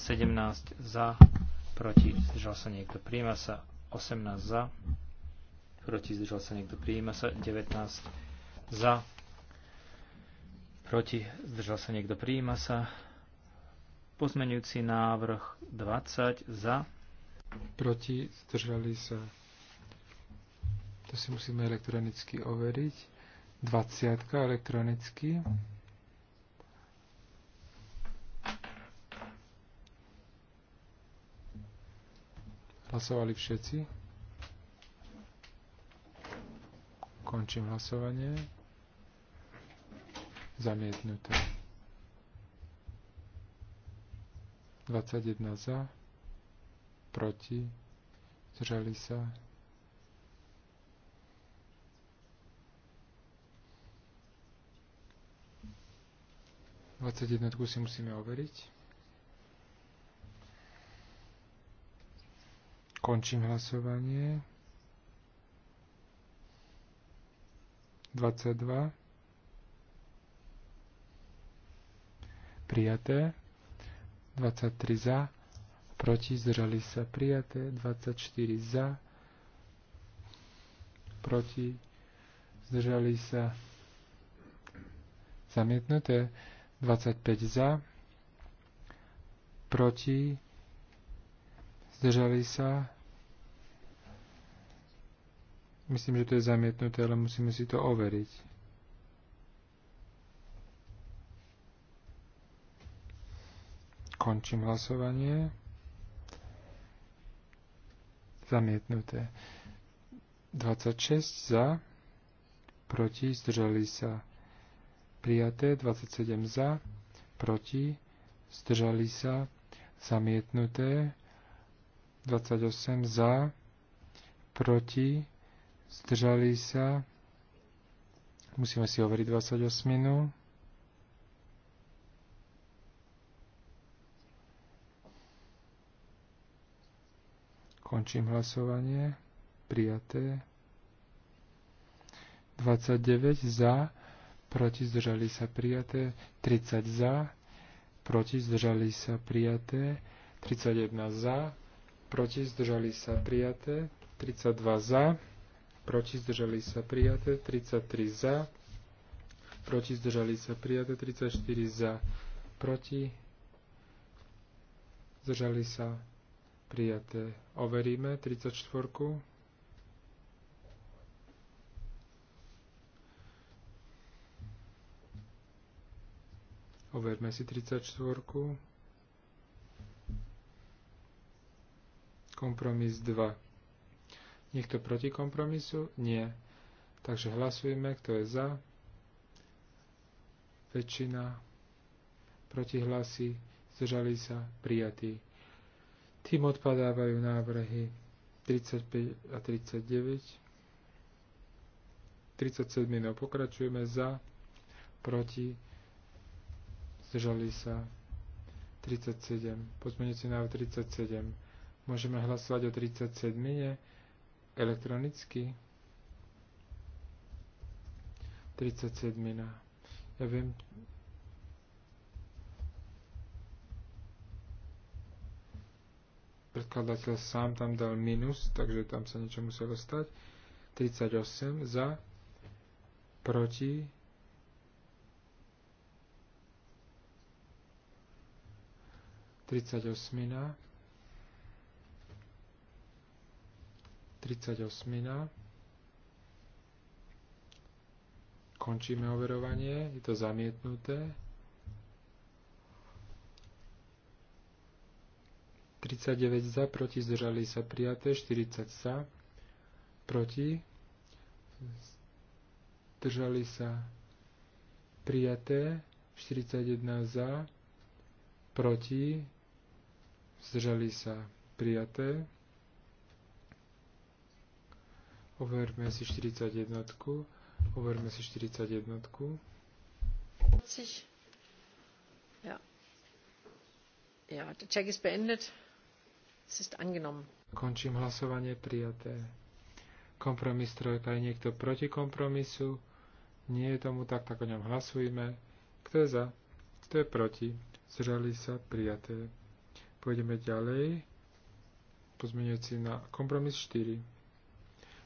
Speaker 3: 17 za, proti zdržal sa niekto, príjma sa. 18 za, proti zdržal sa niekto, príjma sa. 19 za, proti zdržal sa niekto, príjma sa. Pozmenujúci návrh 20 za,
Speaker 1: proti zdržali sa to si musíme elektronicky overiť. 20 elektronicky. Hlasovali všetci. Končím hlasovanie. Zamietnuté. 21 za, proti, zdržali sa, 21 si musíme overiť. Končím hlasovanie. 22. Prijaté. 23 za. Proti zdržali sa prijaté. 24 za. Proti zdržali sa zamietnuté. 25 za, proti, zdržali sa. Myslím, že to je zamietnuté, ale musíme si to overiť. Končím hlasovanie. Zamietnuté. 26 za, proti, zdržali sa prijaté, 27 za, proti, zdržali sa, zamietnuté, 28 za, proti, zdržali sa, musíme si overiť 28 minút. Končím hlasovanie. Prijaté. 29 za, proti zdržali sa prijaté, 30 za, proti zdržali sa prijaté, 31 za, proti zdržali sa prijaté, 32 za, proti zdržali sa prijaté, 33 za, proti zdržali sa prijaté, 34 za, proti zdržali sa prijaté. Overíme 34. Overme si 34. Kompromis 2. Niekto proti kompromisu? Nie. Takže hlasujeme, kto je za. Väčšina. Proti hlasy. Zdržali sa. Prijatí. Tým odpadávajú návrhy 35 a 39. 37. No pokračujeme za. Proti zdržali sa 37, pozmeňujúci návrh 37. Môžeme hlasovať o 37 nie? elektronicky. 37. Ja viem, predkladateľ sám tam dal minus, takže tam sa niečo muselo stať. 38 za, proti, 38. 38. Končíme overovanie, je to zamietnuté. 39 za, proti zdržali sa prijaté, 40 sa, proti, zdržali sa prijaté, 41 za, proti, zdržali sa prijaté. Overme si 41. Overme si 41.
Speaker 4: Ja. Ja, der Check ist beendet. Es ist angenommen.
Speaker 1: Končím hlasovanie prijaté. Kompromis trojka je niekto proti kompromisu. Nie je tomu tak, tak o ňom hlasujme. Kto je za? Kto je proti? Zrali sa prijaté. Pôjdeme ďalej. Pozmeňujúci na kompromis 4.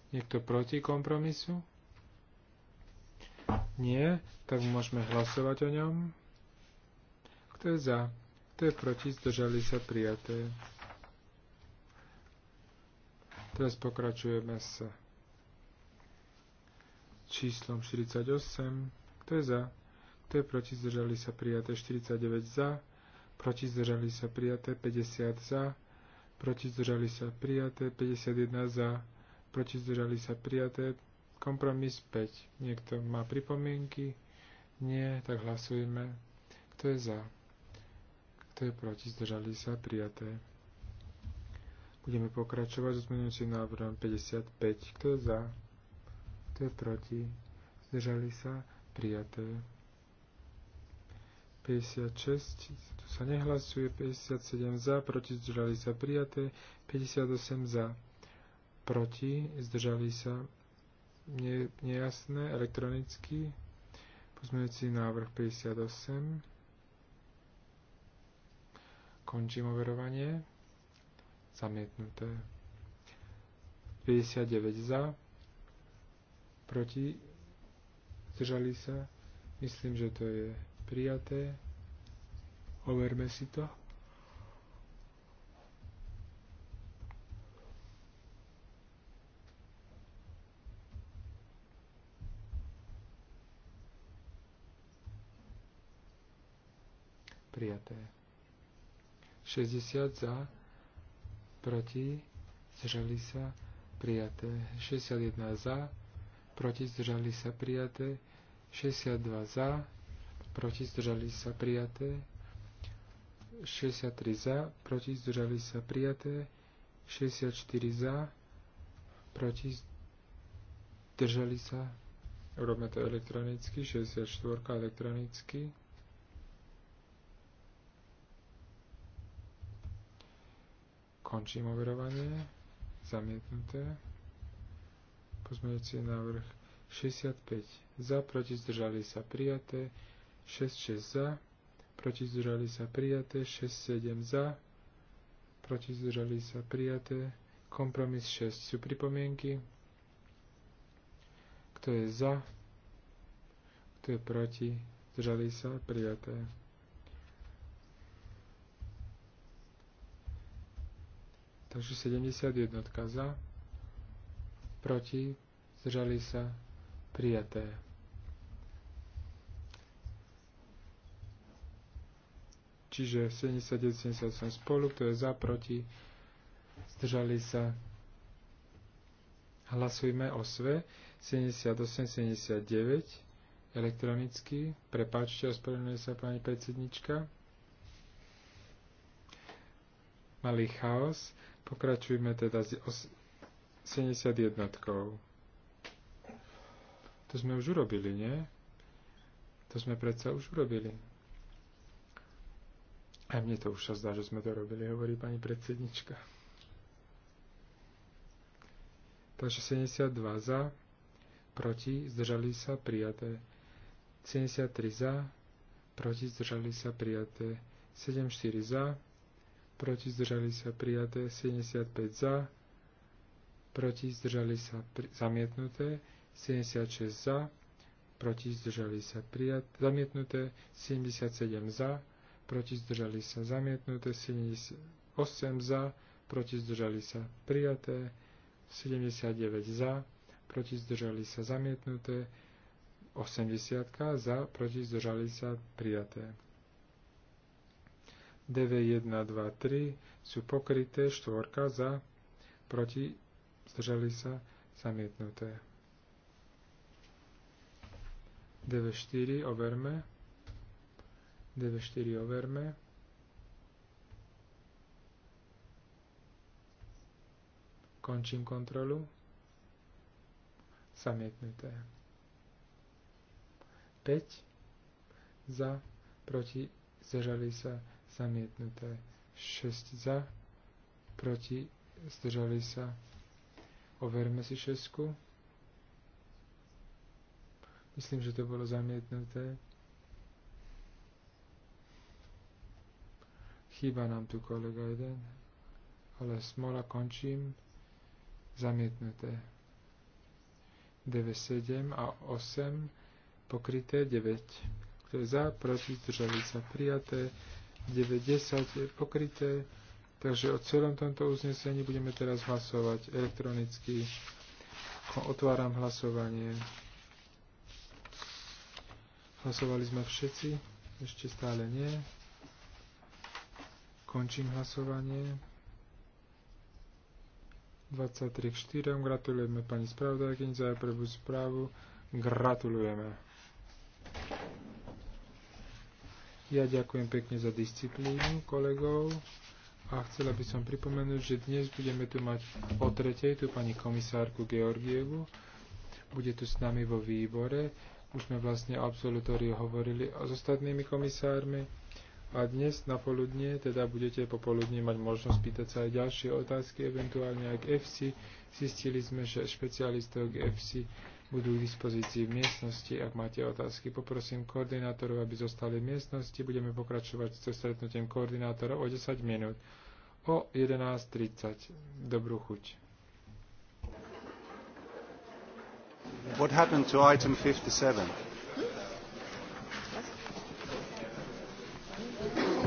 Speaker 1: Niekto proti kompromisu? Nie, tak môžeme hlasovať o ňom. Kto je za? Kto je proti? Zdržali sa prijaté. Teraz pokračujeme s číslom 48. Kto je za? Kto je proti? Zdržali sa prijaté. 49 za proti zdržali sa prijaté 50 za, proti zdržali sa prijaté 51 za, proti zdržali sa prijaté kompromis 5. Niekto má pripomienky? Nie, tak hlasujeme. Kto je za? Kto je proti? Zdržali sa prijaté. Budeme pokračovať s zmenujúcim návrhom 55. Kto je za? Kto je proti? Zdržali sa prijaté. 56, tu sa nehlasuje, 57 za, proti zdržali sa prijaté, 58 za, proti zdržali sa ne, nejasné elektronicky, pozmeňujúci návrh 58, končím overovanie, zamietnuté, 59 za, proti zdržali sa, myslím, že to je prijaté. Overme si to. Prijaté. 60 za, proti, zdržali sa, prijaté. 61 za, proti, zdržali sa, prijaté. 62 za, proti zdržali sa prijaté, 63 za, proti zdržali sa prijaté, 64 za, proti zdržali sa, robíme to elektronicky, 64 elektronicky, Končím overovanie. Zamietnuté. Pozmeňujúci návrh 65. Za, proti, zdržali sa prijaté. 6-6 za, proti zdržali sa prijaté, 6-7 za, proti zdržali sa prijaté, kompromis 6 sú pripomienky, kto je za, kto je proti, zdržali sa prijaté. Takže 71 za, proti, zdržali sa prijaté. Čiže 79-78 spolu, kto je za, proti, zdržali sa. Hlasujme o sve 78-79 elektronicky. Prepáčte, ospravedlňuje sa pani predsednička. Malý chaos. Pokračujme teda s 71. To sme už urobili, nie? To sme predsa už urobili. Aj mne to už sa zdá, že sme to robili, hovorí pani predsednička. Takže 72 za, proti, zdržali sa, prijaté. 73 za, proti, zdržali sa, prijaté. 74 za, proti, zdržali sa, prijaté. 75 za, proti, zdržali sa, pri, zamietnuté. 76 za, proti, zdržali sa, prijaté. Zamietnuté. 77 za, proti zdržali sa zamietnuté, 78 za, proti zdržali sa prijaté, 79 za, proti zdržali sa zamietnuté, 80 za, proti zdržali sa prijaté. DV1, 2, 3 sú pokryté, štvorka za, proti zdržali sa zamietnuté. DV4 overme. DV4 overme. Končím kontrolu. Zamietnuté. 5 za, proti, zdržali sa, zamietnuté. 6 za, proti, zdržali sa. Overme si 6. Myslím, že to bolo zamietnuté. Chýba nám tu kolega jeden, ale smola končím. Zamietnuté. 9, 7 a 8 pokryté 9. To je za, proti, zdržali sa prijaté. 90 je pokryté. Takže o celom tomto uznesení budeme teraz hlasovať elektronicky. Otváram hlasovanie. Hlasovali sme všetci? Ešte stále nie. Končím hlasovanie. 23 k 4. Gratulujeme pani spravodajkyni za prvú správu. Gratulujeme. Ja ďakujem pekne za disciplínu kolegov a chcela by som pripomenúť, že dnes budeme tu mať o tretej tu pani komisárku Georgievu. Bude tu s nami vo výbore. Už sme vlastne absolutóriu hovorili s ostatnými komisármi. A dnes na poludne teda budete popoludne mať možnosť pýtať sa aj ďalšie otázky, eventuálne aj k EFSI. Zistili sme, že špecialistov k EFSI budú k dispozícii v miestnosti. Ak máte otázky, poprosím koordinátorov, aby zostali v miestnosti. Budeme pokračovať so stretnutím koordinátorov o 10 minút. O 11.30. Dobrú chuť.
Speaker 4: What happened to item 57?